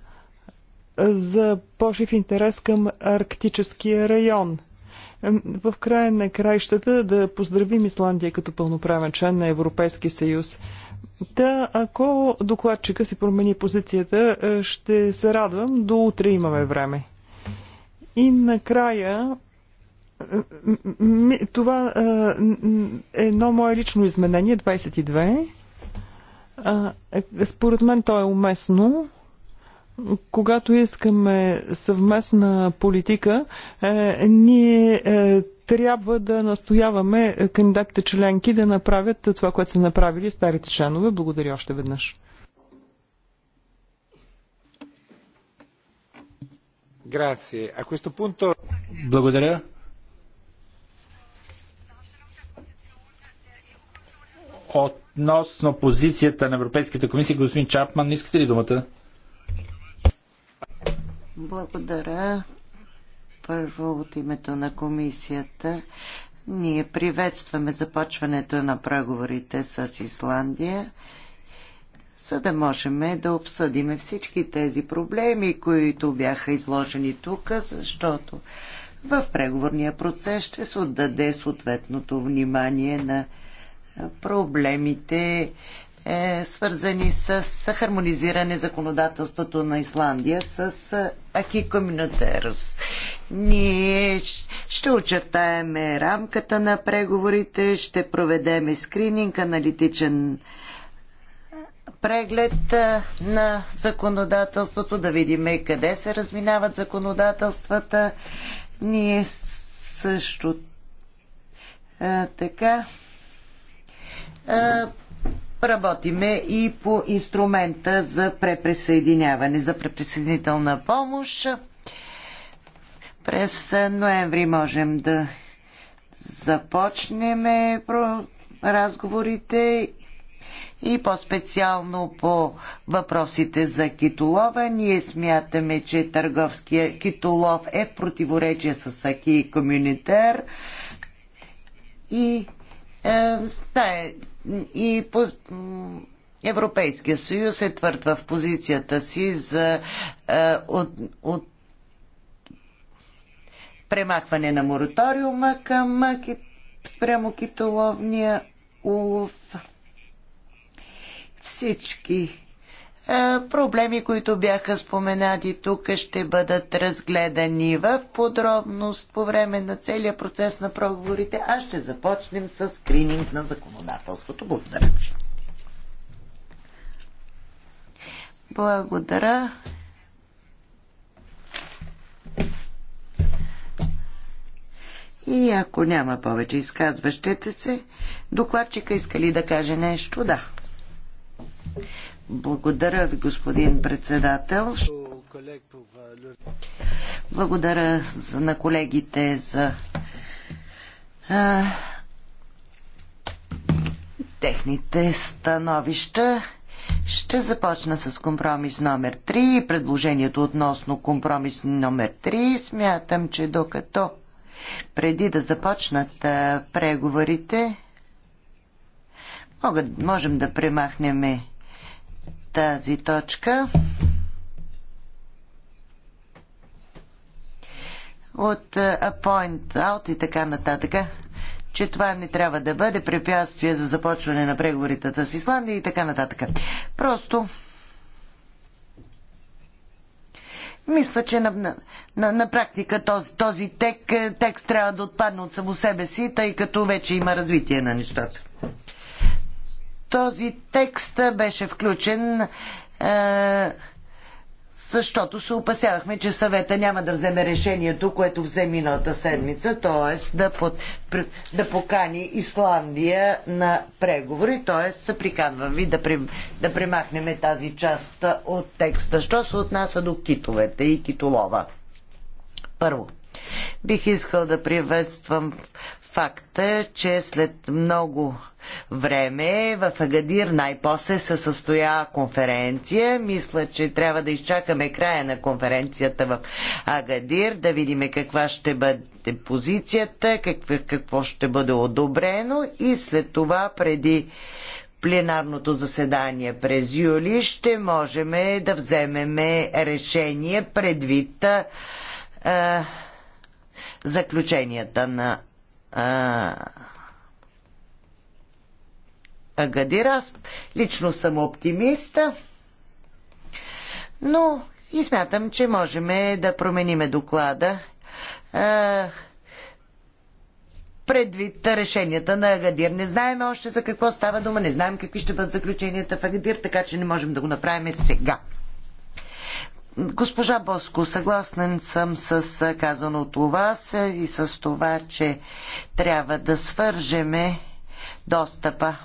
за пошив интерес към Арктическия район. В края на краищата да поздравим Исландия като пълноправен член на Европейския съюз. Та, ако докладчика си промени позицията, е, ще се радвам. До утре имаме време. И накрая това е едно мое лично изменение, 22. Е, според мен то е уместно. Когато искаме съвместна политика, е, ние е, трябва да настояваме кандидатите членки да направят това, което са направили старите членове. Благодаря още веднъж. Благодаря. относно позицията на Европейската комисия. Господин Чапман, искате ли думата? Благодаря. Първо от името на комисията. Ние приветстваме започването на преговорите с Исландия, за да можем да обсъдим всички тези проблеми, които бяха изложени тук, защото в преговорния процес ще се отдаде съответното внимание на проблемите, е, свързани с хармонизиране законодателството на Исландия с е, Аки Ние ще очертаем рамката на преговорите, ще проведем скрининг, аналитичен е, преглед на законодателството, да видим къде се разминават законодателствата. Ние също а, така е, Работиме и по инструмента за преприсъединяване, за преприсъединителна помощ. През ноември можем да започнем разговорите и по-специално по въпросите за китолова. Ние смятаме, че търговския китолов е в противоречие с Аки и Комюнитер и е, и по, Европейския съюз е твърд в позицията си за е, от, от премахване на мораториума към спрямо китоловния улов. Всички е, проблеми, които бяха споменати тук, ще бъдат разгледани в подробност по време на целия процес на проговорите, а ще започнем с скрининг на законодателството. Благодаря ви. Благодаря. И ако няма повече изказващите се, докладчика иска ли да каже нещо? Да. Благодаря ви, господин председател. Благодаря на колегите за а, техните становища. Ще започна с компромис номер 3 и предложението относно компромис номер 3. Смятам, че докато преди да започнат а, преговорите, могат, можем да премахнем тази точка. От Point Out и така нататък, че това не трябва да бъде препятствие за започване на преговорите с Исландия и така нататък. Просто Мисля, че на, на, на практика този, този тек, текст трябва да отпадне от само себе си, тъй като вече има развитие на нещата този текст беше включен е, защото се опасявахме, че съвета няма да вземе решението, което взе миналата седмица, т.е. Да, да покани Исландия на преговори, т.е. се приканвам ви да, при, да примахнем тази част от текста. Що се отнася до китовете и китолова? Първо, бих искал да приветствам Факта е, че след много време в Агадир най-после се състоя конференция. Мисля, че трябва да изчакаме края на конференцията в Агадир, да видим каква ще бъде позицията, какво, какво ще бъде одобрено и след това преди пленарното заседание през юли ще можем да вземем решение предвид а, заключенията на а, Агадир. Аз лично съм оптимиста, но и смятам, че можем да промениме доклада а, предвид решенията на Агадир. Не знаем още за какво става дума, не знаем какви ще бъдат заключенията в Агадир, така че не можем да го направим сега. Госпожа Боско, съгласен съм с казаното от вас и с това, че трябва да свържеме достъпа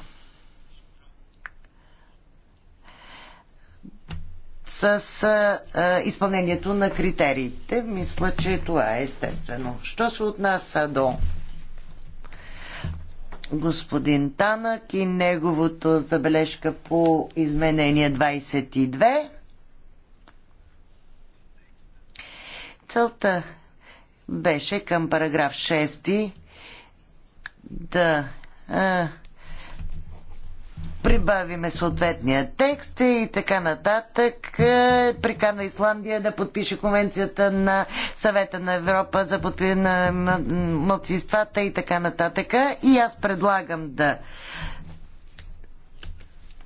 с а, изпълнението на критериите. Мисля, че това е естествено. Що се отнася до господин Танък и неговото забележка по изменение 22, Целта беше към параграф 6 да а, прибавиме съответния текст и така нататък. Прикана Исландия да подпише конвенцията на съвета на Европа за подпи на мълцинствата и така нататък. И аз предлагам да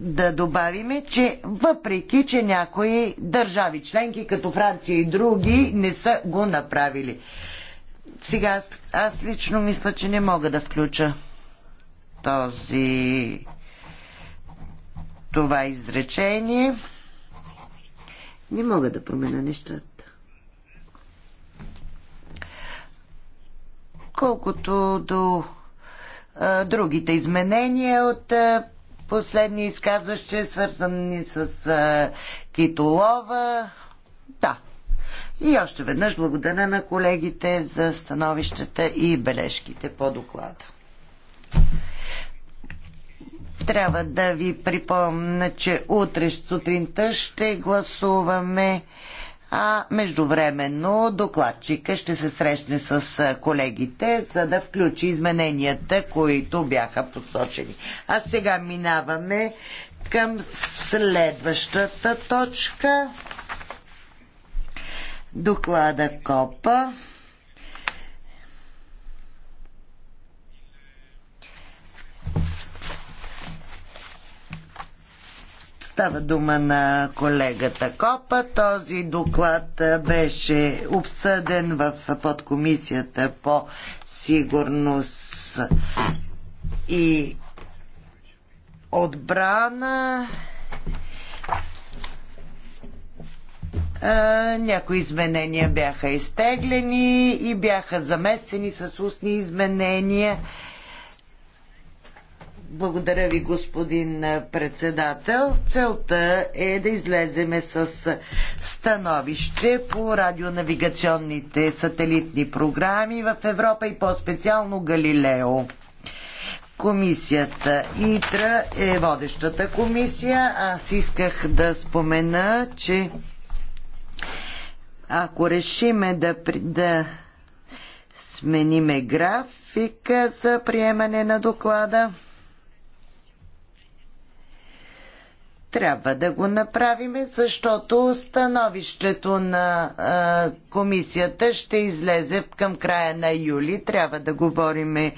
да добавиме, че въпреки, че някои държави членки, като Франция и други, не са го направили. Сега аз, аз лично мисля, че не мога да включа този това изречение. Не мога да променя нещата. Колкото до а, другите изменения от а, Последни изказващи, свързани с а, Китолова. Да. И още веднъж благодаря на колегите за становищата и бележките по доклада. Трябва да ви припомня, че утре сутринта ще гласуваме а междувременно докладчика ще се срещне с колегите, за да включи измененията, които бяха посочени. А сега минаваме към следващата точка. Доклада КОПА. Става дума на колегата Копа. Този доклад беше обсъден в подкомисията по сигурност и отбрана. някои изменения бяха изтеглени и бяха заместени с устни изменения благодаря ви, господин председател. Целта е да излеземе с становище по радионавигационните сателитни програми в Европа и по-специално Галилео. Комисията ИТРА е водещата комисия. Аз исках да спомена, че ако решиме да, да смениме графика за приемане на доклада, трябва да го направим, защото становището на а, комисията ще излезе към края на юли. Трябва да говорим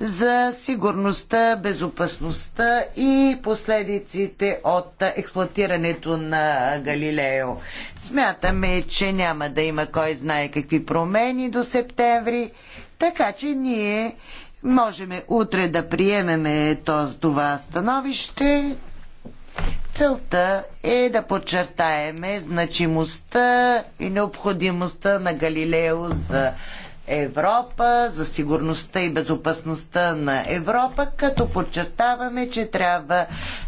за сигурността, безопасността и последиците от експлуатирането на Галилео. Смятаме, че няма да има кой знае какви промени до септември, така че ние Можеме утре да приемеме това становище Целта е да подчертаеме значимостта и необходимостта на Галилео за Европа, за сигурността и безопасността на Европа, като подчертаваме, че трябва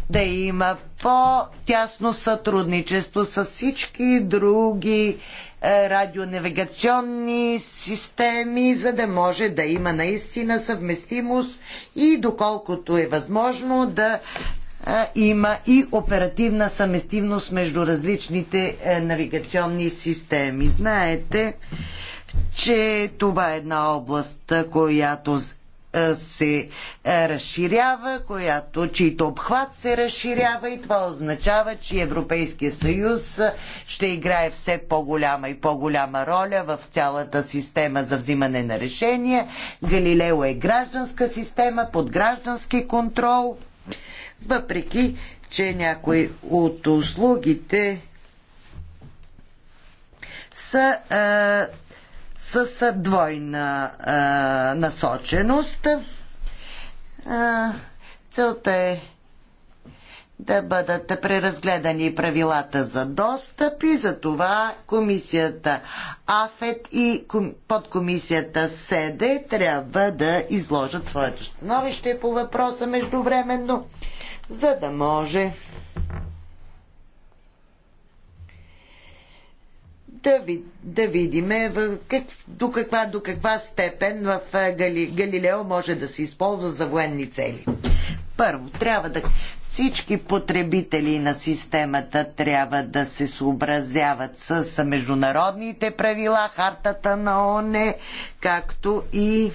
да има по-тясно сътрудничество с всички други е, радионавигационни системи, за да може да има наистина съвместимост и доколкото е възможно да има и оперативна съместивност между различните е, навигационни системи. Знаете, че това е една област, е, която е, се разширява, която, чийто обхват се разширява и това означава, че Европейския съюз ще играе все по-голяма и по-голяма роля в цялата система за взимане на решения. Галилео е гражданска система под граждански контрол въпреки, че някои от услугите са а, с двойна а, насоченост. А, целта е да бъдат преразгледани правилата за достъп и за това комисията АФЕТ и подкомисията СЕДЕ трябва да изложат своето становище по въпроса междувременно, за да може да, ви, да видиме в как, до, каква, до каква степен в е, Гали, Галилео може да се използва за военни цели. Първо, трябва да, всички потребители на системата трябва да се съобразяват с международните правила, хартата на ОНЕ, както и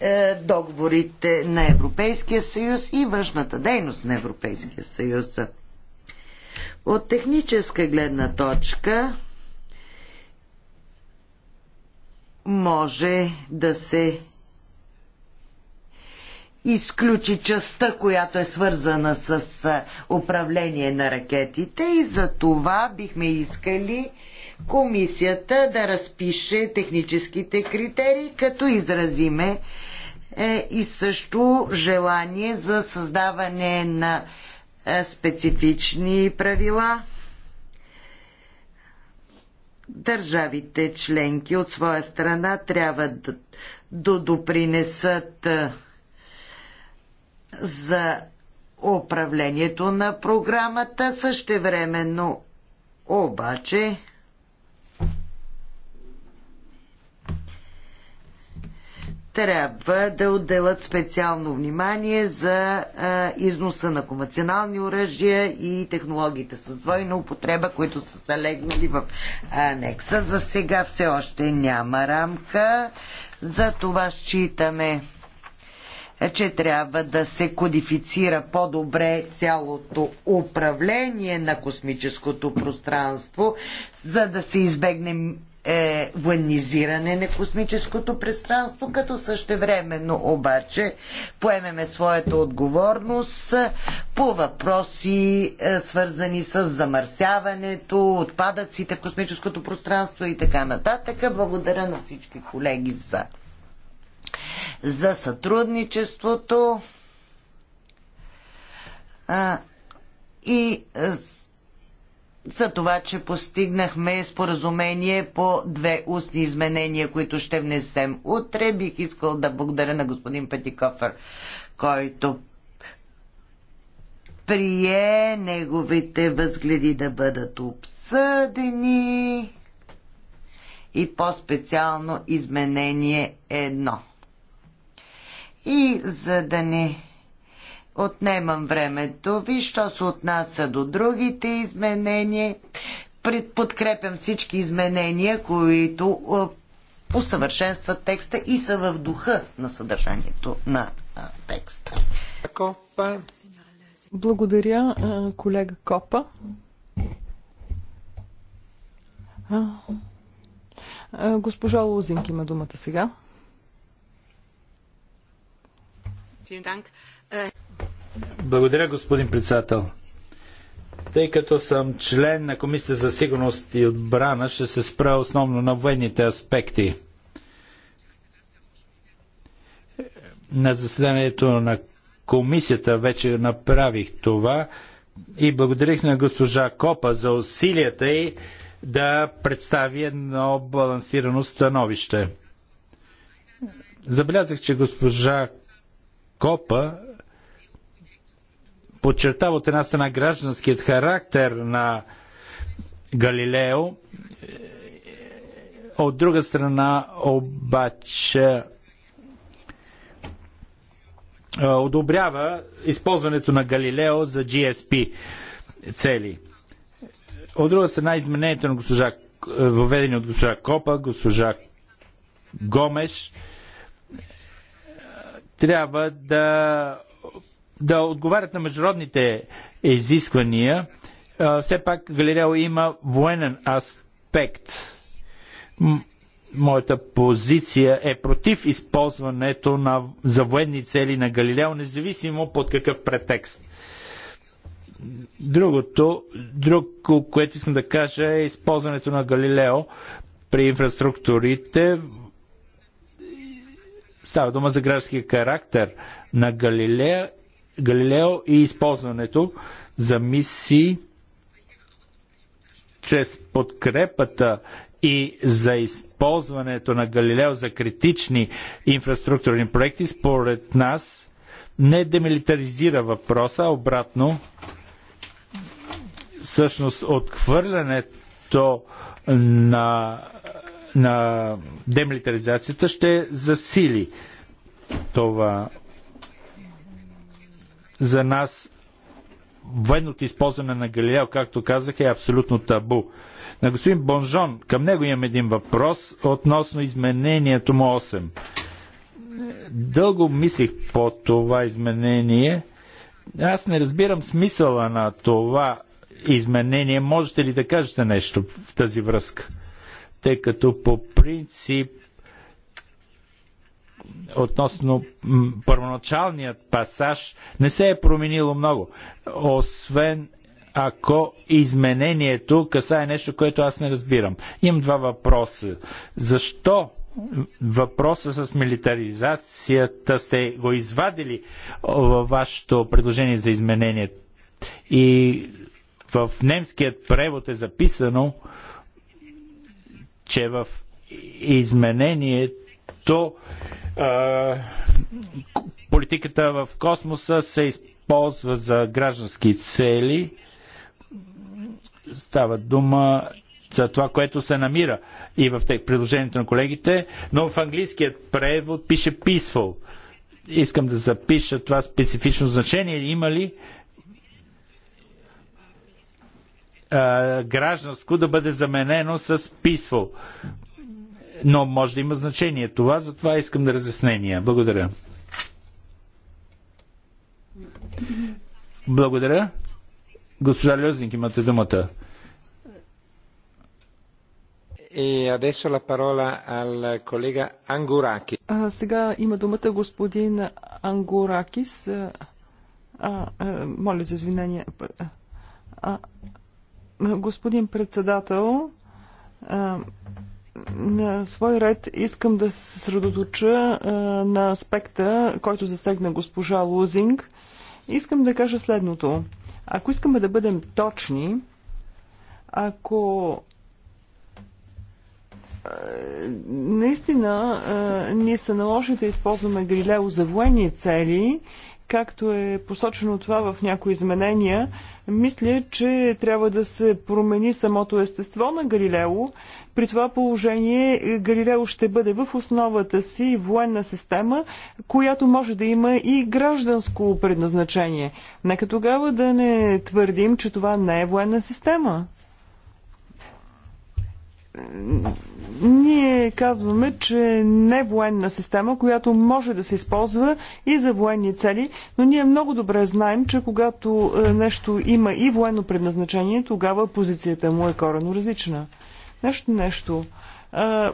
е, договорите на Европейския съюз и външната дейност на Европейския съюз. От техническа гледна точка може да се изключи частта, която е свързана с управление на ракетите и за това бихме искали комисията да разпише техническите критерии, като изразиме е, и също желание за създаване на е, специфични правила. Държавите членки от своя страна трябва да, да допринесат е, за управлението на програмата. Същевременно обаче трябва да отделят специално внимание за а, износа на конвенционални оръжия и технологиите с двойна употреба, които са залегнали в анекса. За сега все още няма рамка. За това считаме че трябва да се кодифицира по-добре цялото управление на космическото пространство, за да се избегне е, военизиране на космическото пространство, като същевременно обаче поемеме своята отговорност по въпроси е, свързани с замърсяването, отпадъците в космическото пространство и така нататък. Благодаря на всички колеги за за сътрудничеството а, и за това, че постигнахме споразумение по две устни изменения, които ще внесем утре. Бих искал да благодаря на господин Петикофър, който прие неговите възгледи да бъдат обсъдени и по-специално изменение едно – и за да не отнемам времето ви, що се отнася до другите изменения, подкрепям всички изменения, които усъвършенстват текста и са в духа на съдържанието на текста. Благодаря, колега Копа. Госпожа Лозинг има думата сега. Äh, Благодаря, господин председател. Тъй като съм член на Комисията за сигурност и отбрана, ще се спра основно на военните аспекти. На заседанието на комисията вече направих това и благодарих на госпожа Копа за усилията й да представи едно балансирано становище. Забелязах, че госпожа Копа подчертава от една страна гражданският характер на Галилео, от друга страна обаче одобрява използването на Галилео за GSP цели. От друга страна изменението на госпожа, въведени от госпожа Копа, госпожа Гомеш, трябва да, да отговарят на международните изисквания. Все пак Галилео има военен аспект. Моята позиция е против използването на, за военни цели на Галилео, независимо под какъв претекст. Другото, друго, което искам да кажа е използването на Галилео при инфраструктурите Става дума за градския характер на Галилея, Галилео и използването за мисии чрез подкрепата и за използването на Галилео за критични инфраструктурни проекти, според нас не демилитаризира въпроса, а обратно всъщност отхвърлянето на на демилитаризацията ще засили това. За нас военното използване на Галилео, както казах, е абсолютно табу. На господин Бонжон, към него имам един въпрос относно изменението му 8. Дълго мислих по това изменение. Аз не разбирам смисъла на това изменение. Можете ли да кажете нещо в тази връзка? тъй като по принцип относно първоначалният пасаж не се е променило много. Освен ако изменението касае нещо, което аз не разбирам. Имам два въпроса. Защо въпроса с милитаризацията сте го извадили във вашето предложение за изменение? И в немският превод е записано, че в изменението а, политиката в космоса се използва за граждански цели. Става дума за това, което се намира и в предложението на колегите, но в английският превод пише peaceful. Искам да запиша това специфично значение. Има ли гражданско да бъде заменено с писво. Но може да има значение това, затова искам да разяснения. Благодаря. Благодаря. Госпожа Льозинг, имате думата. И адесо ла парола ал колега Ангураки. А, сега има думата господин Ангуракис. А, а, моля за извинение. А, Господин председател, на свой ред искам да се съсредоточа на аспекта, който засегна госпожа Лузинг. Искам да кажа следното. Ако искаме да бъдем точни, ако наистина ни се наложи да използваме Грилео за военни цели, както е посочено това в някои изменения, мисля, че трябва да се промени самото естество на Галилео. При това положение Галилео ще бъде в основата си военна система, която може да има и гражданско предназначение. Нека тогава да не твърдим, че това не е военна система ние казваме, че не е военна система, която може да се използва и за военни цели, но ние много добре знаем, че когато е, нещо има и военно предназначение, тогава позицията му е корено различна. Нещо, нещо. Е,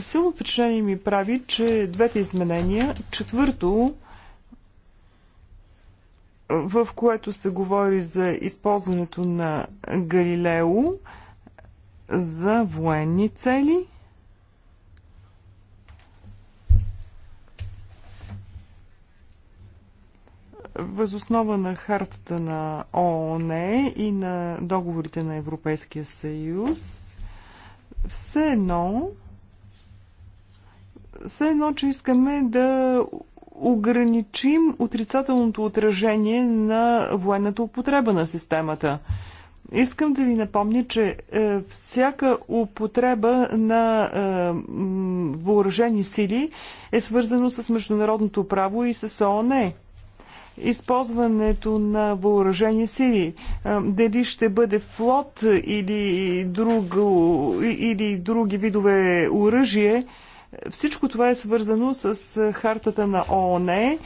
силно впечатление ми прави, че двете изменения, четвърто, в което се говори за използването на Галилео, за военни цели. Възоснова на хартата на ООН и на договорите на Европейския съюз, все едно, все едно, че искаме да ограничим отрицателното отражение на военната употреба на системата. Искам да ви напомня, че е, всяка употреба на е, въоръжени сили е свързано с международното право и с ООН. Използването на въоръжени сили, е, дали ще бъде флот или, друго, или други видове оръжие, всичко това е свързано с хартата на ООН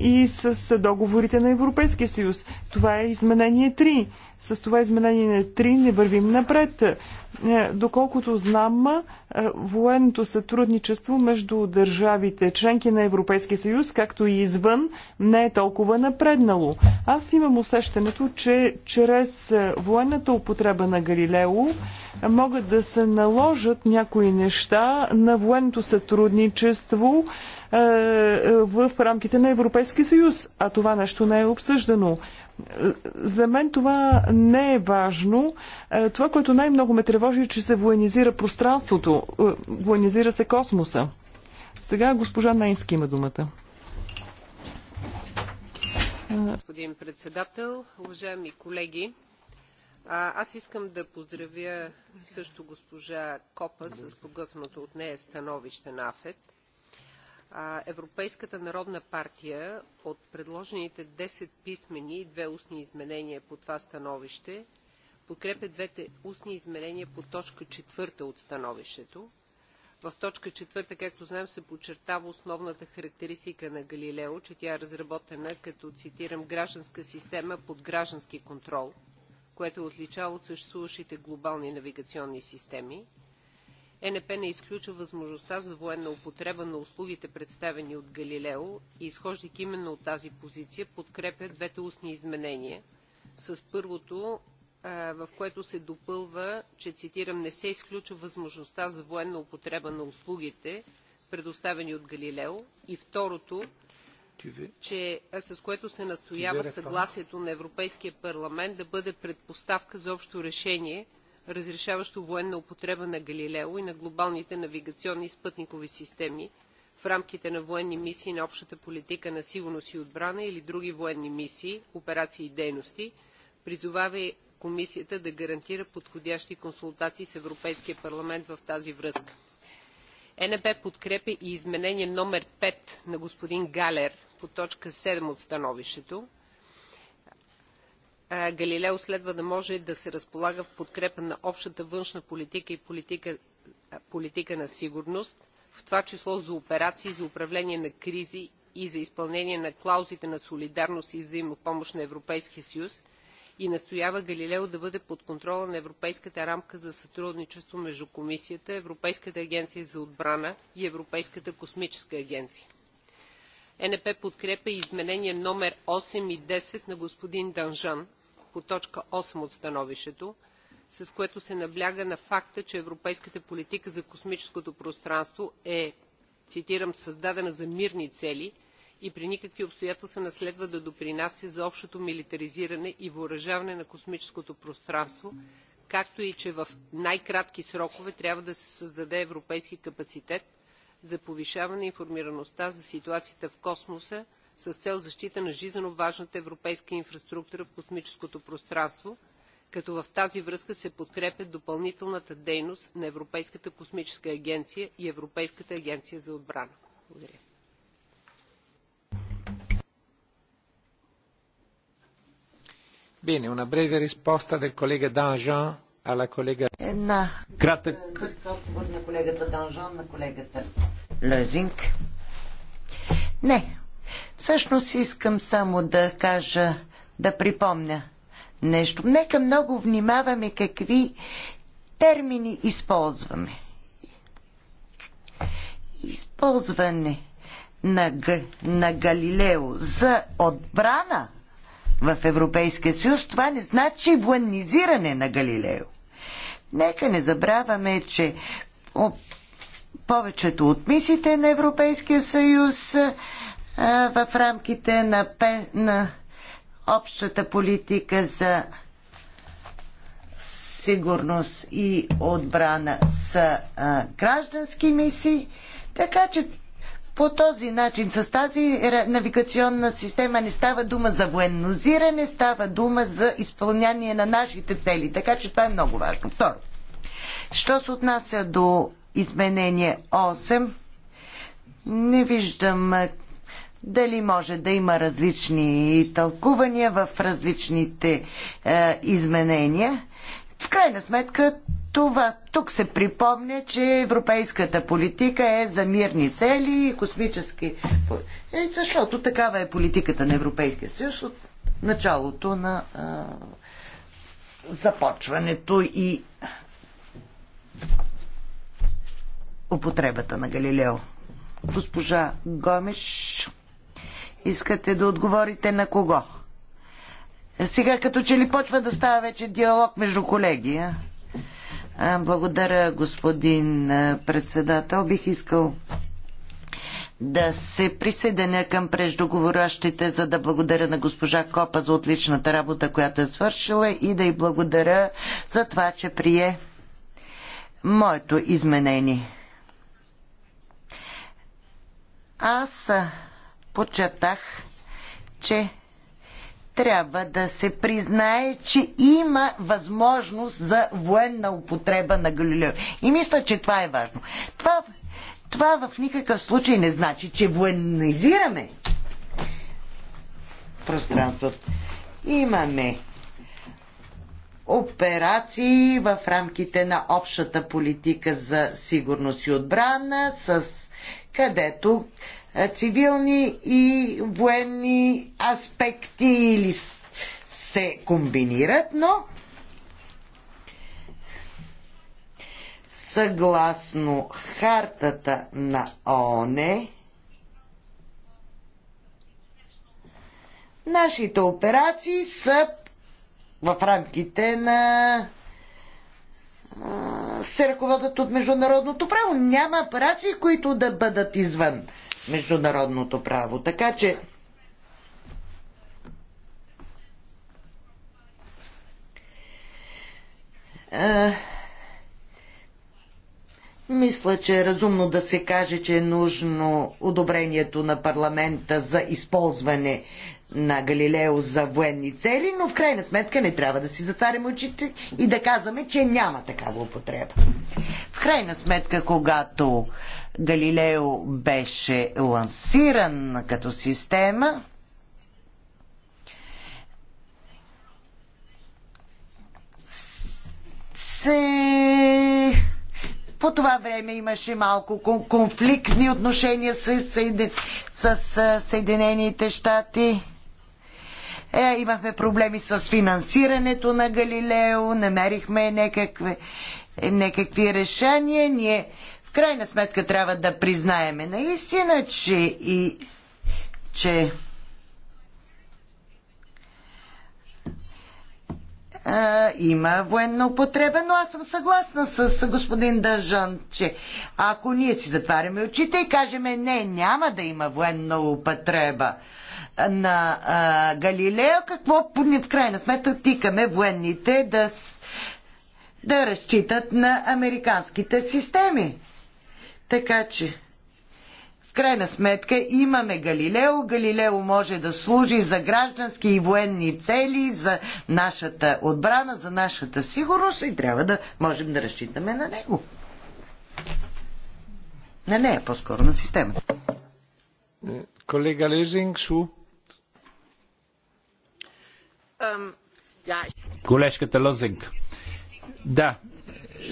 и с договорите на Европейския съюз. Това е изменение 3. С това изменение на 3 не вървим напред. Е, доколкото знам, е, военното сътрудничество между държавите, членки на Европейския съюз, както и извън, не е толкова напреднало. Аз имам усещането, че чрез е, военната употреба на Галилео могат да се наложат някои неща на военното сътрудничество в рамките на Европейския съюз, а това нещо не е обсъждано. За мен това не е важно. Е, това, което най-много ме тревожи, е, че се военизира пространството, е, военизира се космоса. Сега госпожа Найнски има думата. Господин председател, уважаеми колеги, аз искам да поздравя също госпожа Копа с подготвеното от нея становище на АФЕД. Европейската народна партия от предложените 10 писмени и две устни изменения по това становище подкрепя двете устни изменения по точка четвърта от становището. В точка четвърта, както знаем, се подчертава основната характеристика на Галилео, че тя е разработена като, цитирам, гражданска система под граждански контрол, което е отличава от съществуващите глобални навигационни системи. ЕНП не изключва възможността за военна употреба на услугите, представени от Галилео и изхождайки именно от тази позиция, подкрепя двете устни изменения. С първото, в което се допълва, че цитирам, не се изключва възможността за военна употреба на услугите, предоставени от Галилео. И второто, че, с което се настоява съгласието на Европейския парламент да бъде предпоставка за общо решение – разрешаващо военна употреба на Галилео и на глобалните навигационни и спътникови системи в рамките на военни мисии на общата политика на сигурност и отбрана или други военни мисии, операции и дейности, призовава Комисията да гарантира подходящи консултации с Европейския парламент в тази връзка. ЕНП подкрепя и изменение номер 5 на господин Галер по точка 7 от становището, Галилео следва да може да се разполага в подкрепа на общата външна политика и политика, политика на сигурност, в това число за операции, за управление на кризи и за изпълнение на клаузите на солидарност и взаимопомощ на Европейския съюз и настоява Галилео да бъде под контрола на Европейската рамка за сътрудничество между Комисията, Европейската агенция за отбрана и Европейската космическа агенция. ЕНП подкрепя изменение номер 8 и 10 на господин Данжан – по точка 8 от становището, с което се набляга на факта, че европейската политика за космическото пространство е, цитирам, създадена за мирни цели и при никакви обстоятелства не следва да допринася за общото милитаризиране и въоръжаване на космическото пространство, както и че в най-кратки срокове трябва да се създаде европейски капацитет за повишаване информираността за ситуацията в космоса с цел защита на жизненно важната европейска инфраструктура в космическото пространство, като в тази връзка се подкрепят допълнителната дейност на Европейската космическа агенция и Европейската агенция за отбрана. Благодаря. Bene, una breve risposta del collega Danjean alla collega... Една кратък отговор на колегата Данжан, на колегата Лезинг. Не, Всъщност искам само да кажа, да припомня нещо. Нека много внимаваме какви термини използваме. Използване на, на Галилео за отбрана в Европейския съюз, това не значи военизиране на Галилео. Нека не забравяме, че повечето от мисите на Европейския съюз в рамките на, на общата политика за сигурност и отбрана са а, граждански мисии, така че по този начин, с тази навигационна система не става дума за военнозиране, става дума за изпълняние на нашите цели. Така че това е много важно. Второ, що се отнася до изменение 8, не виждам дали може да има различни тълкувания в различните е, изменения. В крайна сметка, това тук се припомня, че европейската политика е за мирни цели и космически. Е, защото такава е политиката на Европейския съюз от началото на е, започването и употребата на Галилео. Госпожа Гомеш. Искате да отговорите на кого? Сега като че ли почва да става вече диалог между колеги, а? а благодаря, господин председател. Бих искал да се присъединя към преждоговорящите, за да благодаря на госпожа Копа за отличната работа, която е свършила и да й благодаря за това, че прие моето изменение. Аз подчертах, че трябва да се признае, че има възможност за военна употреба на Галилео. И мисля, че това е важно. Това, това в никакъв случай не значи, че военизираме пространството. Имаме операции в рамките на общата политика за сигурност и отбрана, с където цивилни и военни аспекти или се комбинират, но съгласно хартата на ОНЕ, нашите операции са в рамките на се ръководят от международното право. Няма операции, които да бъдат извън международното право. Така че а, мисля, че е разумно да се каже, че е нужно одобрението на парламента за използване на Галилео за военни цели, но в крайна сметка не трябва да си затваряме очите и да казваме, че няма такава употреба. В крайна сметка, когато Галилео беше лансиран като система, се... По това време имаше малко конфликтни отношения с, с Съединените щати. Е, имахме проблеми с финансирането на Галилео, намерихме някакви, някакви решения. Ние в крайна сметка трябва да признаеме наистина, че и че а, има военна употреба, но аз съм съгласна с господин Държан, че ако ние си затваряме очите и кажеме, не, няма да има военна употреба, на а, Галилея, какво в крайна сметка тикаме военните да, да разчитат на американските системи. Така че, в крайна сметка имаме Галилео. Галилео може да служи за граждански и военни цели, за нашата отбрана, за нашата сигурност и трябва да можем да разчитаме на него. На нея, по-скоро на системата. Колега Лезинг, су. Колежката Лозинг. Да,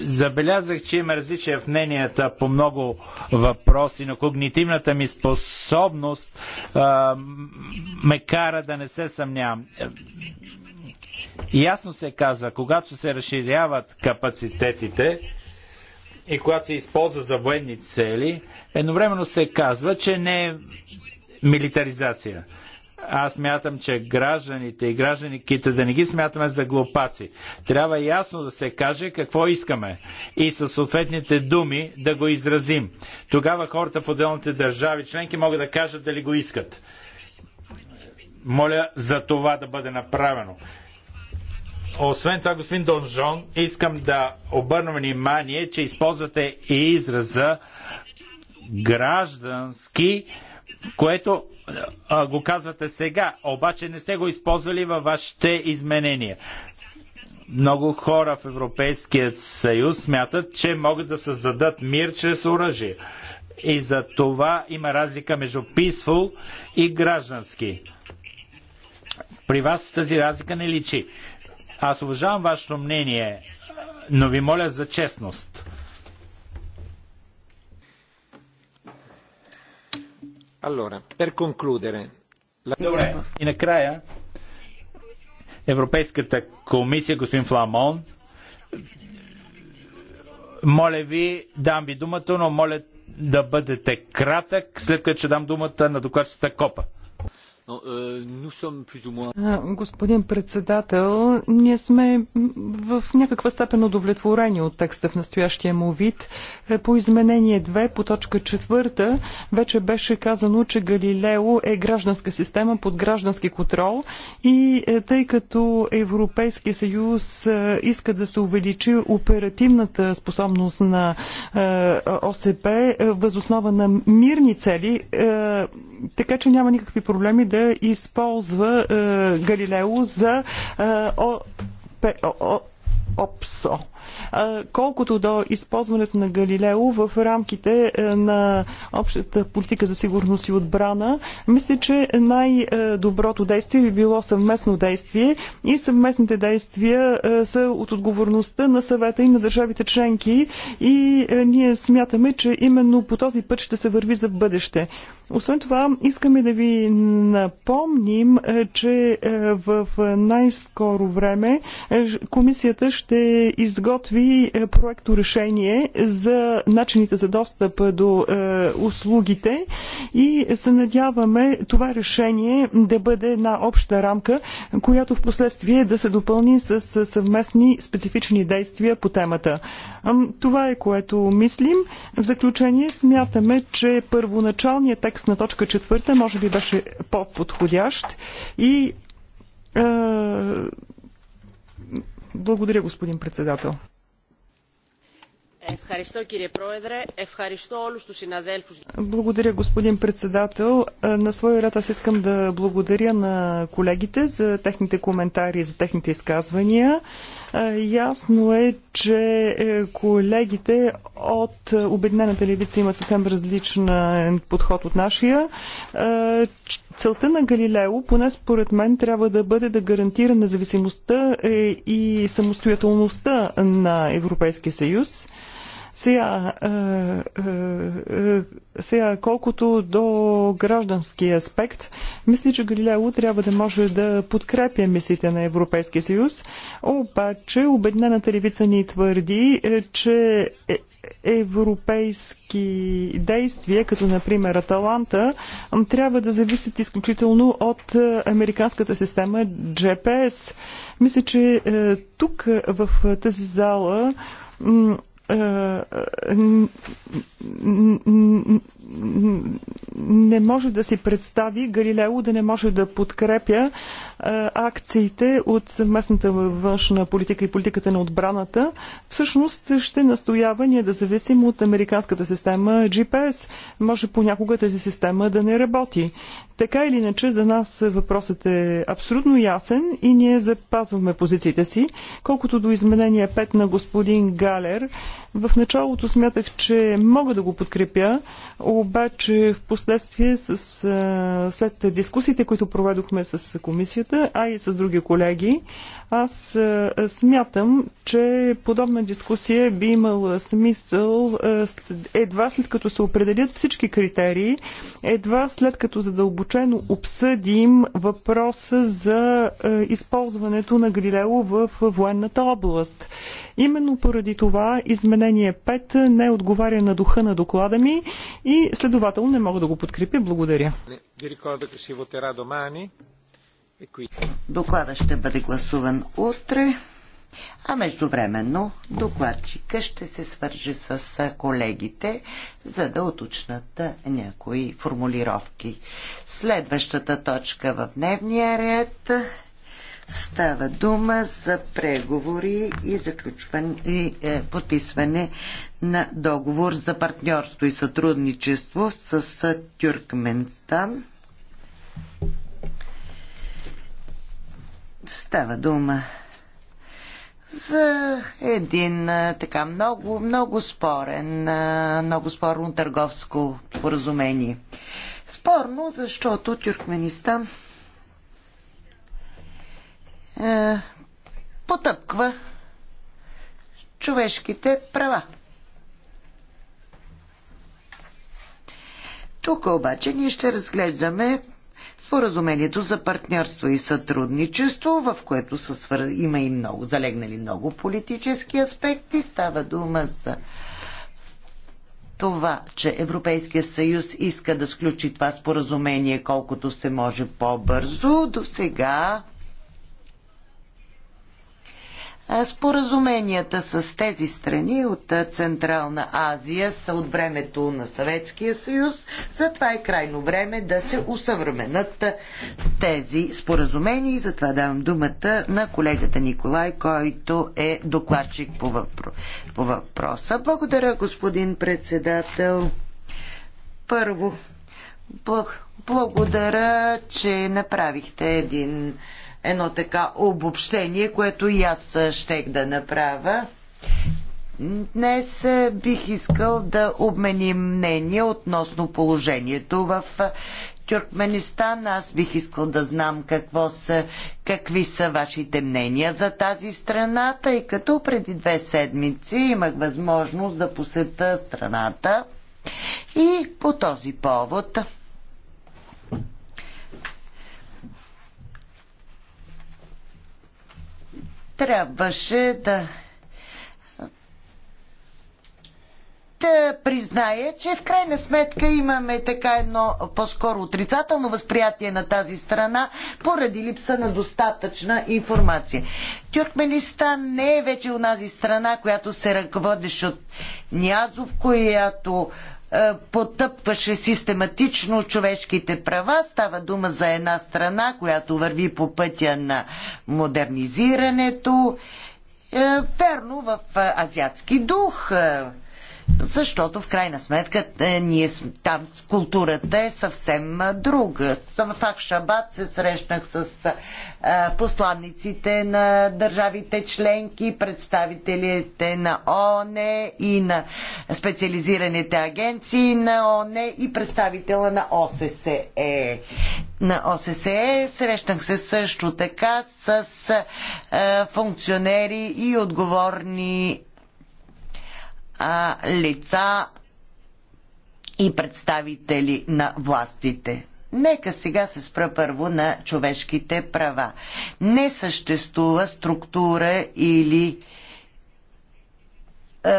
забелязах, че има различия в мненията по много въпроси, но когнитивната ми способност а, ме кара да не се съмнявам. Ясно се казва, когато се разширяват капацитетите и когато се използва за военни цели, едновременно се казва, че не е милитаризация аз мятам, че гражданите и гражданиките да не ги смятаме за глупаци. Трябва ясно да се каже какво искаме и със съответните думи да го изразим. Тогава хората в отделните държави членки могат да кажат дали го искат. Моля за това да бъде направено. Освен това, господин Донжон, искам да обърна внимание, че използвате и израза граждански което а, го казвате сега, обаче не сте го използвали във вашите изменения. Много хора в Европейския съюз смятат, че могат да създадат мир чрез оръжие. И за това има разлика между peaceful и граждански. При вас тази разлика не личи. Аз уважавам вашето мнение, но ви моля за честност. Allora, per concludere. Добре, и накрая Европейската комисия, господин Фламон, моля ви, дам ви думата, но моля да бъдете кратък, след като ще дам думата на докладчица Копа. Euh, господин председател, ние сме в някаква степен удовлетворени от текста в настоящия му вид. Е, по изменение 2, по точка 4, вече беше казано, че Галилео е гражданска система под граждански контрол и е, тъй като Европейския съюз е, иска да се увеличи оперативната способност на ОСП възоснова на мирни цели, така че няма никакви проблеми да използва е, Галилео за е, о, пе, о, о, ОПСО. Колкото до използването на Галилео в рамките е, на общата политика за сигурност и отбрана, мисля, че най-доброто действие би било съвместно действие и съвместните действия е, са от отговорността на съвета и на държавите членки и е, ние смятаме, че именно по този път ще се върви за бъдеще. Освен това, искаме да ви напомним, че в най-скоро време комисията ще изготви подготви е, проекто решение за начините за достъп е, до е, услугите и се надяваме това решение да бъде една обща рамка, която в последствие да се допълни с съвместни специфични действия по темата. Това е което мислим. В заключение смятаме, че първоначалният текст на точка четвърта може би беше по-подходящ и благодаря, господин председател. Благодаря, господин председател. Е, на своя ред аз искам да благодаря на колегите за техните коментари, за техните изказвания. Е, ясно е, че е, колегите от Обединената левица имат съвсем различен подход от нашия. Целта на Галилео, поне според мен, трябва да бъде да гарантира независимостта и самостоятелността на Европейския съюз. Сега, е, е, е, сега, колкото до граждански аспект, мисля, че Галилео трябва да може да подкрепя мисиите на Европейския съюз, обаче обеднената левица ни твърди, че европейски действия, като например Аталанта, трябва да зависят изключително от американската система GPS. Мисля, че тук в тази зала не може да си представи Галилео да не може да подкрепя акциите от съвместната външна политика и политиката на отбраната. Всъщност ще настоява ние да зависим от американската система GPS. Може понякога тази система да не работи. Така или иначе, за нас въпросът е абсолютно ясен и ние запазваме позициите си. Колкото до изменения 5 на господин Галер, в началото смятах, че мога да го подкрепя, обаче в последствие с, след дискусиите, които проведохме с комисията, а и с други колеги, аз смятам, че подобна дискусия би имала смисъл едва след като се определят всички критерии, едва след като задълбочат задълбочено обсъдим въпроса за е, използването на Грилело в военната област. Именно поради това изменение 5 не отговаря на духа на доклада ми и следователно не мога да го подкрепя. Благодаря. Доклада ще бъде гласуван утре. А междувременно докладчика ще се свърже с колегите, за да уточнат някои формулировки. Следващата точка в дневния ред става дума за преговори и, заключване, и е, подписване на договор за партньорство и сътрудничество с Тюркменстан. Става дума за един така много, много спорен, много спорно търговско поразумение. Спорно, защото Тюркменистан а, потъпква човешките права. Тук обаче ние ще разглеждаме споразумението за партньорство и сътрудничество, в което са свър... има и много, залегнали много политически аспекти. Става дума за това, че Европейския съюз иска да сключи това споразумение колкото се може по-бързо. До сега Споразуменията с тези страни от Централна Азия са от времето на Съветския съюз, затова е крайно време да се усъвременят тези споразумения и затова давам думата на колегата Николай, който е докладчик по, въпро... по въпроса. Благодаря, господин председател. Първо, благ... благодаря, че направихте един едно така обобщение, което и аз щех да направя. Днес бих искал да обменим мнение относно положението в Тюркменистан. Аз бих искал да знам какво са, какви са вашите мнения за тази страна, тъй като преди две седмици имах възможност да посета страната и по този повод трябваше да да призная, че в крайна сметка имаме така едно по-скоро отрицателно възприятие на тази страна поради липса на достатъчна информация. Тюркменистан не е вече унази страна, която се ръководеше от Нязов, която е, потъпваше систематично човешките права. Става дума за една страна, която върви по пътя на модернизирането. Е, Верно, в е, азиатски дух защото в крайна сметка ние там с културата е съвсем друга. В Шабат се срещнах с посланниците на държавите членки, представителите на ООН и на специализираните агенции на ООН и представителя на ОССЕ. На ОССЕ срещнах се също така с функционери и отговорни а, лица и представители на властите. Нека сега се спра първо на човешките права. Не съществува структура или е,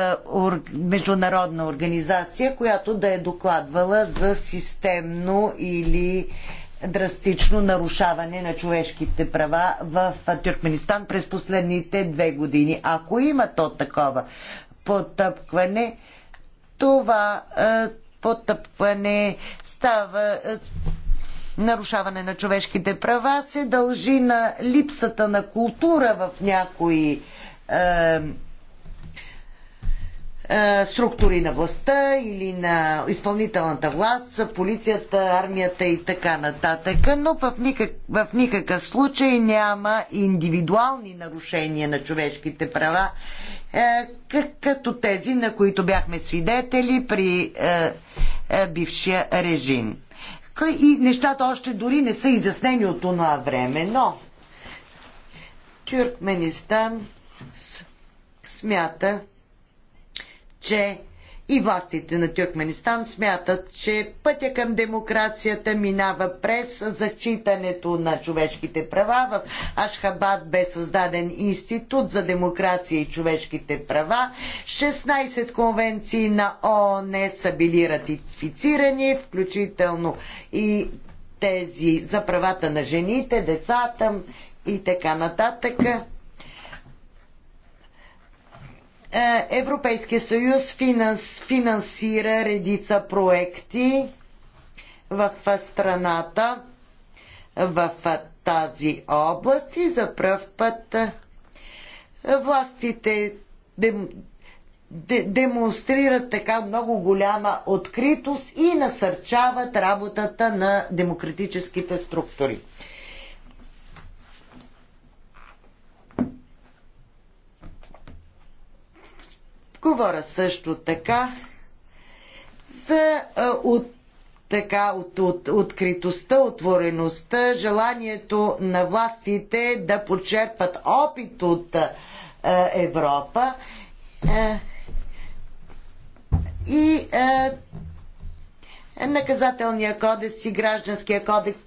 международна организация, която да е докладвала за системно или драстично нарушаване на човешките права в Тюркменистан през последните две години. Ако има то такова потъпкване. Това е, потъпване става е, нарушаване на човешките права се дължи на липсата на култура в някои е, е, структури на властта или на изпълнителната власт, полицията, армията и така нататък, но в, в никакъв случай няма индивидуални нарушения на човешките права, е, като тези, на които бяхме свидетели при е, е, бившия режим. И нещата още дори не са изяснени от това време, но Тюркменистан смята, че и властите на Тюркменистан смятат, че пътя към демокрацията минава през зачитането на човешките права. В Ашхабад бе създаден Институт за демокрация и човешките права. 16 конвенции на ООН са били ратифицирани, включително и тези за правата на жените, децата и така нататък. Е, Европейския съюз финанс, финансира редица проекти в страната в тази област и за пръв път властите дем, де, демонстрират така много голяма откритост и насърчават работата на демократическите структури. Говоря също така за от така от, от, откритостта, отвореността, желанието на властите да почерпат опит от е, Европа. Е, и е, наказателния кодекс и гражданския кодекс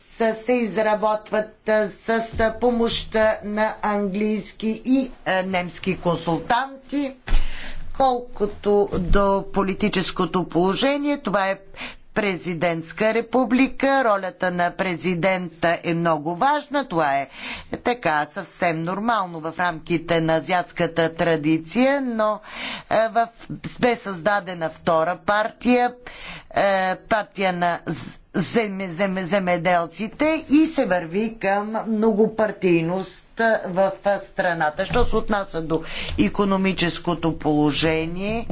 се изработват с помощта на английски и немски консултанти. Колкото до политическото положение, това е президентска република. Ролята на президента е много важна. Това е така съвсем нормално в рамките на азиатската традиция, но е, в, бе създадена втора партия, е, партия на земеделците и се върви към многопартийност в страната. Що се отнася до економическото положение,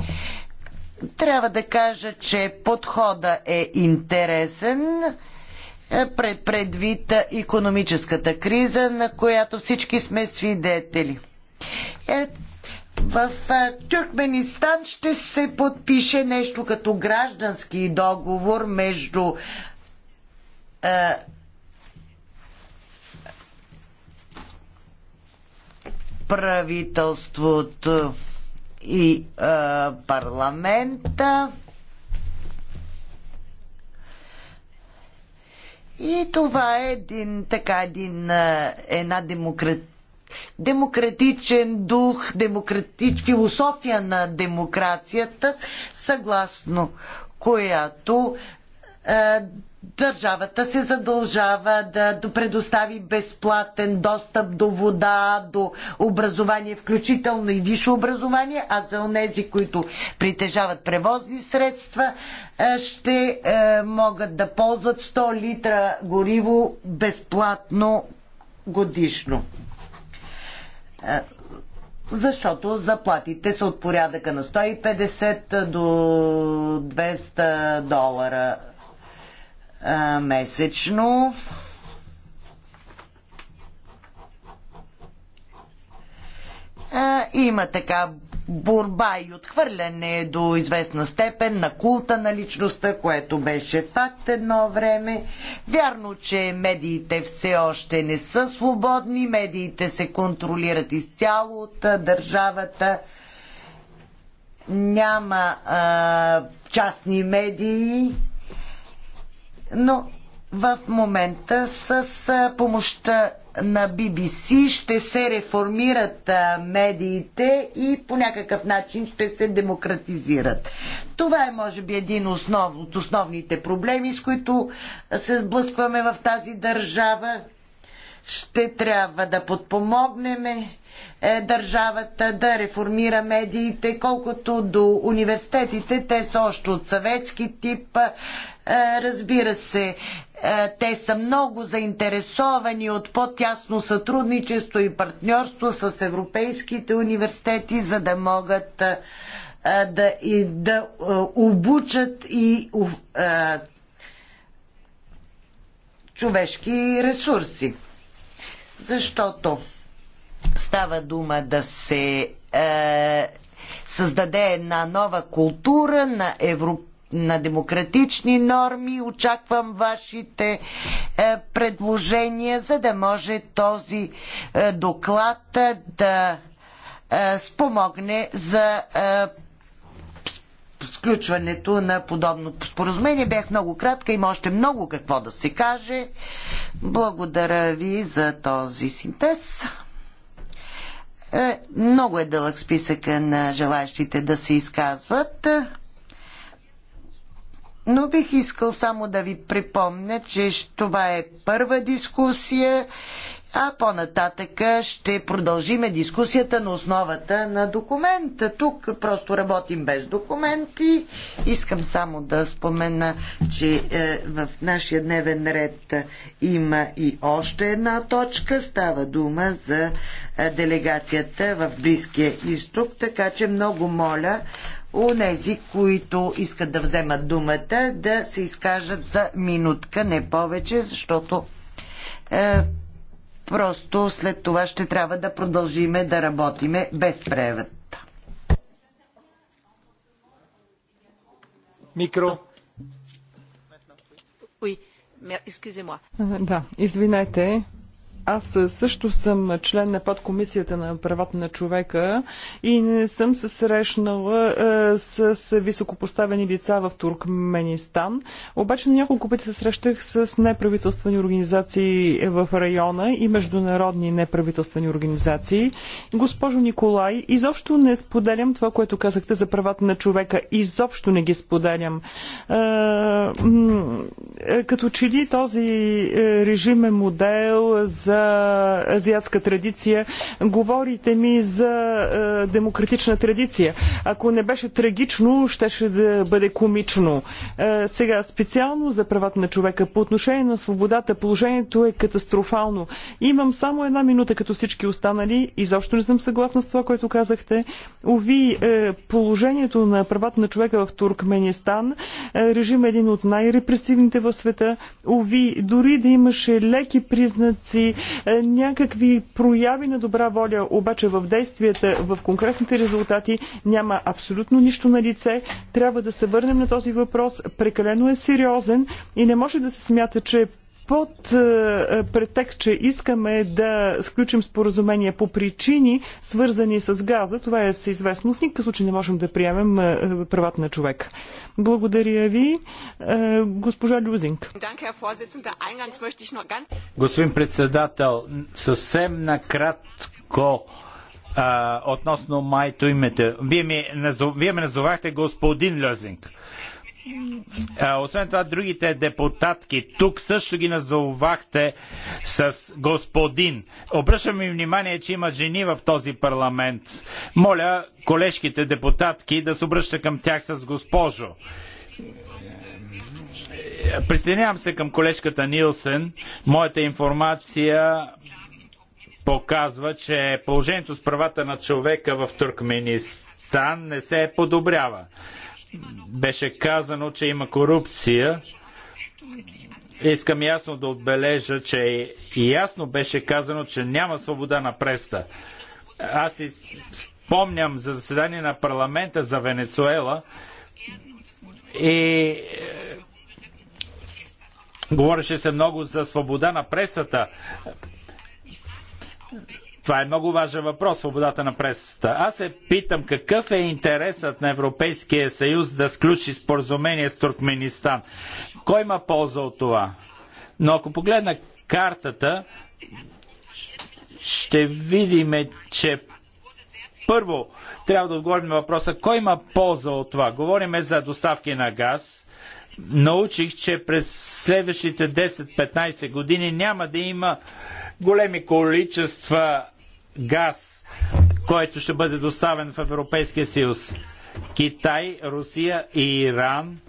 трябва да кажа, че подхода е интересен пред предвид економическата криза, на която всички сме свидетели. Е, в Тюркменистан ще се подпише нещо като граждански договор между правителството и а, парламента. И това е един, така, един, една демократ, демократичен дух, демократич, философия на демокрацията, съгласно която държавата се задължава да предостави безплатен достъп до вода, до образование, включително и висше образование, а за онези, които притежават превозни средства, е, ще е, могат да ползват 100 литра гориво безплатно годишно е, защото заплатите са от порядъка на 150 до 200 долара а, месечно. А, има така борба и отхвърляне до известна степен на култа на личността, което беше факт едно време. Вярно, че медиите все още не са свободни, медиите се контролират изцяло от държавата. Няма а, частни медии, но в момента с помощта на BBC ще се реформират медиите и по някакъв начин ще се демократизират. Това е, може би, един основ, от основните проблеми, с които се сблъскваме в тази държава. Ще трябва да подпомогнем е, държавата да реформира медиите, колкото до университетите, те са още от съветски тип, е, разбира се, е, те са много заинтересовани от по-тясно сътрудничество и партньорство с европейските университети, за да могат е, да, и, да обучат и а, човешки ресурси. Защото става дума да се е, създаде една нова култура на европейски на демократични норми. Очаквам вашите е, предложения, за да може този е, доклад е, да спомогне за сключването на подобно споразумение. Бях много кратка, има още много какво да се каже. Благодаря ви за този синтез. Много е дълъг списъка на желаящите да се изказват но бих искал само да ви припомня, че това е първа дискусия, а по-нататък ще продължиме дискусията на основата на документа. Тук просто работим без документи. Искам само да спомена, че е, в нашия дневен ред има и още една точка. Става дума за е, делегацията в Близкия изток, така че много моля нези, които искат да вземат думата, да се изкажат за минутка, не повече, защото е, просто след това ще трябва да продължиме да работиме без превод. Микро. Ой, извинете, аз също съм член на подкомисията на правата на човека и не съм се срещнала е, с високопоставени лица в Туркменистан. Обаче на няколко пъти се срещах с неправителствени организации в района и международни неправителствени организации. Госпожо Николай, изобщо не споделям това, което казахте за правата на човека. Изобщо не ги споделям. Е, е, като че ли този режим е модел за за азиатска традиция, говорите ми за е, демократична традиция. Ако не беше трагично, щеше да бъде комично. Е, сега, специално за правата на човека, по отношение на свободата, положението е катастрофално. Имам само една минута, като всички останали. Изобщо не съм съгласна с това, което казахте. Ови, е, положението на правата на човека в Туркменистан, режим е един от най-репресивните в света. Ови, дори да имаше леки признаци е, някакви прояви на добра воля, обаче в действията, в конкретните резултати няма абсолютно нищо на лице. Трябва да се върнем на този въпрос. Прекалено е сериозен и не може да се смята, че под е, е, претекст, че искаме да сключим споразумение по причини, свързани с газа, това е всеизвестно. В никакъв случай не можем да приемем е, правата на човек. Благодаря ви, госпожа Люзинг. Господин председател, съвсем накратко а, относно майто името. Вие, вие ме назовахте господин Люзинг освен това, другите депутатки тук също ги назовахте с господин. Обръщам ми внимание, че има жени в този парламент. Моля колежките депутатки да се обръща към тях с госпожо. Присъединявам се към колежката Нилсен. Моята информация показва, че положението с правата на човека в Туркменистан не се подобрява беше казано, че има корупция. Искам ясно да отбележа, че ясно беше казано, че няма свобода на преста. Аз спомням за заседание на парламента за Венецуела и е, говореше се много за свобода на пресата. Това е много важен въпрос, свободата на пресата. Аз се питам какъв е интересът на Европейския съюз да сключи споразумение с Туркменистан. Кой има полза от това? Но ако погледна картата, ще видим, че първо трябва да отговорим на въпроса кой има полза от това. Говориме за доставки на газ. Научих, че през следващите 10-15 години няма да има големи количества газ, който ще бъде доставен в Европейския съюз. Китай, Русия и Иран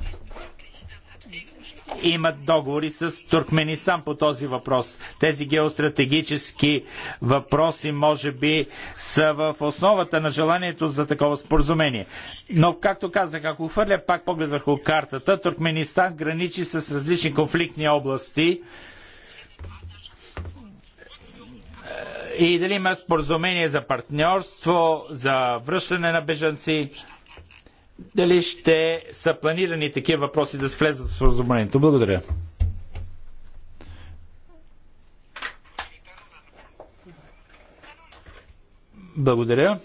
имат договори с Туркменистан по този въпрос. Тези геостратегически въпроси може би са в основата на желанието за такова споразумение. Но, както казах, ако хвърля пак поглед върху картата, Туркменистан граничи с различни конфликтни области, и дали има споразумение за партньорство, за връщане на бежанци, дали ще са планирани такива въпроси да влезат в споразумението. Благодаря. Благодаря.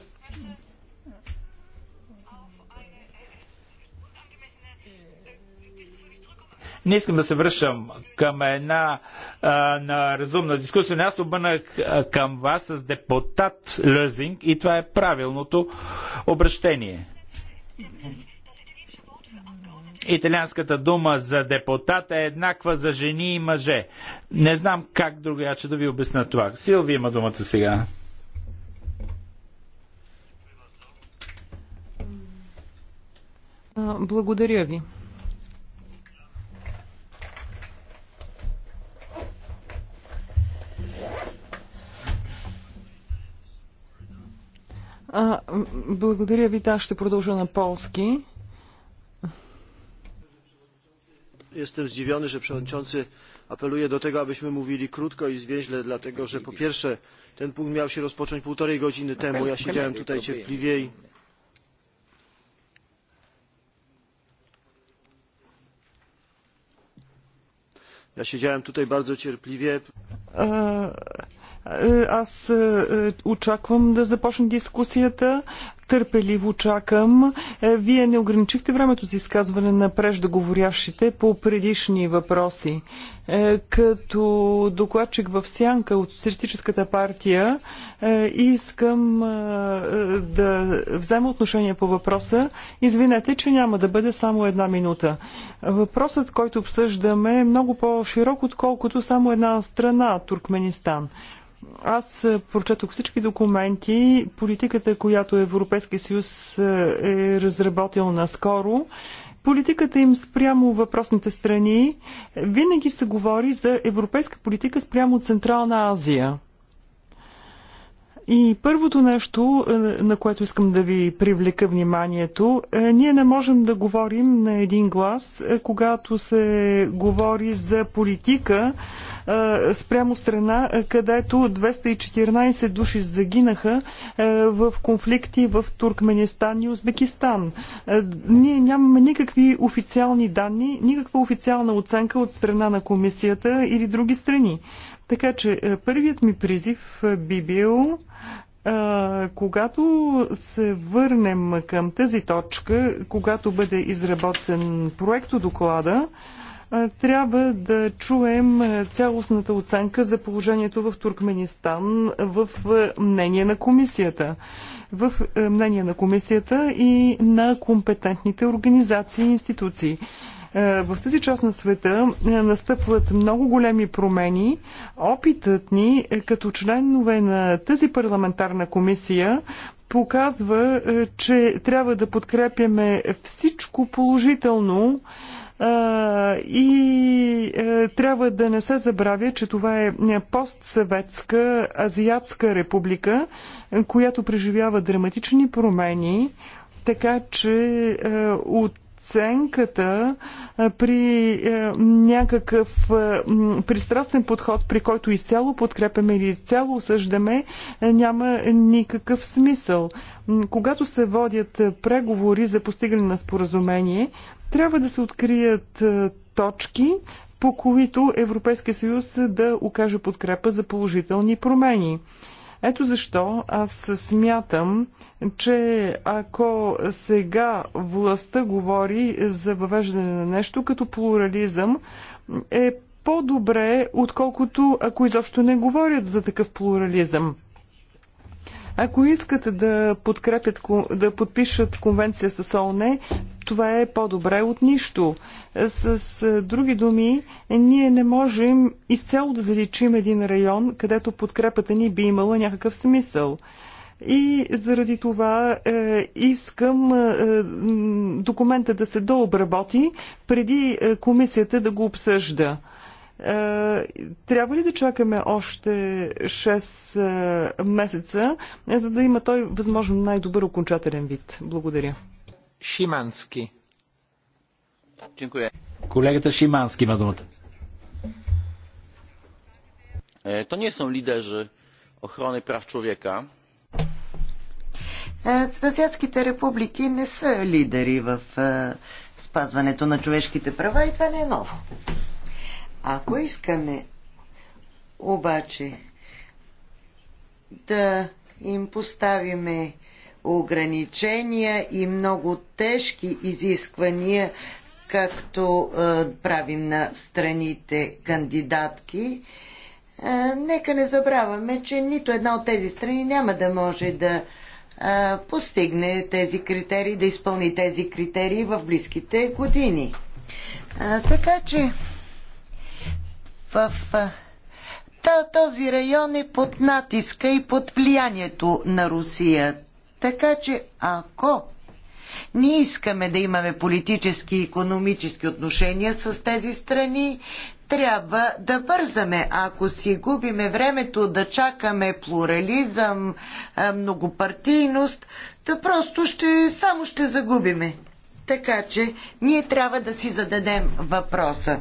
Не искам да се връщам към една а, на разумна дискусия, но аз обърнах към вас с депутат Лъзинг и това е правилното обращение. Италианската дума за депутат е еднаква за жени и мъже. Не знам как другояче да ви обясна това. Силви има думата сега. Благодаря ви. А, благодаря ви, да, ще продължа на полски. Jestem zdziwiony, że przewodniczący apeluje do tego, abyśmy mówili krótko i zwięźle, dlatego że po pierwsze ten punkt miał się rozpocząć półtorej godziny temu. Ja siedziałem tutaj cierpliwiej. Ja siedziałem tutaj bardzo cierpliwie. Е, аз е, очаквам да започне дискусията. Търпеливо чакам. Е, вие не ограничихте времето за изказване на преждоговорящите по предишни въпроси. Като докладчик в Сянка от Социалистическата партия искам да взема отношение по въпроса. Извинете, че няма да бъде само една минута. Въпросът, който обсъждаме е много по-широк, отколкото само една страна Туркменистан – аз е, прочетох всички документи, политиката, която Европейския съюз е, е разработил наскоро. Политиката им спрямо въпросните страни винаги се говори за европейска политика спрямо Централна Азия. И първото нещо, е, на което искам да ви привлека вниманието, е, ние не можем да говорим на един глас, е, когато се говори за политика спрямо страна, където 214 души загинаха в конфликти в Туркменистан и Узбекистан. Ние нямаме никакви официални данни, никаква официална оценка от страна на комисията или други страни. Така че е, първият ми призив е, би бил е, когато се върнем към тази точка, когато бъде изработен от доклада, трябва да чуем цялостната оценка за положението в Туркменистан в мнение на комисията. В мнение на комисията и на компетентните организации и институции. Е, в тази част на света е, настъпват много големи промени. Опитът ни е, като членове на тази парламентарна комисия показва, че трябва да подкрепяме всичко положително и трябва да не се забравя, че това е постсъветска азиатска република, която преживява драматични промени, така че от оценката при е, някакъв е, пристрастен подход, при който изцяло подкрепяме или изцяло осъждаме, е, няма никакъв смисъл. Когато се водят преговори за постигане на споразумение, трябва да се открият точки, по които Европейския съюз да окаже подкрепа за положителни промени. Ето защо аз смятам, че ако сега властта говори за въвеждане на нещо като плурализъм, е по-добре, отколкото ако изобщо не говорят за такъв плурализъм. Ако искат да подкрепят, да подпишат конвенция с ООН, това е по-добре от нищо. С, с е, други думи, ние не можем изцяло да заличим един район, където подкрепата ни би имала някакъв смисъл. И заради това е, искам е, документа да се дообработи преди е, комисията да го обсъжда. Е, трябва ли да чакаме още 6 е, месеца, е, за да има той възможно най-добър окончателен вид? Благодаря. Шимански. Колегата Шимански има думата. To nie są liderzy ochrony praw człowieka. Азиатските републики не са лидери в е, спазването на човешките права и това не е ново. Ако искаме обаче да им поставиме ограничения и много тежки изисквания, както е, правим на страните кандидатки. Е, нека не забравяме, че нито една от тези страни няма да може да е, постигне тези критерии, да изпълни тези критерии в близките години. Е, така че в е, този район е под натиска и под влиянието на Русия. Така че ако ние искаме да имаме политически и економически отношения с тези страни, трябва да бързаме. Ако си губиме времето да чакаме плурализъм, многопартийност, то просто ще, само ще загубиме. Така че ние трябва да си зададем въпроса.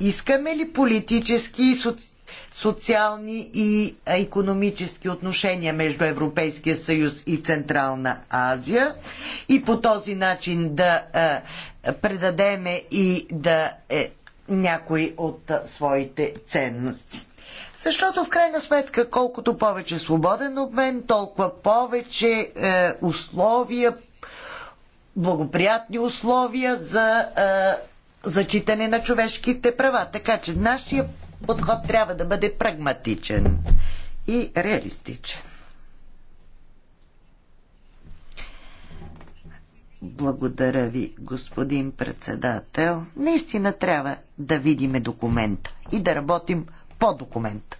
Искаме ли политически и социални социални и економически отношения между Европейския съюз и Централна Азия и по този начин да е, предадеме и да е, някои от е, своите ценности. Защото в крайна сметка, колкото повече свободен обмен, толкова повече е, условия, благоприятни условия за е, зачитане на човешките права. Така че нашия подход трябва да бъде прагматичен и реалистичен. Благодаря ви, господин председател. Наистина трябва да видиме документа и да работим по документа.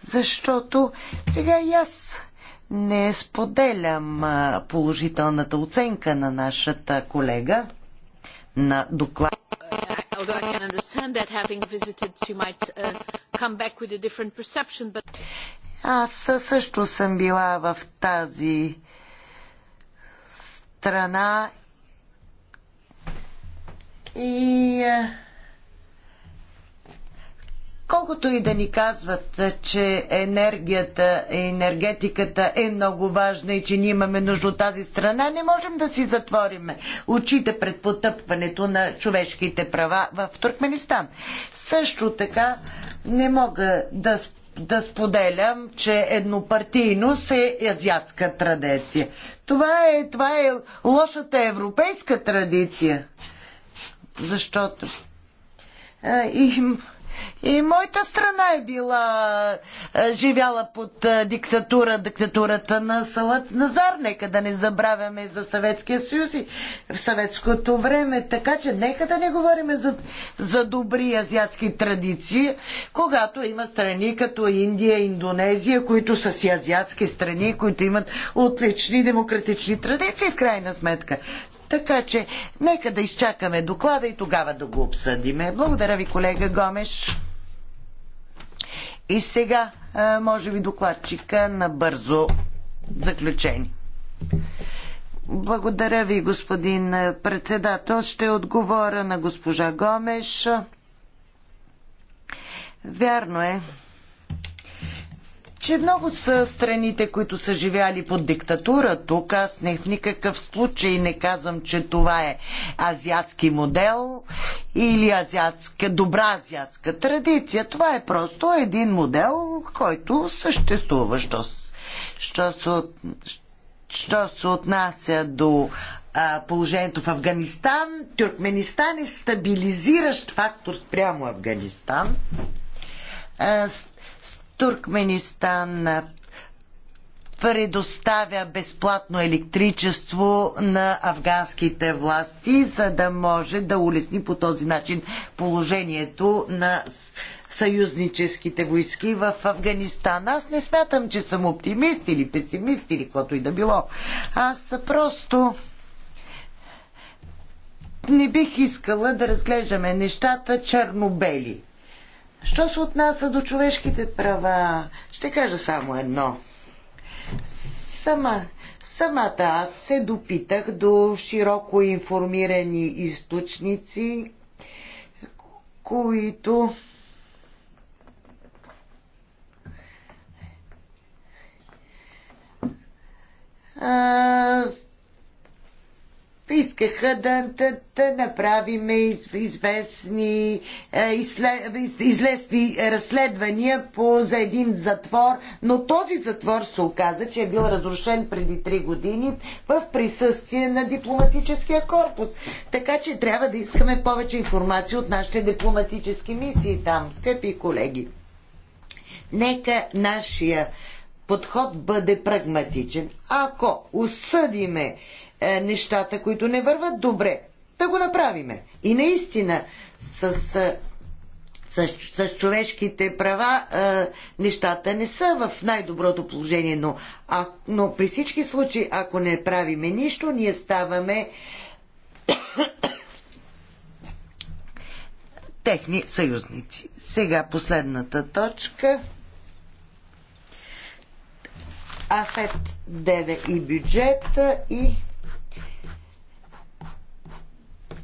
Защото сега и аз не споделям положителната оценка на нашата колега на доклада although I can understand that having visited you might uh, come back with a different perception, but... Аз също съм била в тази страна и uh... Колкото и да ни казват, е, че енергията, и енергетиката е много важна и че ние имаме нужда от тази страна, не можем да си затворим очите пред потъпването на човешките права в Туркменистан. Също така не мога да, да споделям, че еднопартийност е азиатска традиция. Това е, това е лошата европейска традиция. Защото а, е, им и моята страна е била е, живяла под е, диктатура, диктатурата на Салат Назар. Нека да не забравяме за Съветския съюз и в съветското време. Така че нека да не говорим за, за добри азиатски традиции, когато има страни като Индия, Индонезия, които са си азиатски страни, които имат отлични демократични традиции в крайна сметка. Така че, нека да изчакаме доклада и тогава да го обсъдиме. Благодаря ви, колега Гомеш. И сега, може би, докладчика на бързо заключение. Благодаря ви, господин председател. Ще отговоря на госпожа Гомеш. Вярно е, че много са страните, които са живяли под диктатура. Тук аз не в никакъв случай не казвам, че това е азиатски модел или азиатска, добра азиатска традиция. Това е просто един модел, който съществува. Що, що, се, от, що се отнася до а, положението в Афганистан, Тюркменистан е стабилизиращ фактор спрямо Афганистан. А, Туркменистан предоставя безплатно електричество на афганските власти, за да може да улесни по този начин положението на съюзническите войски в Афганистан. Аз не смятам, че съм оптимист или песимист или каквото и да било. Аз просто не бих искала да разглеждаме нещата черно-бели. Що се отнася до човешките права, ще кажа само едно. Сама, самата аз се допитах до широко информирани източници, които а, искаха да, да, да направим из, известни е, излезни разследвания по, за един затвор, но този затвор се оказа, че е бил разрушен преди 3 години в присъствие на дипломатическия корпус. Така че трябва да искаме повече информация от нашите дипломатически мисии там, скъпи колеги. Нека нашия подход бъде прагматичен. Ако осъдиме е, нещата, които не върват добре. Да го направиме. И наистина с, с, е, с, с човешките права е, нещата не са в най-доброто положение, но, а, но при всички случаи, ако не правиме нищо, ние ставаме техни съюзници. Сега последната точка. Афет 9 и бюджета и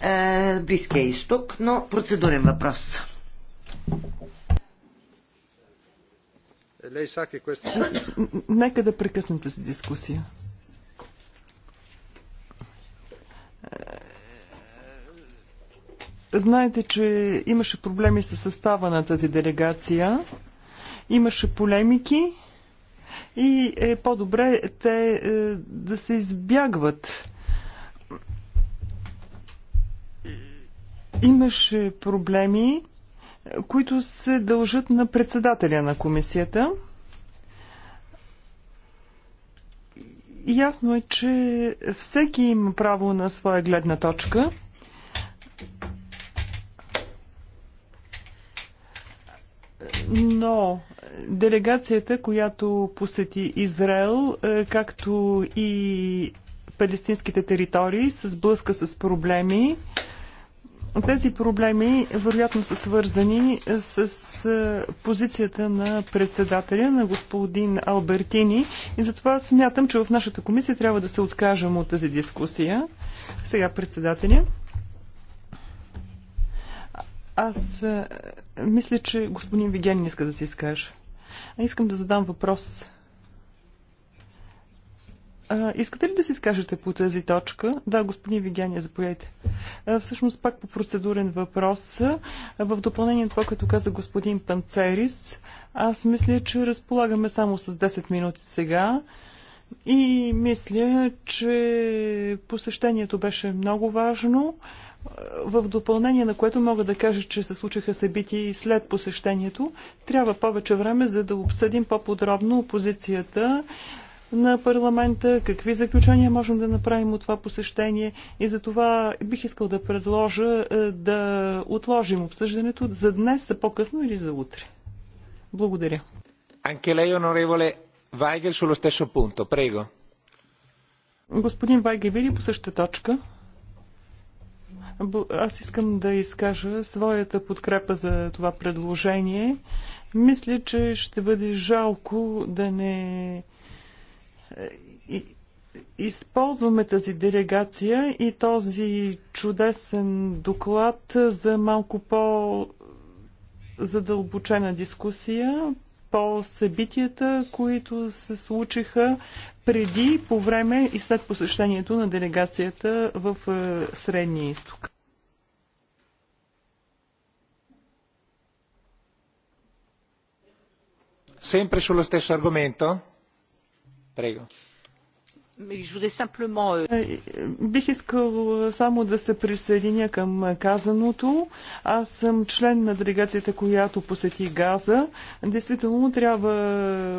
е, Близкия изток, но процедурен въпрос. Нека да прекъснем тази дискусия. Е, знаете, че имаше проблеми с състава на тази делегация, имаше полемики и е по-добре те е, да се избягват. Имаше проблеми, които се дължат на председателя на комисията. Ясно е, че всеки има право на своя гледна точка. Но делегацията, която посети Израел, е, както и палестинските територии, се сблъска с проблеми. Тези проблеми вероятно са свързани с е, позицията на председателя, на господин Албертини. И затова смятам, че в нашата комисия трябва да се откажем от тази дискусия. Сега председателя. Аз е, мисля, че господин Вигенин иска да се изкаже. Искам да задам въпрос. А, искате ли да се изкажете по тази точка? Да, господин Вигяния, заповядайте. Всъщност пак по процедурен въпрос. В допълнение на това, като каза господин Панцерис, аз мисля, че разполагаме само с 10 минути сега. И мисля, че посещението беше много важно. В допълнение на което мога да кажа, че се случиха събития и след посещението, трябва повече време, за да обсъдим по-подробно позицията на парламента, какви заключения можем да направим от това посещение и за това бих искал да предложа е, да отложим обсъждането за днес, за по-късно или за утре. Благодаря. Анкелей, онореволе Вайгер, Weigel, пунто. Прего. Господин Вайгер, вили по същата точка? Аз искам да изкажа своята подкрепа за това предложение. Мисля, че ще бъде жалко да не е, използваме тази делегация и този чудесен доклад за малко по задълбочена дискусия по събитията, които се случиха преди, по време и след посещението на делегацията в е, Средния изток. Sempre sullo stesso argomento? Euh, е, бих искал само да се присъединя към казаното. Аз съм член на делегацията, която посети Газа. Действително трябва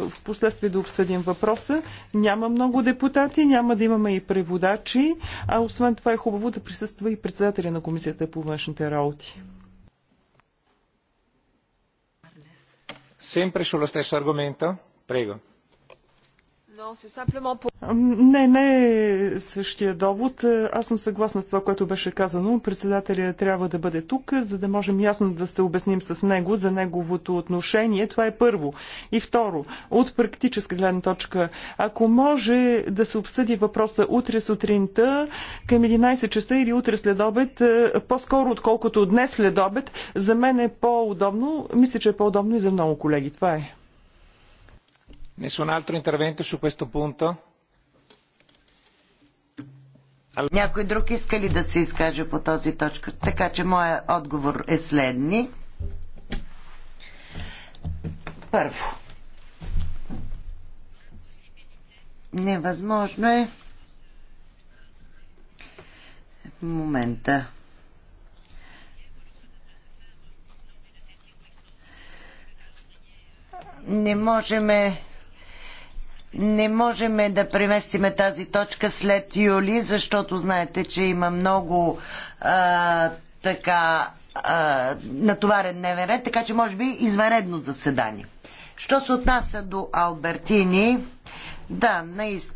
в последствие да обсъдим въпроса. Няма много депутати, няма да имаме и преводачи, а освен това е хубаво да присъства и председателя на Комисията по външните работи. Sempre sullo stesso argomento? Prego. Не, не е същия довод. Е, аз съм съгласна с това, което беше казано. Председателя трябва да бъде тук, за да можем ясно да се обясним с него за неговото отношение. Това е първо. И второ, от практическа гледна точка, ако може да се обсъди въпроса утре сутринта към 11 часа или утре след обед, е, по-скоро отколкото днес след обед, за мен е по-удобно. Мисля, че е по-удобно и за много колеги. Това е. Nessun altro intervento su questo punto? Някой друг иска ли да се изкаже по този точка? Така че моя отговор е следни. Първо. Невъзможно е в момента не можем не можем да преместиме тази точка след юли, защото знаете, че има много а, така а, натоварен дневен ред, така че може би изваредно заседание. Що се отнася до Албертини, да, наистина.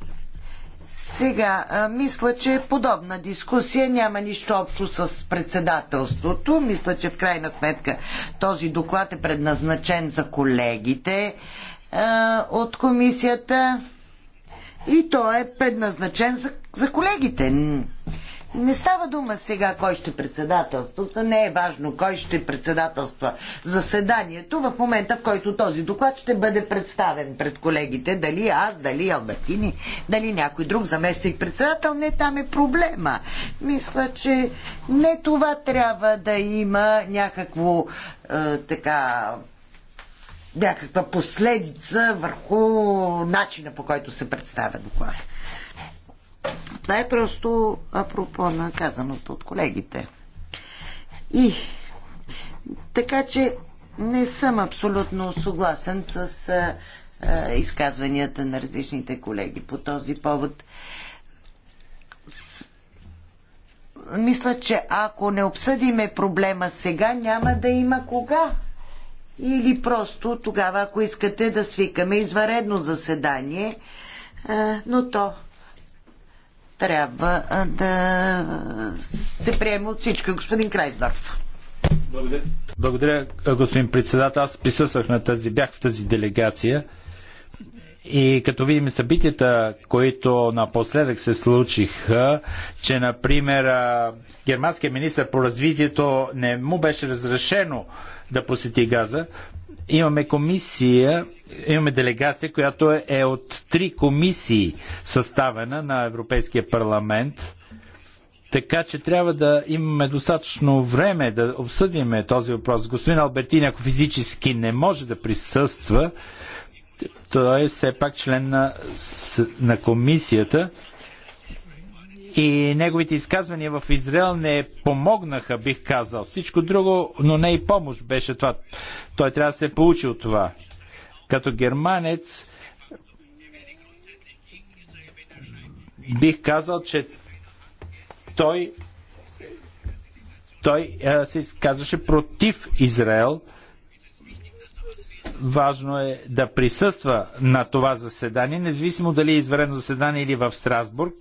Сега, а, мисля, че подобна дискусия няма нищо общо с председателството. Мисля, че в крайна сметка този доклад е предназначен за колегите. Е, от комисията и той е предназначен за, за колегите. Не става дума сега кой ще председателства. Не е важно кой ще председателства заседанието в момента, в който този доклад ще бъде представен пред колегите. Дали аз, дали Албертини, дали някой друг заместник председател. Не, там е проблема. Мисля, че не това трябва да има някакво е, така някаква последица върху начина по който се представя доклада. Това е просто апропо на казаното от колегите. И така че не съм абсолютно съгласен с а, а, изказванията на различните колеги по този повод. С... Мисля, че ако не обсъдиме проблема сега, няма да има кога или просто тогава, ако искате да свикаме изваредно заседание, но то трябва да се приеме от всички. Господин Крайсдорф. Благодаря. Благодаря, господин председател. Аз присъствах на тази, бях в тази делегация. И като видим събитията, които напоследък се случиха, че, например, германският министр по развитието не му беше разрешено да посети Газа. Имаме комисия, имаме делегация, която е, е от три комисии съставена на Европейския парламент. Така че трябва да имаме достатъчно време да обсъдиме този въпрос. Господин Албертин, ако физически не може да присъства, той е все пак член на, на комисията и неговите изказвания в Израел не помогнаха, бих казал. Всичко друго, но не и помощ беше това. Той трябва да се получи от това. Като германец бих казал, че той той се изказваше против Израел. Важно е да присъства на това заседание, независимо дали е изварено заседание или в Страсбург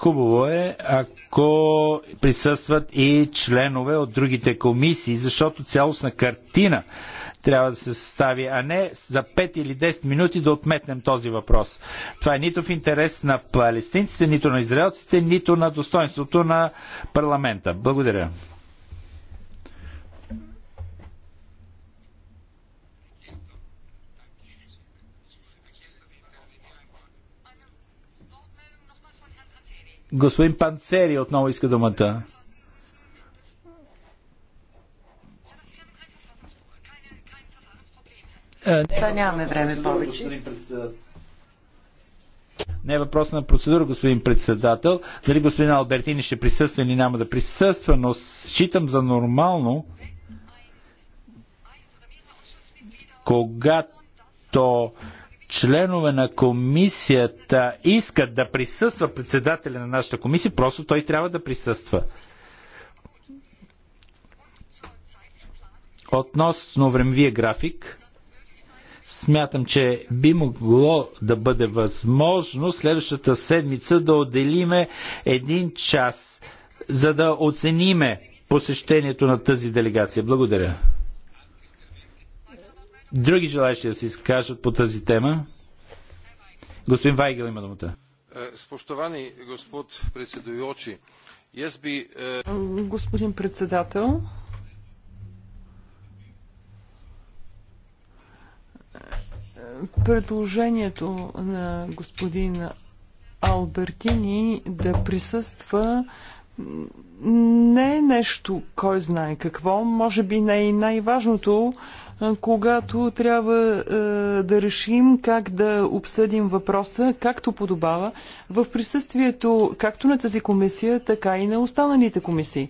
Хубаво е, ако присъстват и членове от другите комисии, защото цялостна картина трябва да се състави, а не за 5 или 10 минути да отметнем този въпрос. Това е нито в интерес на палестинците, нито на израелците, нито на достоинството на парламента. Благодаря. Господин Панцери отново иска думата. Това е, нямаме време повече. Не е въпрос на процедура, господин председател. Дали господин Албертини ще присъства или няма да присъства, но считам за нормално, когато членове на комисията искат да присъства председателя на нашата комисия, просто той трябва да присъства. Относно времевия график, смятам, че би могло да бъде възможно следващата седмица да отделиме един час, за да оцениме посещението на тази делегация. Благодаря. Други желаящи да се изкажат по тази тема? Господин Вайгел има думата. Е, спощовани господ аз би... Е, господин председател, предложението на господин Албертини да присъства не е нещо, кой знае какво, може би не е и най-важното, когато трябва да решим как да обсъдим въпроса, както подобава, в присъствието както на тази комисия, така и на останалите комисии.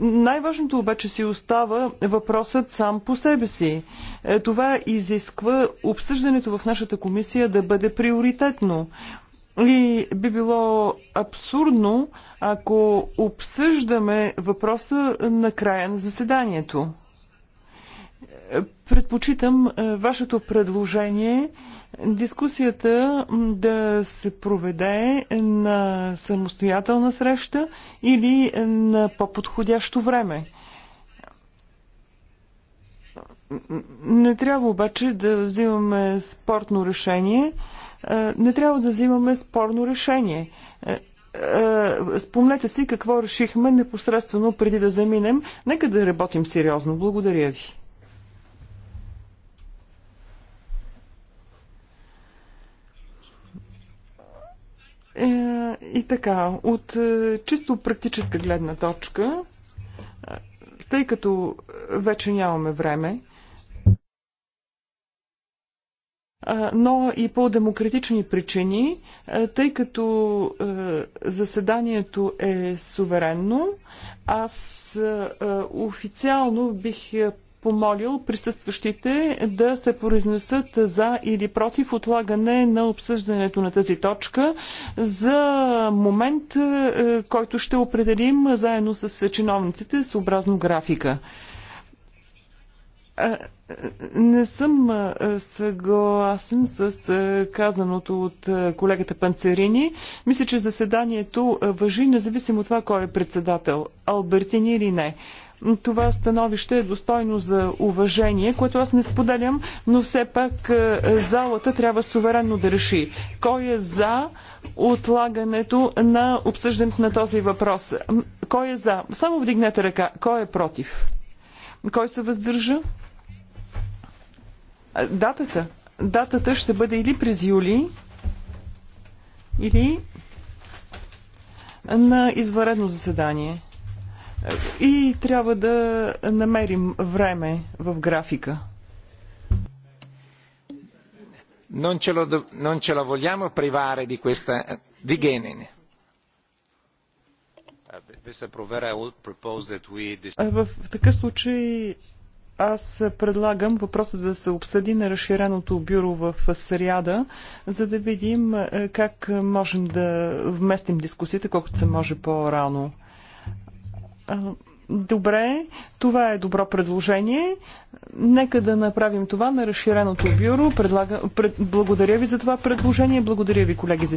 Най-важното обаче си остава въпросът сам по себе си. Е, това изисква обсъждането в нашата комисия да бъде приоритетно. И би било абсурдно, ако обсъждаме въпроса на края на заседанието. Предпочитам е, вашето предложение дискусията да се проведе на самостоятелна среща или на по-подходящо време. Не трябва обаче да взимаме спортно решение. Е, не трябва да взимаме спорно решение. Е, спомнете си какво решихме непосредствено преди да заминем. Нека да работим сериозно. Благодаря ви. Е, и така, от е, чисто практическа гледна точка, е, тъй като вече нямаме време, но и по демократични причини, тъй като заседанието е суверенно, аз официално бих помолил присъстващите да се произнесат за или против отлагане на обсъждането на тази точка за момент, е, който ще определим заедно с чиновниците съобразно графика. Не съм съгласен с казаното от колегата Панцерини. Мисля, че заседанието въжи, независимо от това кой е председател, Албертини или не. Това становище е достойно за уважение, което аз не споделям, но все пак е, залата трябва суверенно да реши кой е за отлагането на обсъждането на този въпрос. Кой е за? Само вдигнете ръка. Кой е против? Кой се въздържа? Е, датата. Датата ще бъде или през юли, или на извънредно заседание и трябва да намерим време в графика. Non ce, lo, non ce la vogliamo privare di questa di Genene. Е, в такъв случай аз предлагам въпроса да се обсъди на разширеното бюро в сряда, за да видим е, как можем да вместим дискусията колкото се може по-рано. Добре, това е добро предложение. Нека да направим това на разширеното бюро. Предлага... Пред... Благодаря ви за това предложение. Благодаря ви, колеги, за